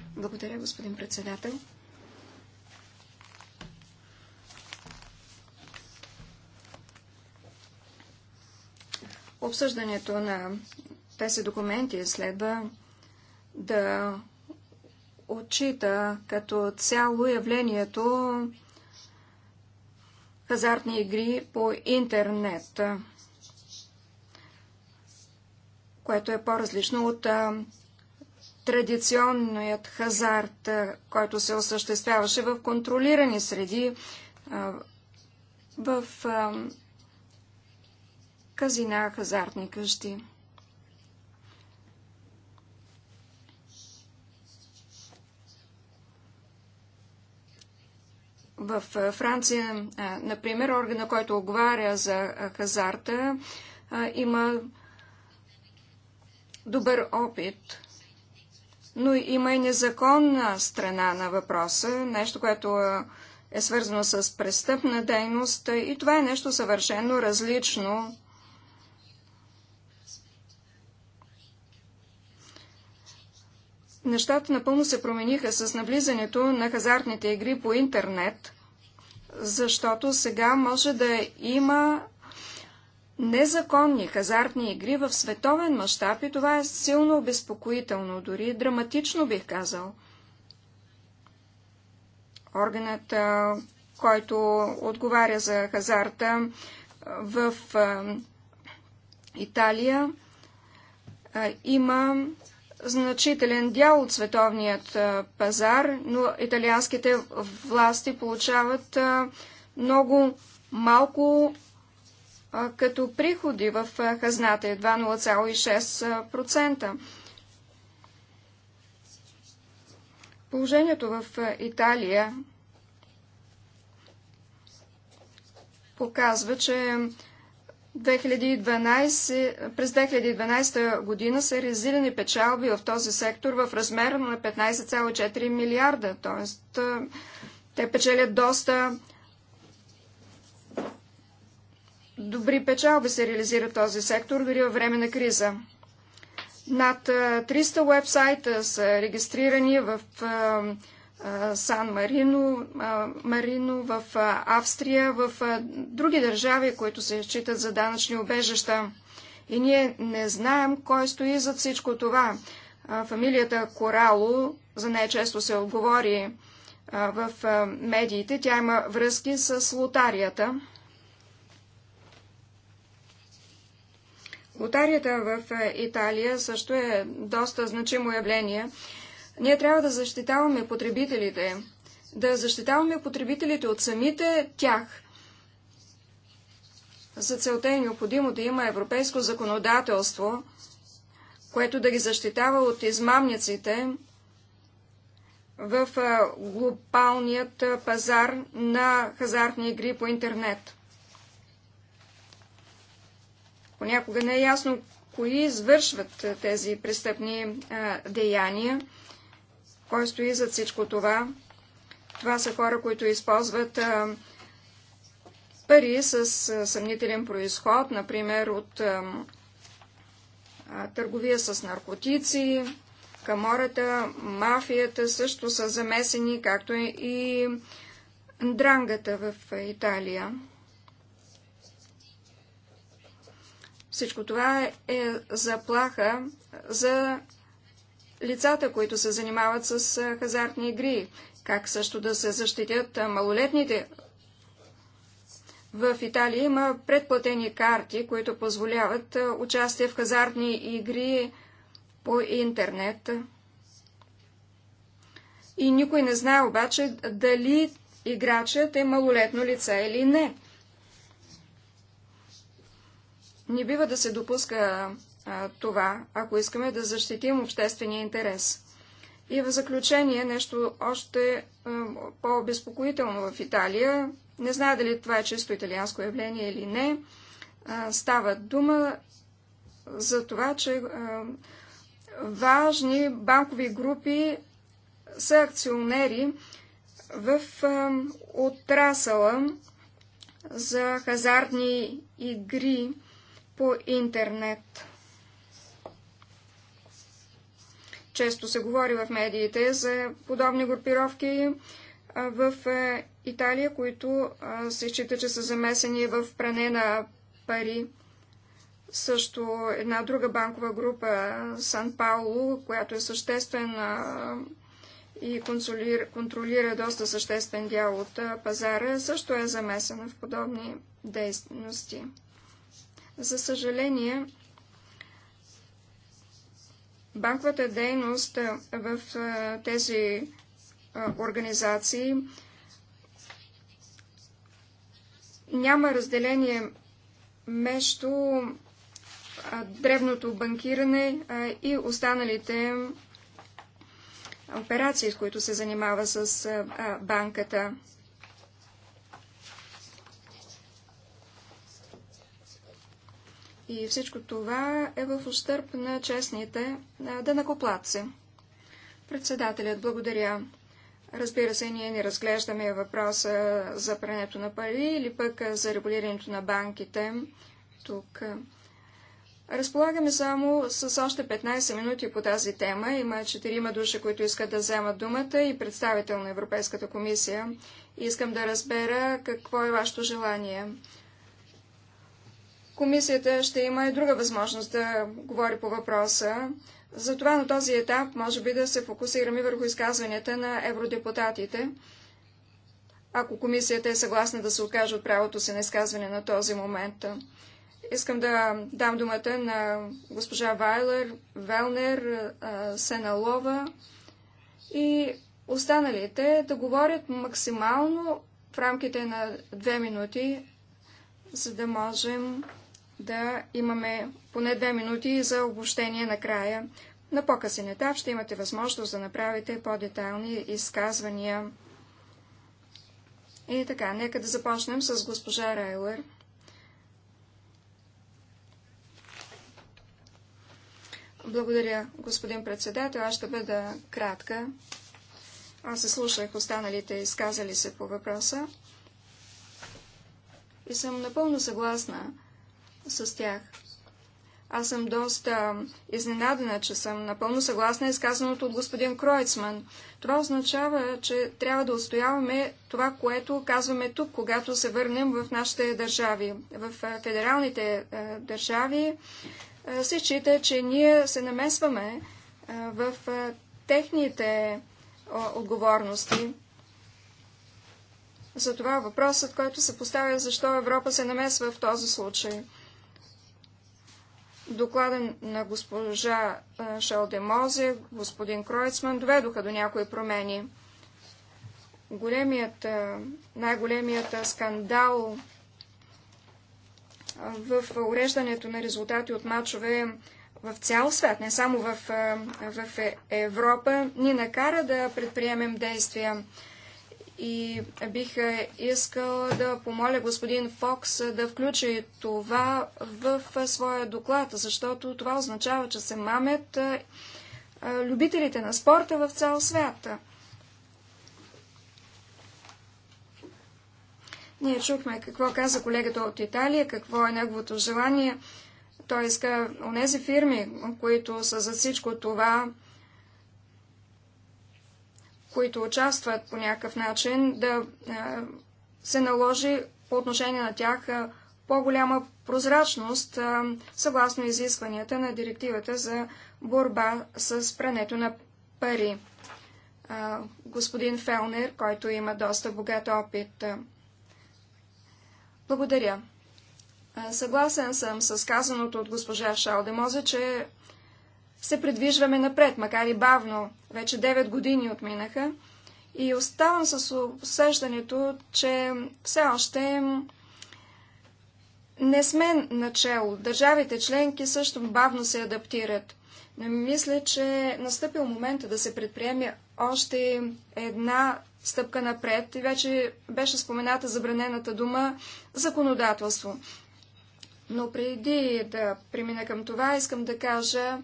Благодаря, господин председател. Обсъждането на тези документи следва да отчита като цяло явлението хазартни игри по интернет, което е по-различно от традиционният хазарт, който се осъществяваше в контролирани среди, в казина, хазартни къщи. В Франция, например, органа, който отговаря за хазарта, има добър опит, но има и незаконна страна на въпроса, нещо, което е свързано с престъпна дейност и това е нещо съвършено различно нещата напълно се промениха с навлизането на хазартните игри по интернет, защото сега може да има незаконни хазартни игри в световен мащаб и това е силно обезпокоително, дори драматично бих казал. Органът, който отговаря за хазарта в Италия, има значителен дял от световният пазар, но италианските власти получават много малко като приходи в хазната, едва 0,6%. Положението в Италия показва, че 2012, през 2012 година са резилени печалби в този сектор в размер на 15,4 милиарда. Т.е. те печелят доста добри печалби се реализира този сектор, дори във време на криза. Над 300 вебсайта са регистрирани в Сан Марино, Марино в Австрия, в други държави, които се считат за данъчни обежища. И ние не знаем кой стои зад всичко това. Фамилията Корало, за нея често се отговори в медиите, тя има връзки с лотарията. Лотарията в Италия също е доста значимо явление ние трябва да защитаваме потребителите, да защитаваме потребителите от самите тях. За целта е необходимо да има европейско законодателство, което да ги защитава от измамниците в глобалният пазар на хазартни игри по интернет. Понякога не е ясно кои извършват тези престъпни а, деяния. Кой стои за всичко това? Това са хора, които използват пари с съмнителен происход, например от търговия с наркотици, камората, мафията също са замесени, както и дрангата в Италия. Всичко това е заплаха за лицата, които се занимават с хазартни игри, как също да се защитят малолетните. В Италия има предплатени карти, които позволяват участие в хазартни игри по интернет. И никой не знае обаче дали играчът е малолетно лице или не. Не бива да се допуска а, това, ако искаме да защитим обществения интерес. И в заключение нещо още по-обезпокоително в Италия. Не знае дали това е чисто италианско явление или не. А, става дума за това, че а, важни банкови групи са акционери в а, отрасъла за хазартни игри по интернет. Често се говори в медиите за подобни групировки в Италия, които се счита, че са замесени в пране на пари. Също една друга банкова група, Сан Пауло, която е съществена и контролира, доста съществен дял от пазара, също е замесена в подобни дейности. За съжаление, Банковата дейност в тези организации няма разделение между древното банкиране и останалите операции, с които се занимава с банката. И всичко това е в устърп на честните дънакоплаци. Председателят, благодаря. Разбира се, ние не разглеждаме въпроса за прането на пари или пък за регулирането на банките. Тук разполагаме само с още 15 минути по тази тема. Има четирима души, които искат да вземат думата и представител на Европейската комисия. Искам да разбера какво е вашето желание. Комисията ще има и друга възможност да говори по въпроса. Затова на този етап може би да се фокусираме върху изказванията на евродепутатите. Ако комисията е съгласна да се окаже от правото си на изказване на този момент. Искам да дам думата на госпожа Вайлер, Велнер, Сеналова и останалите да говорят максимално в рамките на две минути, за да можем да имаме поне две минути за обобщение на края. На по-късен етап ще имате възможност да направите по-детайлни изказвания. И така, нека да започнем с госпожа Райлер. Благодаря, господин председател. Аз ще бъда кратка. Аз се слушах останалите изказали се по въпроса. И съм напълно съгласна с тях. Аз съм доста изненадена, че съм напълно съгласна изказаното от господин Кройцман. Това означава, че трябва да отстояваме това, което казваме тук, когато се върнем в нашите държави. В е, федералните е, държави е, се счита, че ние се намесваме в техните отговорности. За това въпросът, който се поставя, защо Европа се намесва в този случай – доклада на госпожа Шалдемозе, господин Кройцман доведоха до някои промени. Големият, най-големият скандал в уреждането на резултати от мачове в цял свят, не само в, в е, Европа, ни накара да предприемем действия. И бих е, искал да помоля господин Фокс е, да включи това в е, своя доклад, защото това означава, че се мамят любителите на спорта в цял свят. Ние чухме какво каза колегата от Италия, какво е неговото желание. Той иска онези фирми, които са за всичко това, които участват по някакъв начин, да се наложи по отношение на тях по-голяма прозрачност съгласно изискванията на директивата за борба с прането на пари. Господин Фелнер, който има доста богат опит. Благодаря. Съгласен съм с казаното от госпожа Шалдемоза, че се придвижваме напред, макар и бавно. Вече 9 години отминаха и оставам с усещането, че все още не сме начало. Държавите членки също бавно се адаптират. Но мисля, че настъпил момент да се предприеме още една стъпка напред и вече беше спомената забранената дума законодателство. Но преди да премина към това, искам да кажа,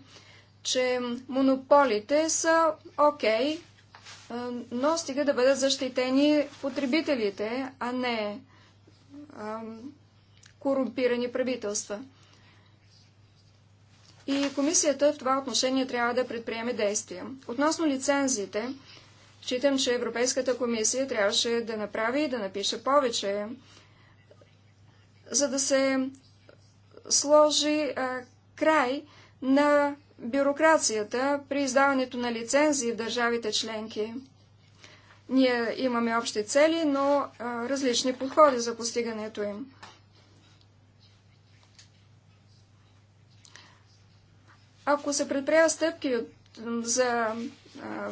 че монополите са окей, okay, е, но стига да бъдат защитени потребителите, а не а, е, корумпирани правителства. И комисията в това отношение трябва да предприеме действия. Относно лицензиите, считам, че Европейската комисия трябваше да направи и да напише повече, за да се сложи а, край на бюрокрацията при издаването на лицензии в държавите членки. Ние имаме общи цели, но различни подходи за постигането им. Ако се предприема стъпки от, за а,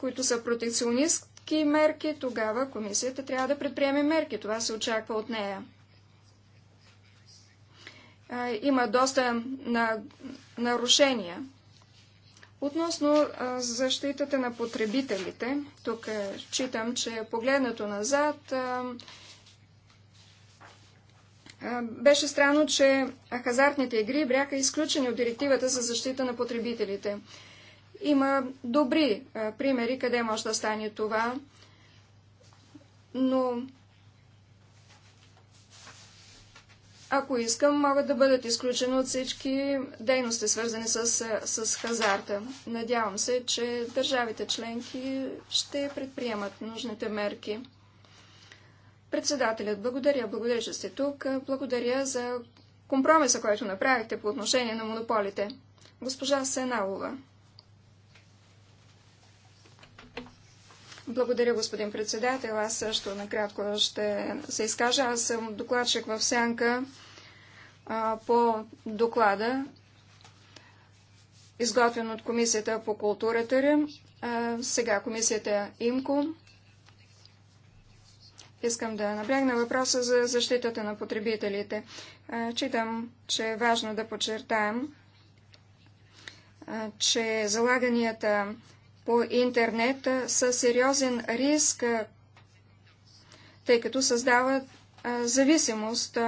които са протекционистки мерки, тогава комисията трябва да предприеме мерки. Това се очаква от нея има доста на, нарушения. Относно защитата на потребителите, тук е, читам, че погледнато назад беше странно, че хазартните игри бяха изключени от директивата за защита на потребителите. Има добри примери къде може да стане това, но Ако искам, могат да бъдат изключени от всички дейности, свързани с, с хазарта. Надявам се, че държавите членки ще предприемат нужните мерки. Председателят, благодаря, благодаря, че сте тук. Благодаря за компромиса, който направихте по отношение на монополите. Госпожа Сенавова. Благодаря, господин председател. Аз също накратко ще се изкажа. Аз съм докладчик в Сянка по доклада, изготвен от Комисията по културата, сега Комисията ИМКО. Искам да наблегна въпроса за защитата на потребителите. Читам, че е важно да подчертаем, че залаганията по интернет са сериозен риск, тъй като създават зависимост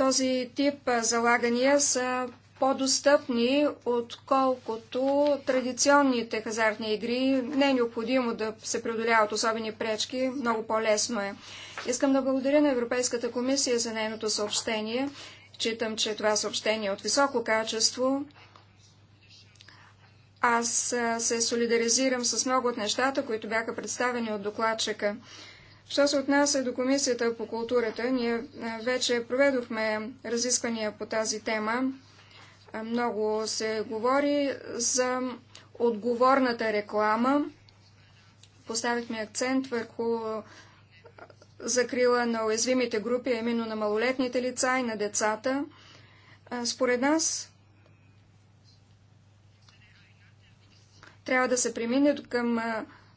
този тип залагания са по-достъпни, отколкото традиционните хазартни игри. Не е необходимо да се преодоляват особени пречки, много по-лесно е. Искам да благодаря на Европейската комисия за нейното съобщение. Читам, че това съобщение е от високо качество. Аз се солидаризирам с много от нещата, които бяха представени от докладчика. Що се отнася до Комисията по културата, ние вече проведохме разисквания по тази тема. Много се говори за отговорната реклама. Поставихме акцент върху закрила на уязвимите групи, а именно на малолетните лица и на децата. Според нас трябва да се премине към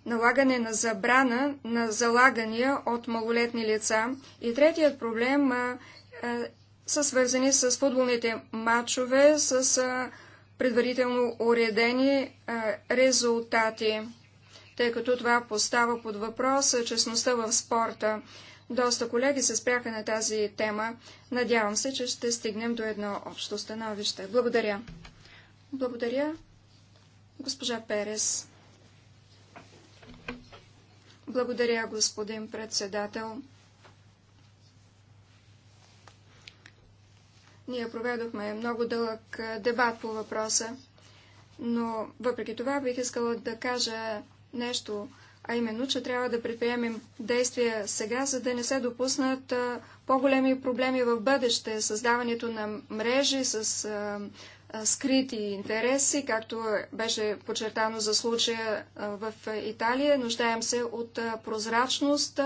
налагане на забрана на залагания от малолетни лица. И третият проблем а, а, са свързани с футболните матчове, с а, предварително уредени а, резултати, тъй като това поставя под въпрос честността в спорта. Доста колеги се спряха на тази тема. Надявам се, че ще стигнем до едно общо становище. Благодаря. Благодаря, госпожа Перес. Благодаря, господин председател. Ние проведохме много дълъг е, дебат по въпроса, но въпреки това бих искала да кажа нещо, а именно, че трябва да предприемем действия сега, за да не се допуснат е, по-големи проблеми в бъдеще. Създаването на мрежи с е, скрити интереси, както беше подчертано за случая в Италия. Нуждаем се от прозрачност,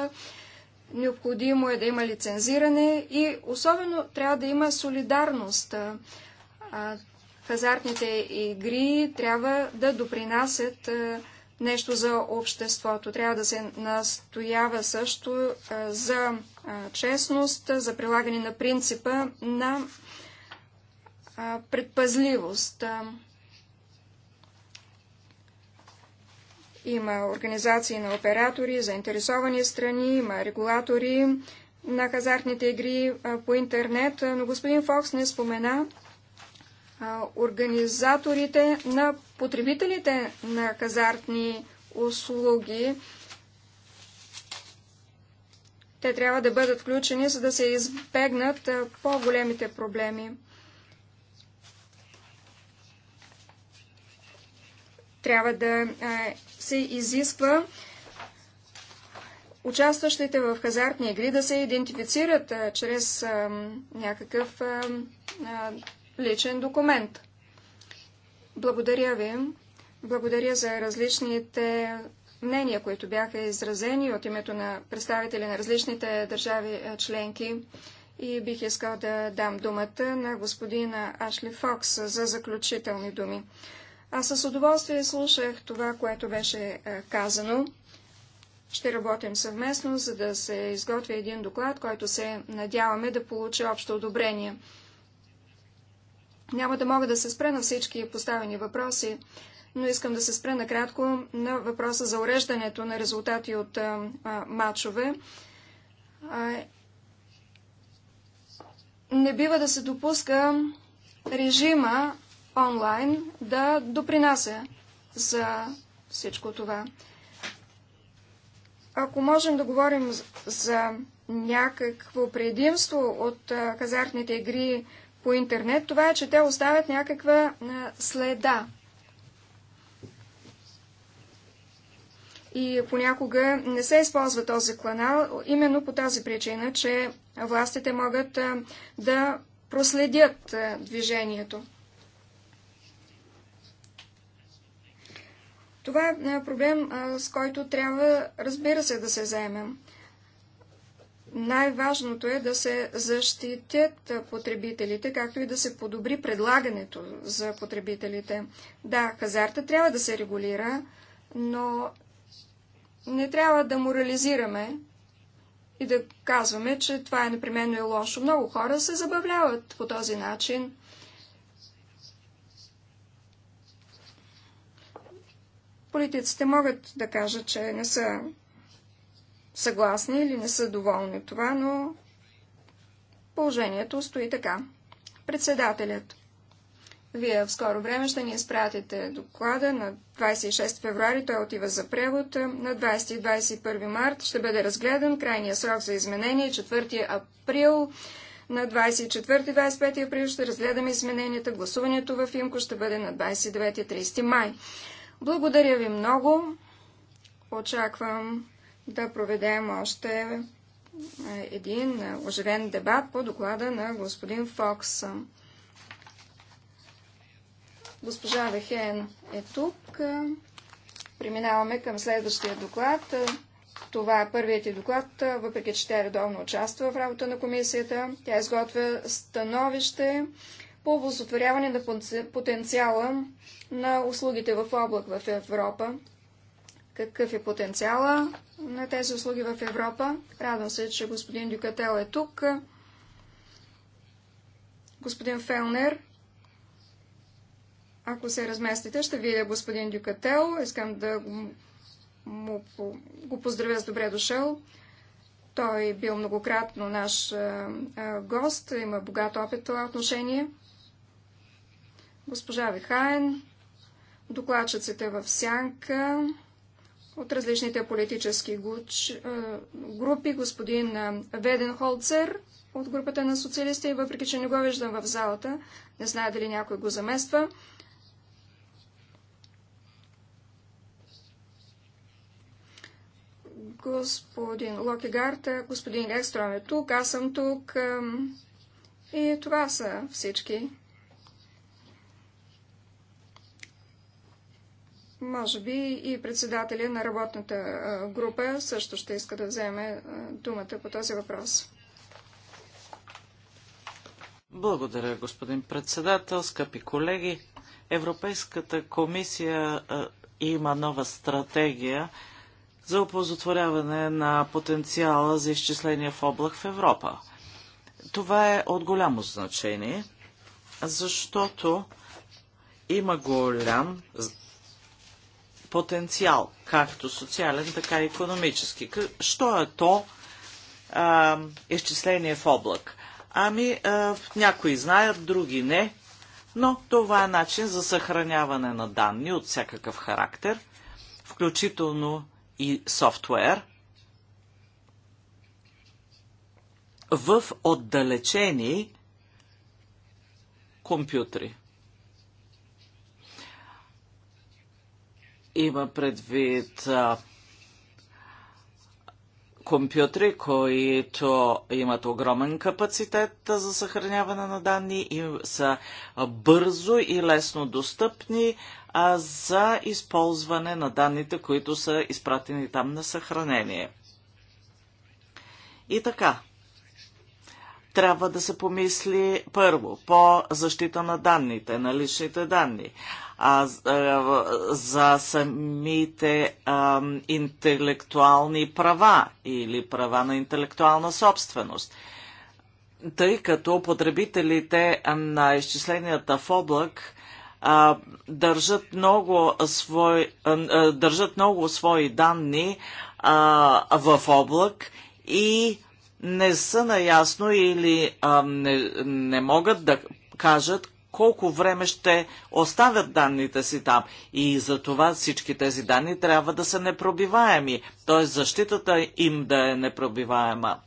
необходимо е да има лицензиране и особено трябва да има солидарност. Хазартните игри трябва да допринасят нещо за обществото. Трябва да се настоява също за честност, за прилагане на принципа на предпазливост. Има организации на оператори, заинтересовани страни, има регулатори на хазартните игри по интернет, но господин Фокс не спомена организаторите на потребителите на хазартни услуги. Те трябва да бъдат включени, за да се избегнат по-големите проблеми. трябва да се изисква участващите в хазартни игри да се идентифицират чрез някакъв личен документ. Благодаря ви. Благодаря за различните мнения, които бяха изразени от името на представители на различните държави членки. И бих искал да дам думата на господина Ашли Фокс за заключителни думи. Аз с удоволствие слушах това, което беше е, казано. Ще работим съвместно, за да се изготви един доклад, който се надяваме да получи общо одобрение. Няма да мога да се спра на всички поставени въпроси, но искам да се спра накратко на въпроса за уреждането на резултати от а, е, а, матчове. А, не бива да се допуска режима онлайн да допринася за всичко това. Ако можем да говорим за някакво предимство от хазартните игри по интернет, това е, че те оставят някаква следа. И понякога не се използва този канал, именно по тази причина, че властите могат да проследят движението. Това е, е проблем, е, с който трябва, разбира се, да се заемем. Най-важното е да се защитят е, потребителите, както и да се подобри предлагането за потребителите. Да, хазарта трябва да се регулира, но не трябва да морализираме и да казваме, че това е непременно и лошо. Много хора се забавляват по този начин. Политиците могат да кажат, че не са съгласни или не са доволни от това, но положението стои така. Председателят. Вие в скоро време ще ни изпратите доклада на 26 февруари. Той отива за превод. На 20 и 21 март ще бъде разгледан крайния срок за изменение 4 април. На 24-25 април ще разгледаме измененията. Гласуването в Имко ще бъде на 29-30 май. Благодаря ви много. Очаквам да проведем още е, един е, оживен дебат по доклада на господин Фокс. Госпожа Вехен е тук. Преминаваме към следващия доклад. Това е първият и доклад, въпреки че тя редовно участва в работа на комисията. Тя изготвя становище по възотворяване на потенциала на услугите в облак в Европа. Какъв е потенциала на тези услуги в Европа? Радвам се, че господин Дюкател е тук. Господин Фелнер, ако се разместите, ще видя господин Дюкател. Искам да му, го поздравя с добре дошъл. Той е бил многократно наш а, а, гост, има богат опит в това отношение госпожа Вихаен, докладчиците в Сянка от различните политически е, групи, господин е, Веден Холцер от групата на социалисти, и въпреки, че не го виждам в залата, не знае дали някой го замества. Господин Гарта, господин Екстром е тук, аз съм тук и това са всички. Може би и председателя на работната група също ще иска да вземе думата по този въпрос. Благодаря, господин председател, скъпи колеги. Европейската комисия има нова стратегия за опозотворяване на потенциала за изчисления в облак в Европа. Това е от голямо значение, защото има голям потенциал, както социален, така и економически. Що е то а, изчисление в облак? Ами, а, някои знаят, други не, но това е начин за съхраняване на данни от всякакъв характер, включително и софтуер, в отдалечени компютри. има предвид компютри, които имат огромен капацитет за съхраняване на данни и са бързо и лесно достъпни за използване на данните, които са изпратени там на съхранение. И така, трябва да се помисли първо по защита на данните, на личните данни а, е, за самите а, интелектуални права или права на интелектуална собственост. Тъй като потребителите на изчисленията в облак а, държат, много свой, а, държат много свои данни а, в облак и не са наясно или а, не, не могат да кажат колко време ще оставят данните си там. И за това всички тези данни трябва да са непробиваеми, т.е. защитата им да е непробиваема.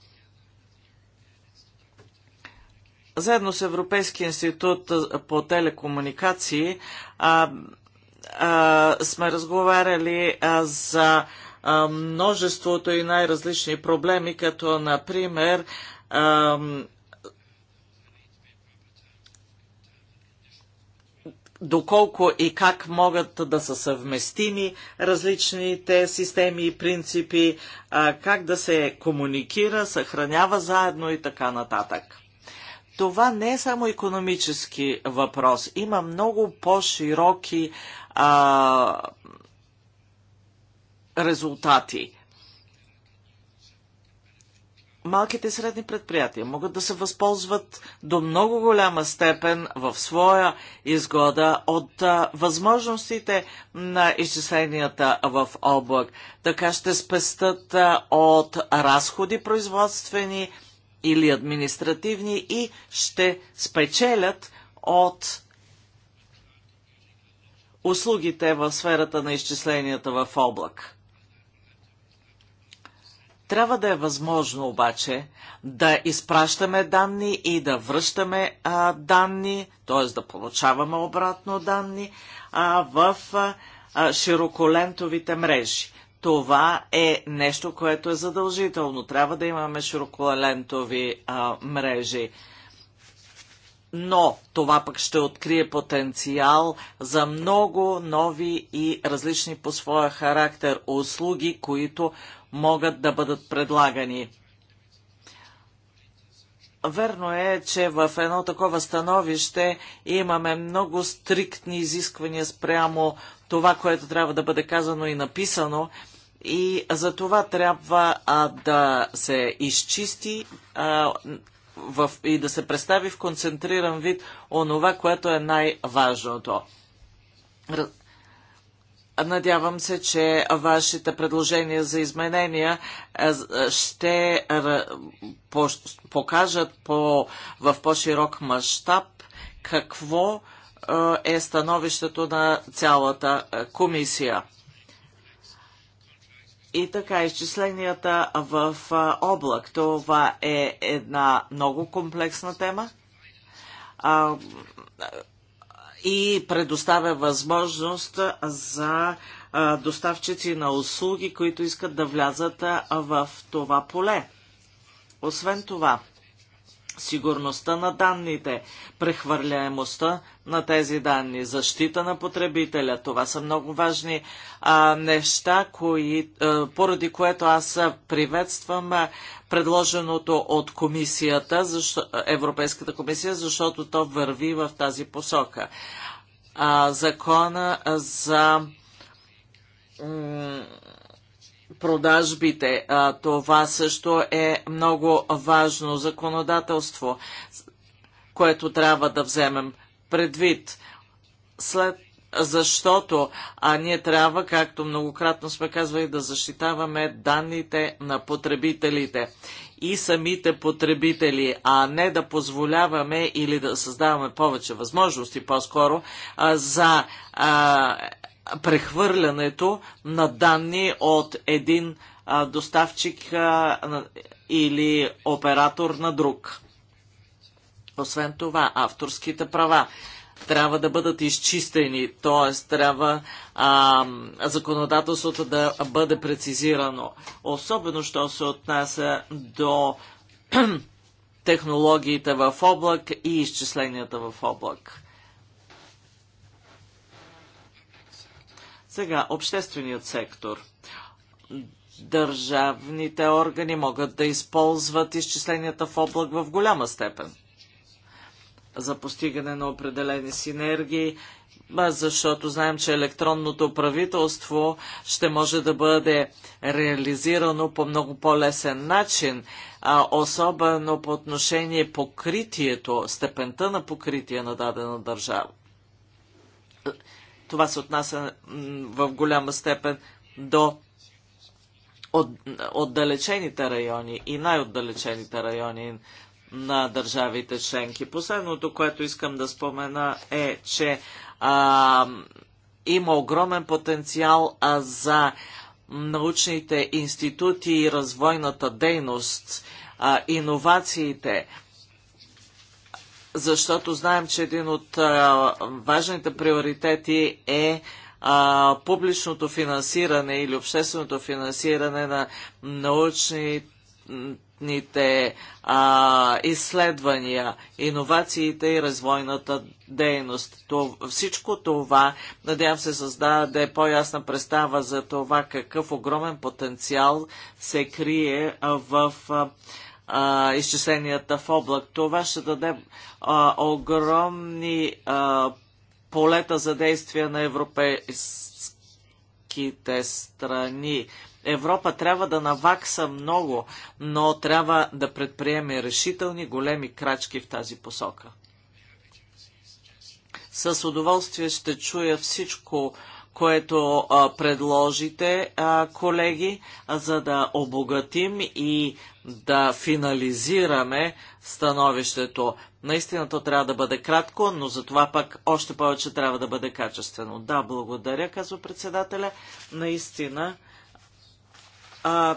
Заедно с Европейския институт по телекомуникации а, а, сме разговаряли а, за а, множеството и най-различни проблеми, като например доколко и как могат да са съвместими различните системи и принципи, как да се комуникира, съхранява заедно и така нататък. Това не е само економически въпрос. Има много по-широки резултати малките и средни предприятия могат да се възползват до много голяма степен в своя изгода от възможностите на изчисленията в облак. Така ще спестат от разходи производствени или административни и ще спечелят от услугите в сферата на изчисленията в облак. Трябва да е възможно обаче да изпращаме данни и да връщаме а, данни, т.е. да получаваме обратно данни а, в а, широколентовите мрежи. Това е нещо, което е задължително. Трябва да имаме широколентови а, мрежи. Но това пък ще открие потенциал за много нови и различни по своя характер услуги, които могат да бъдат предлагани. Верно е, че в едно такова становище имаме много стриктни изисквания спрямо това, което трябва да бъде казано и написано и за това трябва а, да се изчисти а, в, и да се представи в концентриран вид онова, което е най-важното. Надявам се, че вашите предложения за изменения е, ще покажат по, в по-широк мащаб какво е, е становището на цялата е, комисия. И така, изчисленията в облак. Това е една много комплексна тема и предоставя възможност за доставчици на услуги, които искат да влязат в това поле. Освен това, сигурността на данните, прехвърляемостта на тези данни, защита на потребителя. Това са много важни а, неща, кои, а, поради което аз приветствам а, предложеното от комисията, защо, Европейската комисия, защото то върви в тази посока. А, закона за продажбите. Това също е много важно законодателство, което трябва да вземем предвид. След защото а ние трябва, както многократно сме казвали, да защитаваме данните на потребителите и самите потребители, а не да позволяваме или да създаваме повече възможности по-скоро за а, прехвърлянето на данни от един доставчик или оператор на друг. Освен това, авторските права трябва да бъдат изчистени, т.е. трябва а, законодателството да бъде прецизирано. Особено, що се отнася до [CLEARS THROAT] технологиите в облак и изчисленията в облак. Сега, общественият сектор. Държавните органи могат да използват изчисленията в облак в голяма степен за постигане на определени синергии защото знаем, че електронното правителство ще може да бъде реализирано по много по-лесен начин, а особено по отношение покритието, степента на покритие на дадена държава. Това се отнася в голяма степен до от, отдалечените райони и най-отдалечените райони на държавите членки. Последното, което искам да спомена е, че а, има огромен потенциал а, за научните институти и развойната дейност, а, иновациите защото знаем, че един от а, важните приоритети е а, публичното финансиране или общественото финансиране на научните а, изследвания, иновациите и развойната дейност. То, всичко това, надявам се, създава да е по-ясна представа за това какъв огромен потенциал се крие в. А, а, изчисленията в облак. Това ще даде а, огромни а, полета за действия на европейските страни. Европа трябва да навакса много, но трябва да предприеме решителни големи крачки в тази посока. С удоволствие ще чуя всичко, което а, предложите, а, колеги, а, за да обогатим и да финализираме становището. Наистина то трябва да бъде кратко, но за това пък още повече трябва да бъде качествено. Да, благодаря, казва председателя. Наистина. А,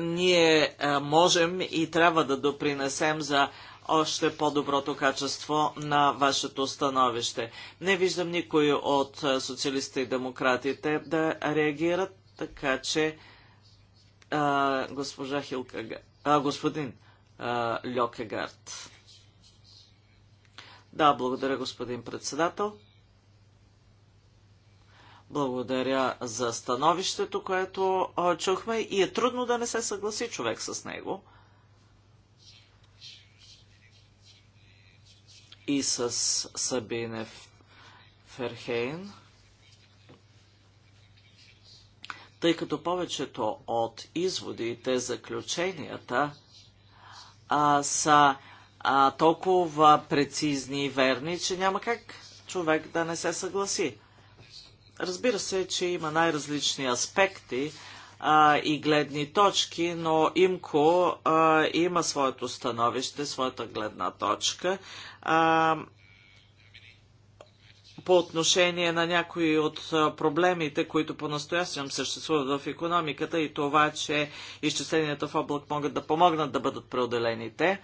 ние а, можем и трябва да допринесем за още по-доброто качество на вашето становище. Не виждам никой от социалистите и демократите да реагират, така че а, госпожа Хилка. А, господин а, Льокегард. Да, благодаря, господин председател. Благодаря за становището, което а, чухме и е трудно да не се съгласи човек с него. И с Сабине Ферхейн. тъй като повечето от изводите, заключенията а, са а, толкова прецизни и верни, че няма как човек да не се съгласи. Разбира се, че има най-различни аспекти а, и гледни точки, но ИМКО а, има своето становище, своята гледна точка. А, по отношение на някои от проблемите, които по-настоящем съществуват в економиката и това, че изчисленията в облак могат да помогнат да бъдат преодолени те.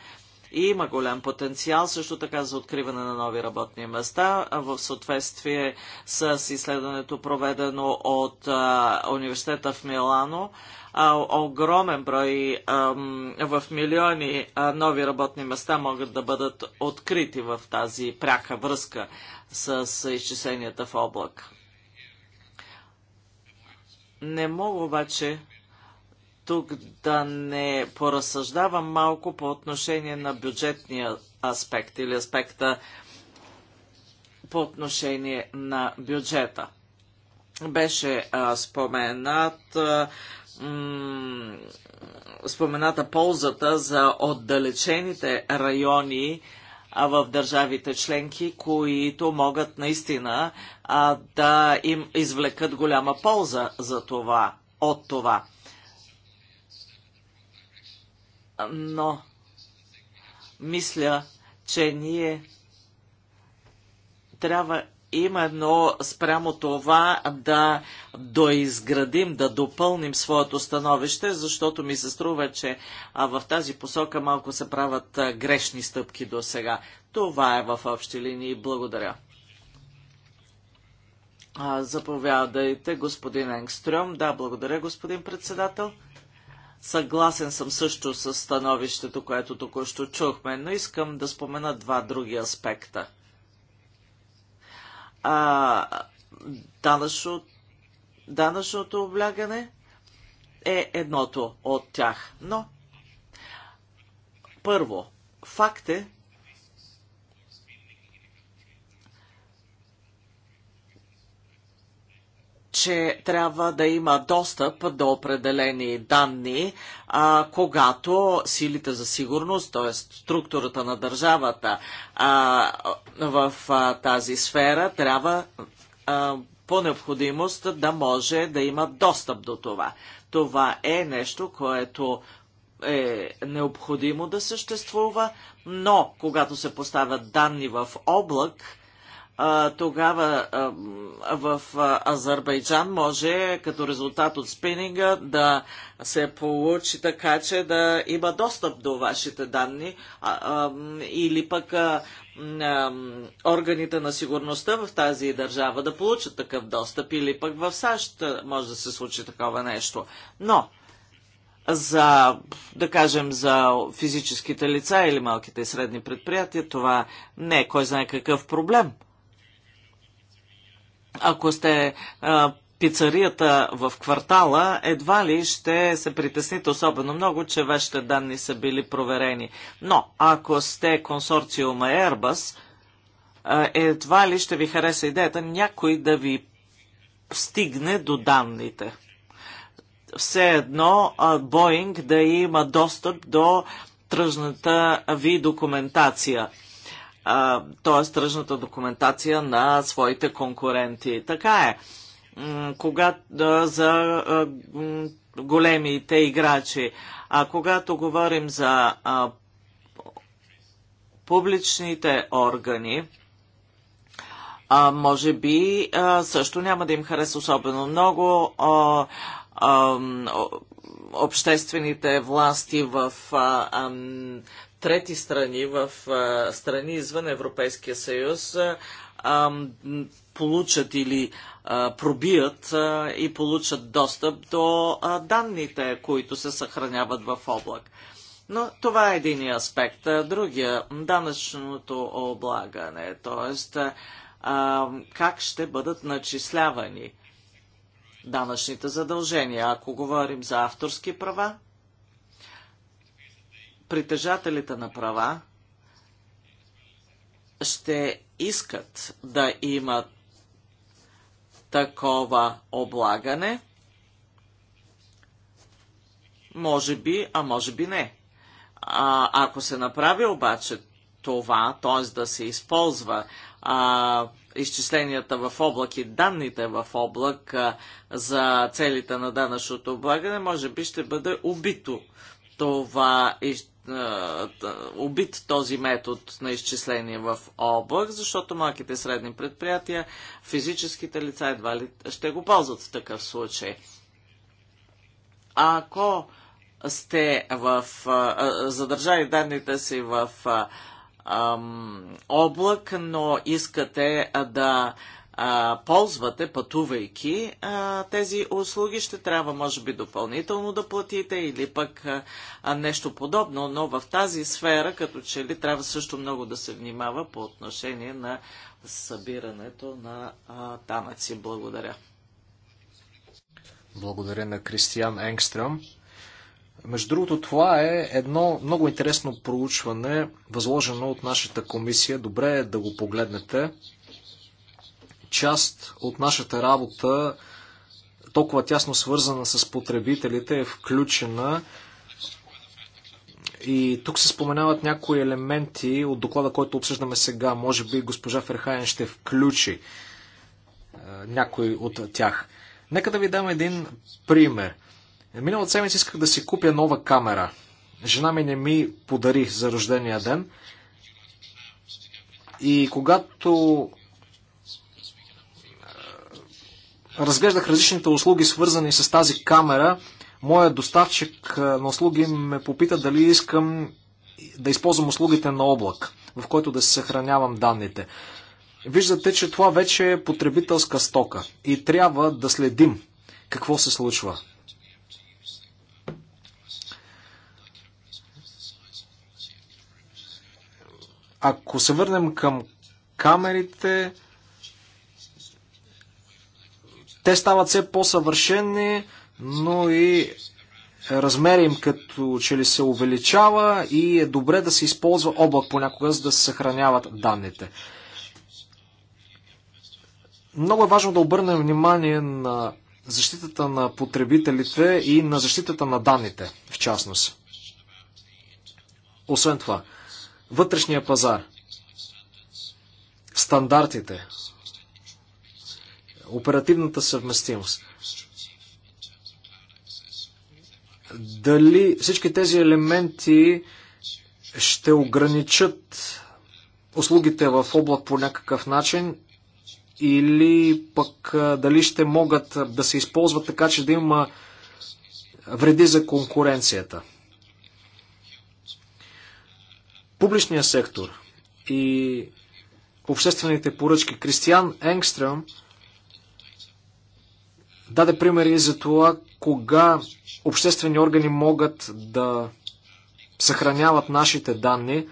И има голям потенциал също така за откриване на нови работни места в съответствие с изследването проведено от а, университета в Милано. А, огромен брой а, в милиони нови работни места могат да бъдат открити в тази пряка връзка с изчисленията в облак. Не мога обаче тук да не поразсъждавам малко по отношение на бюджетния аспект или аспекта по отношение на бюджета. Беше а, споменат а, спомената ползата за отдалечените райони в държавите членки, които могат наистина а, да им извлекат голяма полза за това, от това. Но мисля, че ние трябва именно спрямо това да доизградим, да допълним своето становище, защото ми се струва, че в тази посока малко се правят грешни стъпки до сега. Това е в общи линии. Благодаря. Заповядайте, господин Енгстрем. Да, благодаря, господин председател. Съгласен съм също с становището, което току-що чухме, но искам да спомена два други аспекта а, данъчно, данъчното облягане е едното от тях. Но, първо, факт е, че трябва да има достъп до определени данни, а, когато силите за сигурност, т.е. структурата на държавата а, в а, тази сфера, трябва а, по необходимост да може да има достъп до това. Това е нещо, което е необходимо да съществува, но когато се поставят данни в облак, а, тогава а, в Азербайджан може като резултат от спининга да се получи така, че да има достъп до вашите данни а, а, или пък а, а, органите на сигурността в тази държава да получат такъв достъп или пък в САЩ може да се случи такова нещо. Но за, да кажем, за физическите лица или малките и средни предприятия, това не е кой знае какъв проблем – ако сте пицарията в квартала, едва ли ще се притесните особено много, че вашите данни са били проверени. Но ако сте консорциума Airbus, едва ли ще ви хареса идеята някой да ви стигне до данните. Все едно Боинг да има достъп до тръжната ви документация – т.е. тръжната документация на своите конкуренти. Така е. Кога, за големите играчи. А когато говорим за а, публичните органи, а, може би а, също няма да им хареса особено много а, а, обществените власти в а, а, трети страни, в а, страни извън Европейския съюз, а, получат или а, пробият а, и получат достъп до а, данните, които се съхраняват в облак. Но това е един аспект. Другия – данъчното облагане, т.е. как ще бъдат начислявани данъчните задължения. Ако говорим за авторски права, притежателите на права ще искат да имат такова облагане, може би, а може би не. А, ако се направи обаче това, т.е. да се използва а, изчисленията в облак и данните в облак а, за целите на данъчното облагане, може би ще бъде убито това из, убит този метод на изчисление в облак, защото малките средни предприятия, физическите лица едва ли ще го ползват в такъв случай. Ако сте в, задържали данните си в облак, но искате да а, ползвате, пътувайки а, тези услуги, ще трябва, може би, допълнително да платите или пък а, нещо подобно, но в тази сфера, като че ли, трябва също много да се внимава по отношение на събирането на а, данъци. Благодаря. Благодаря на Кристиан Енгстрем. Между другото, това е едно много интересно проучване, възложено от нашата комисия. Добре е да го погледнете част от нашата работа, толкова тясно свързана с потребителите, е включена. И тук се споменават някои елементи от доклада, който обсъждаме сега. Може би госпожа Ферхайен ще включи е, някой от тях. Нека да ви дам един пример. Миналата седмица исках да си купя нова камера. Жена ми не ми подари за рождения ден. И когато разглеждах различните услуги, свързани с тази камера, моят доставчик на услуги ме попита дали искам да използвам услугите на облак, в който да се съхранявам данните. Виждате, че това вече е потребителска стока и трябва да следим какво се случва. Ако се върнем към камерите, те стават все по-съвършени, но и размер им като че ли се увеличава и е добре да се използва облак понякога, за да се съхраняват данните. Много е важно да обърнем внимание на защитата на потребителите и на защитата на данните, в частност. Освен това, вътрешния пазар, стандартите, оперативната съвместимост. Дали всички тези елементи ще ограничат услугите в облак по някакъв начин или пък дали ще могат да се използват така, че да има вреди за конкуренцията. Публичният сектор и обществените поръчки. Кристиан Енгстрем даде примери за това, кога обществени органи могат да съхраняват нашите данни.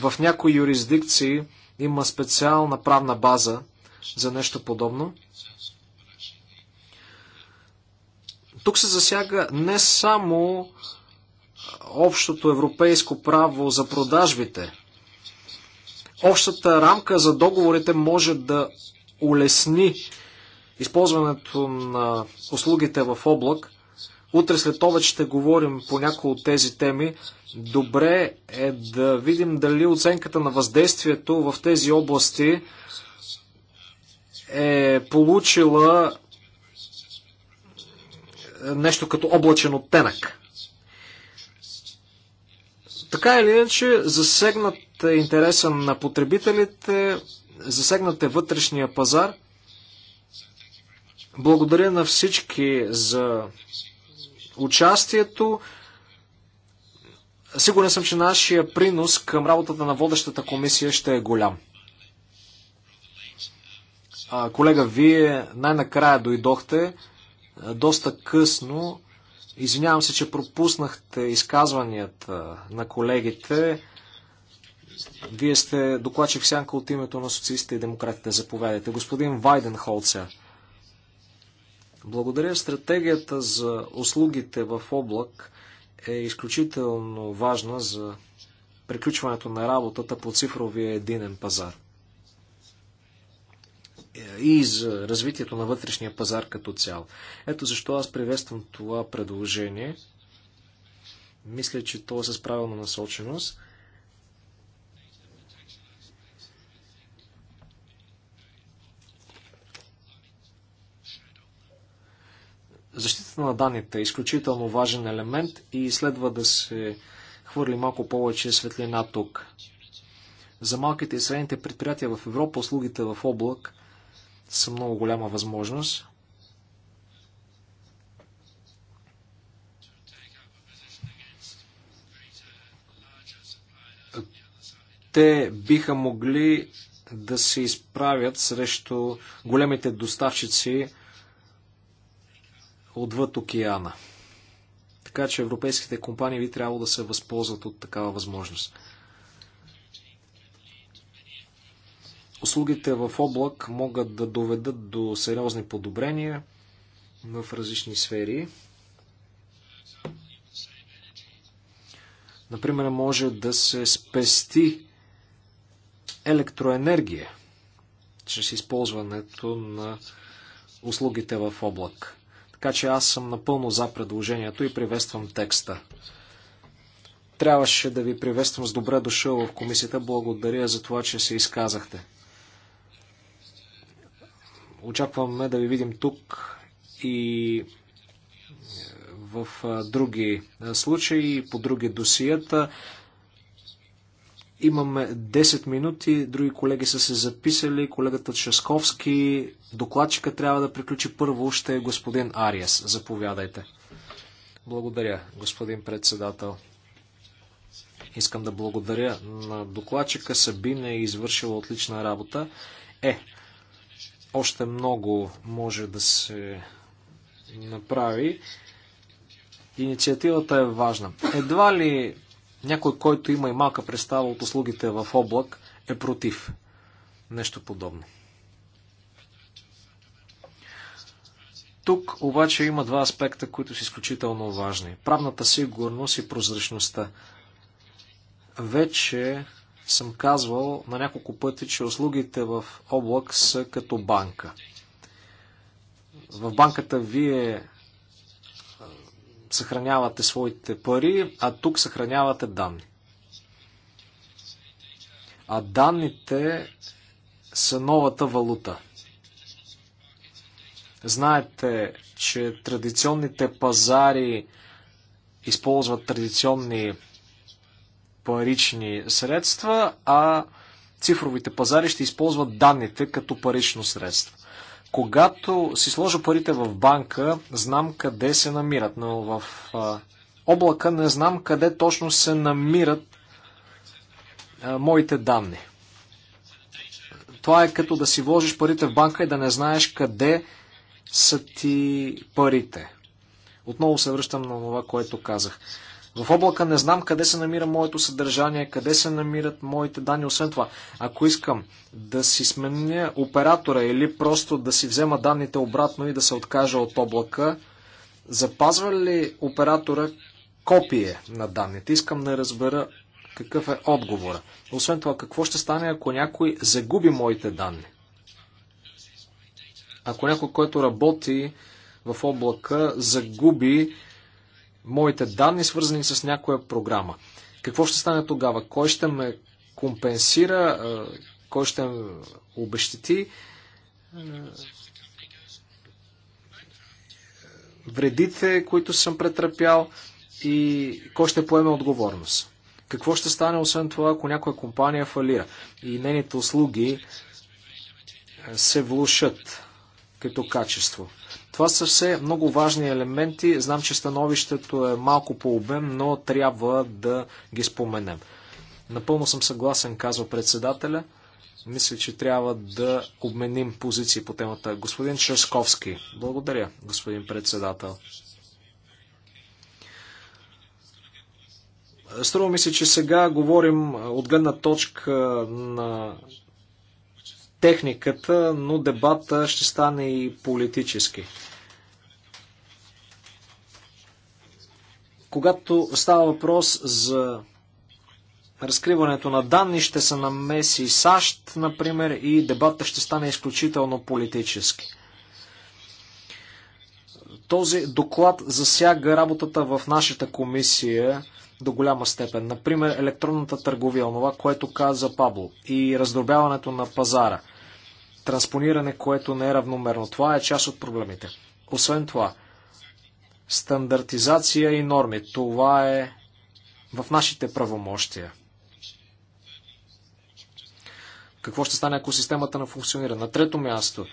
В някои юрисдикции има специална правна база за нещо подобно. Тук се засяга не само общото европейско право за продажбите. Общата рамка за договорите може да улесни използването на услугите в облак. Утре след обед ще говорим по някои от тези теми. Добре е да видим дали оценката на въздействието в тези области е получила нещо като облачен оттенък. Така или иначе, засегнат е интереса на потребителите, засегнат е вътрешния пазар. Благодаря на всички за участието. Сигурен съм, че нашия принос към работата на водещата комисия ще е голям. колега, вие най-накрая дойдохте доста късно. Извинявам се, че пропуснахте изказванията на колегите. Вие сте докладчик сянка от името на социалистите и демократите. Заповядайте. Господин Вайден Холцер. Благодаря. Стратегията за услугите в облак е изключително важна за приключването на работата по цифровия единен пазар и за развитието на вътрешния пазар като цяло. Ето защо аз приветствам това предложение. Мисля, че то е с правилна насоченост. Защитата на данните е изключително важен елемент и следва да се хвърли малко повече светлина тук. За малките и средните предприятия в Европа услугите в облак са много голяма възможност. Те биха могли да се изправят срещу големите доставчици отвъд океана. Така че европейските компании би трябвало да се възползват от такава възможност. Услугите в облак могат да доведат до сериозни подобрения в различни сфери. Например, може да се спести електроенергия чрез използването на услугите в облак. Така че аз съм напълно за предложението и приветствам текста. Трябваше да ви приветствам с добре дошъл в комисията. Благодаря за това, че се изказахте. Очакваме да ви видим тук и е, в е, други е, случаи, по други досията. Имаме 10 минути, други колеги са се записали, колегата Часковски, докладчика трябва да приключи първо, ще е господин Ариас. Заповядайте. Благодаря, господин председател. Искам да благодаря на докладчика. Сабина е извършила отлична работа. Е, още много може да се направи. Инициативата е важна. Едва ли някой, който има и малка представа от услугите в облак, е против нещо подобно. Тук обаче има два аспекта, които са изключително важни. Правната сигурност и прозрачността. Вече съм казвал на няколко пъти, че услугите в облак са като банка. В банката вие съхранявате своите пари, а тук съхранявате данни. А данните са новата валута. Знаете, че традиционните пазари използват традиционни парични средства, а цифровите пазари ще използват данните като парично средство. Когато си сложа парите в банка, знам къде се намират, но в облака не знам къде точно се намират моите данни. Това е като да си вложиш парите в банка и да не знаеш къде са ти парите. Отново се връщам на това, което казах. В облака не знам къде се намира моето съдържание, къде се намират моите данни. Освен това, ако искам да си сменя оператора или просто да си взема данните обратно и да се откажа от облака, запазва ли оператора копие на данните? Искам да разбера какъв е отговора. Освен това, какво ще стане, ако някой загуби моите данни? Ако някой, който работи в облака, загуби моите данни, свързани с някоя програма. Какво ще стане тогава? Кой ще ме компенсира? Е, кой ще ме обещати? Е, вредите, които съм претърпял и кой ще поеме отговорност? Какво ще стане, освен това, ако някоя компания фалира и нейните услуги е, се влушат като качество? Това са все много важни елементи. Знам, че становището е малко по обем, но трябва да ги споменем. Напълно съм съгласен, казва председателя. Мисля, че трябва да обменим позиции по темата. Господин Ческовски. Благодаря, господин председател. Струва ми се, че сега говорим от гледна точка на техниката, но дебата ще стане и политически. когато става въпрос за разкриването на данни, ще се намеси САЩ, например, и дебата ще стане изключително политически. Този доклад засяга работата в нашата комисия до голяма степен. Например, електронната търговия, това, което каза Пабло, и раздробяването на пазара, транспониране, което не е равномерно. Това е част от проблемите. Освен това, стандартизация и норми. Това е в нашите правомощия. Какво ще стане, ако системата не функционира? На трето място,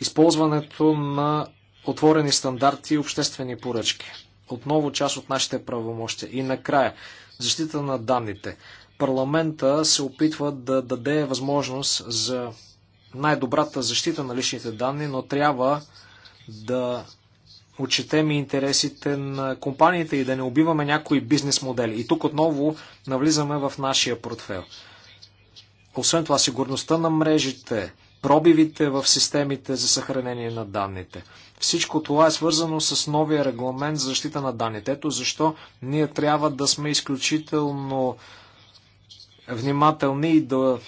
използването на отворени стандарти и обществени поръчки. Отново част от нашите правомощия. И накрая, защита на данните. Парламента се опитва да даде възможност за най-добрата защита на личните данни, но трябва да отчетем и интересите на компаниите и да не убиваме някои бизнес модели. И тук отново навлизаме в нашия портфел. Освен това, сигурността на мрежите, пробивите в системите за съхранение на данните. Всичко това е свързано с новия регламент за защита на данните. Ето защо ние трябва да сме изключително внимателни и да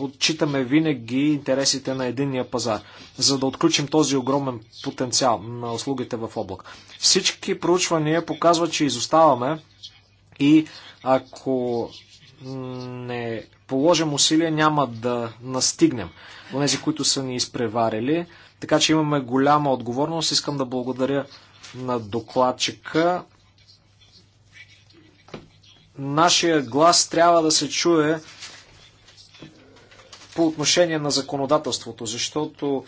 отчитаме винаги интересите на единния пазар, за да отключим този огромен потенциал на услугите в облак. Всички проучвания показват, че изоставаме и ако не положим усилия, няма да настигнем онези, които са ни изпреварили. Така че имаме голяма отговорност. Искам да благодаря на докладчика. Нашия глас трябва да се чуе по отношение на законодателството, защото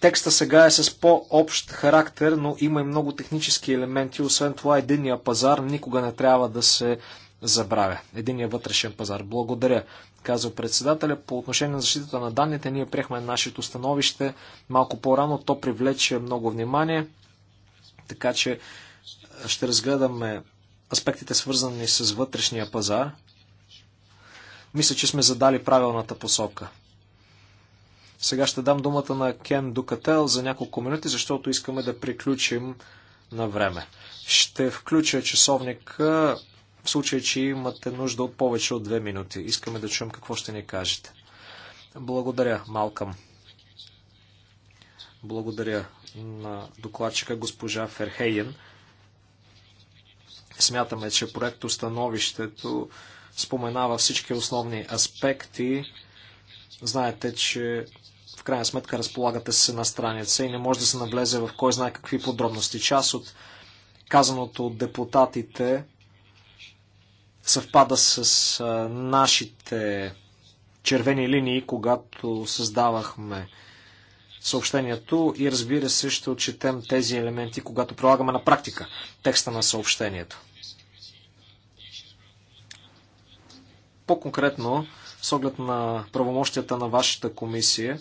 текста сега е с по-общ характер, но има и много технически елементи. Освен това, единия пазар никога не трябва да се забравя. Единия вътрешен пазар. Благодаря, казва председателя. По отношение на защитата на данните, ние приехме нашето становище малко по-рано. То привлече много внимание, така че ще разгледаме аспектите свързани с вътрешния пазар. Мисля, че сме задали правилната посока. Сега ще дам думата на Кен Дукател за няколко минути, защото искаме да приключим на време. Ще включа часовника в случай, че имате нужда от повече от две минути. Искаме да чуем какво ще ни кажете. Благодаря, Малкам. Благодаря на докладчика госпожа Ферхейен. Смятаме, че проект становището споменава всички основни аспекти. Знаете, че в крайна сметка разполагате се на страница и не може да се навлезе в кой знае какви подробности. Част от казаното от депутатите съвпада с нашите червени линии, когато създавахме съобщението и разбира се ще отчетем тези елементи, когато прилагаме на практика текста на съобщението. По-конкретно, с оглед на правомощията на вашата комисия,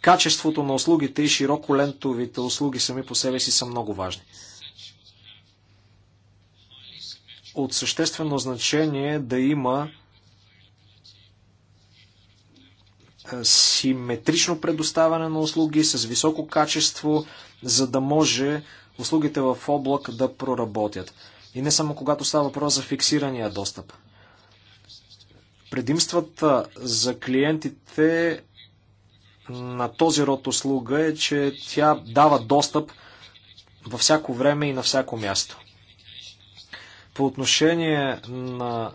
качеството на услугите и широко лентовите услуги сами по себе си са много важни. От съществено значение е да има е, симетрично предоставяне на услуги с високо качество, за да може услугите в облак да проработят. И не само когато става въпрос за фиксирания достъп. Предимствата за клиентите на този род услуга е, че тя дава достъп във всяко време и на всяко място. По отношение на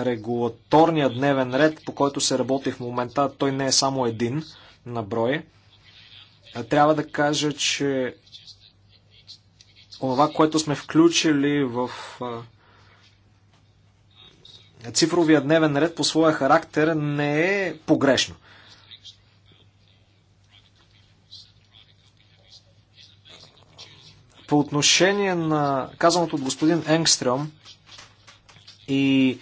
регулаторния дневен ред, по който се работи в момента, той не е само един на брой. Трябва да кажа, че онова, което сме включили в цифровия дневен ред по своя характер не е погрешно. По отношение на казаното от господин Енгстрем и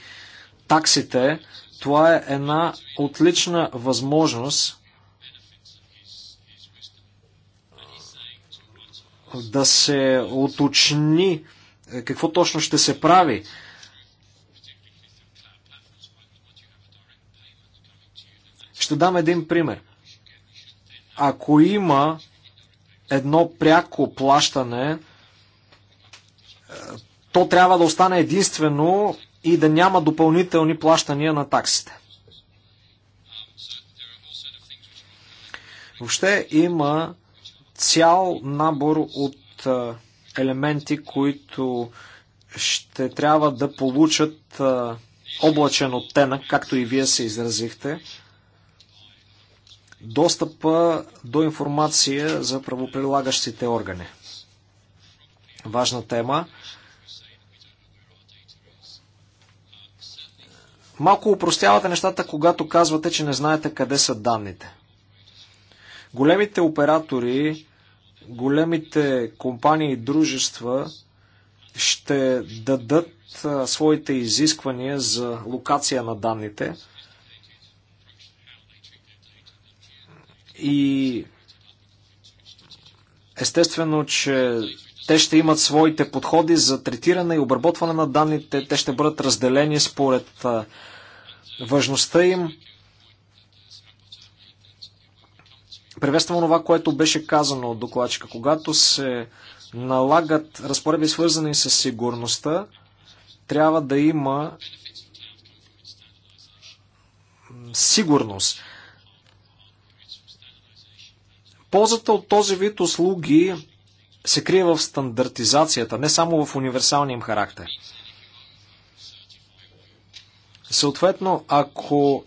таксите, това е една отлична възможност да се уточни е, какво точно ще се прави. Ще дам един пример. Ако има едно пряко плащане, е, то трябва да остане единствено и да няма допълнителни плащания на таксите. Въобще има цял набор от елементи, които ще трябва да получат облачен оттенък, както и вие се изразихте. Достъпа до информация за правоприлагащите органи. Важна тема. Малко упростявате нещата, когато казвате, че не знаете къде са данните. Големите оператори големите компании и дружества ще дадат своите изисквания за локация на данните и естествено, че те ще имат своите подходи за третиране и обработване на данните, те ще бъдат разделени според важността им. Приветствам това, което беше казано от докладчика. Когато се налагат разпореди, свързани с сигурността, трябва да има сигурност. Ползата от този вид услуги се крие в стандартизацията, не само в универсалния им характер. Съответно, ако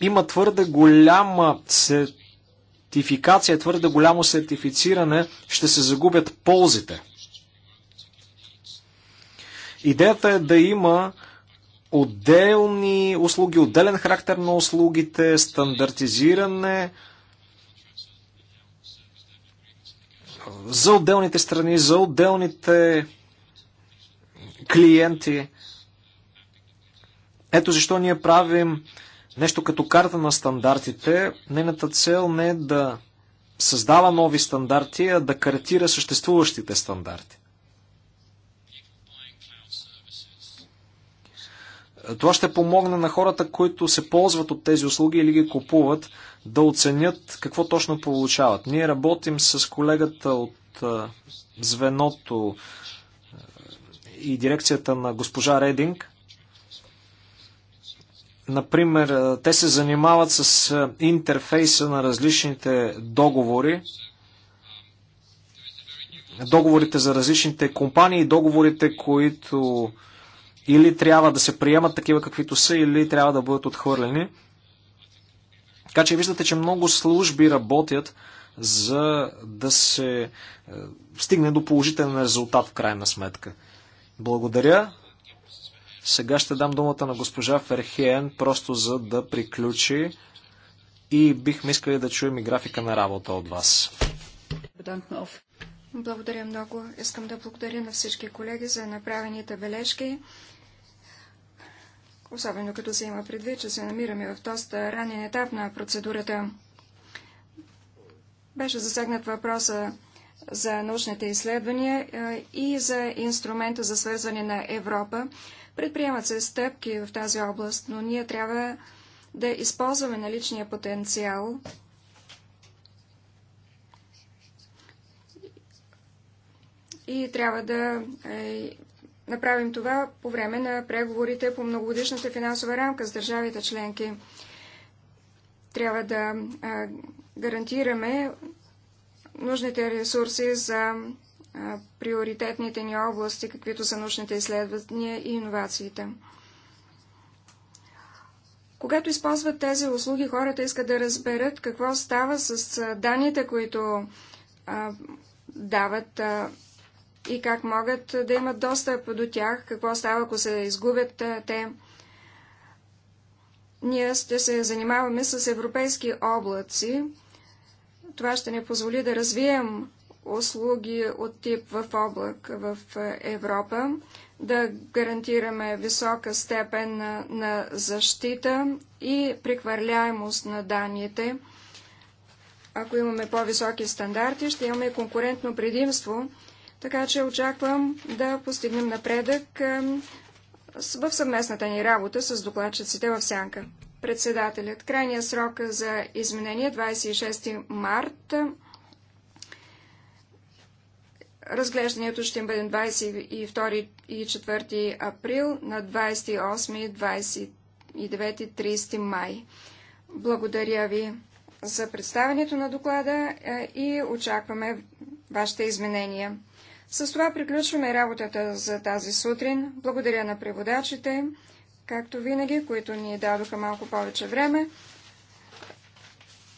има твърде голяма сертификация, твърде голямо сертифициране, ще се загубят ползите. Идеята е да има отделни услуги, отделен характер на услугите, стандартизиране за отделните страни, за отделните клиенти. Ето защо ние правим нещо като карта на стандартите. Нейната цел не е да създава нови стандарти, а да картира съществуващите стандарти. Това ще помогне на хората, които се ползват от тези услуги или ги купуват, да оценят какво точно получават. Ние работим с колегата от звеното и дирекцията на госпожа Рединг Например, те се занимават с интерфейса на различните договори, договорите за различните компании, договорите, които или трябва да се приемат такива каквито са, или трябва да бъдат отхвърлени. Така че виждате, че много служби работят за да се стигне до положителен резултат в крайна сметка. Благодаря. Сега ще дам думата на госпожа Ферхиен, просто за да приключи и бихме искали да чуем и графика на работа от вас. Благодаря много. Искам да благодаря на всички колеги за направените бележки. Особено като се има предвид, че се намираме в доста ранен етап на процедурата. Беше засегнат въпроса за научните изследвания е, и за инструмента за свързване на Европа. Предприемат се стъпки в тази област, но ние трябва да използваме наличния потенциал и трябва да е, направим това по време на преговорите по многогодишната финансова рамка с държавите членки. Трябва да е, гарантираме нужните ресурси за приоритетните ни области, каквито са научните изследвания и иновациите. Когато използват тези услуги, хората искат да разберат какво става с данните, които а, дават а, и как могат да имат достъп до тях, какво става, ако се изгубят а, те. Ние ще се занимаваме с европейски облаци. Това ще ни позволи да развием услуги от тип в облак в е, Европа, да гарантираме висока степен на, на защита и прехвърляемост на данните. Ако имаме по-високи стандарти, ще имаме конкурентно предимство, така че очаквам да постигнем напредък е, в съвместната ни работа с докладчиците в Сянка. Председателят. Крайният срок за изменение 26 е март Разглеждането ще бъде 22 и 4 април на 28, 29 и 30 май. Благодаря ви за представянето на доклада е, и очакваме вашите изменения. С това приключваме работата за тази сутрин. Благодаря на преводачите, както винаги, които ни дадоха малко повече време.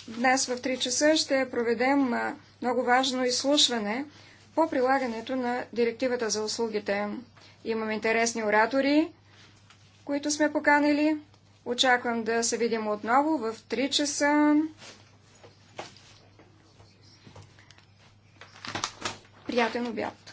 Днес в 3 часа ще проведем е, много важно изслушване по прилагането на директивата за услугите. Имам интересни оратори, които сме поканили. Очаквам да се видим отново в 3 часа. Приятен обяд!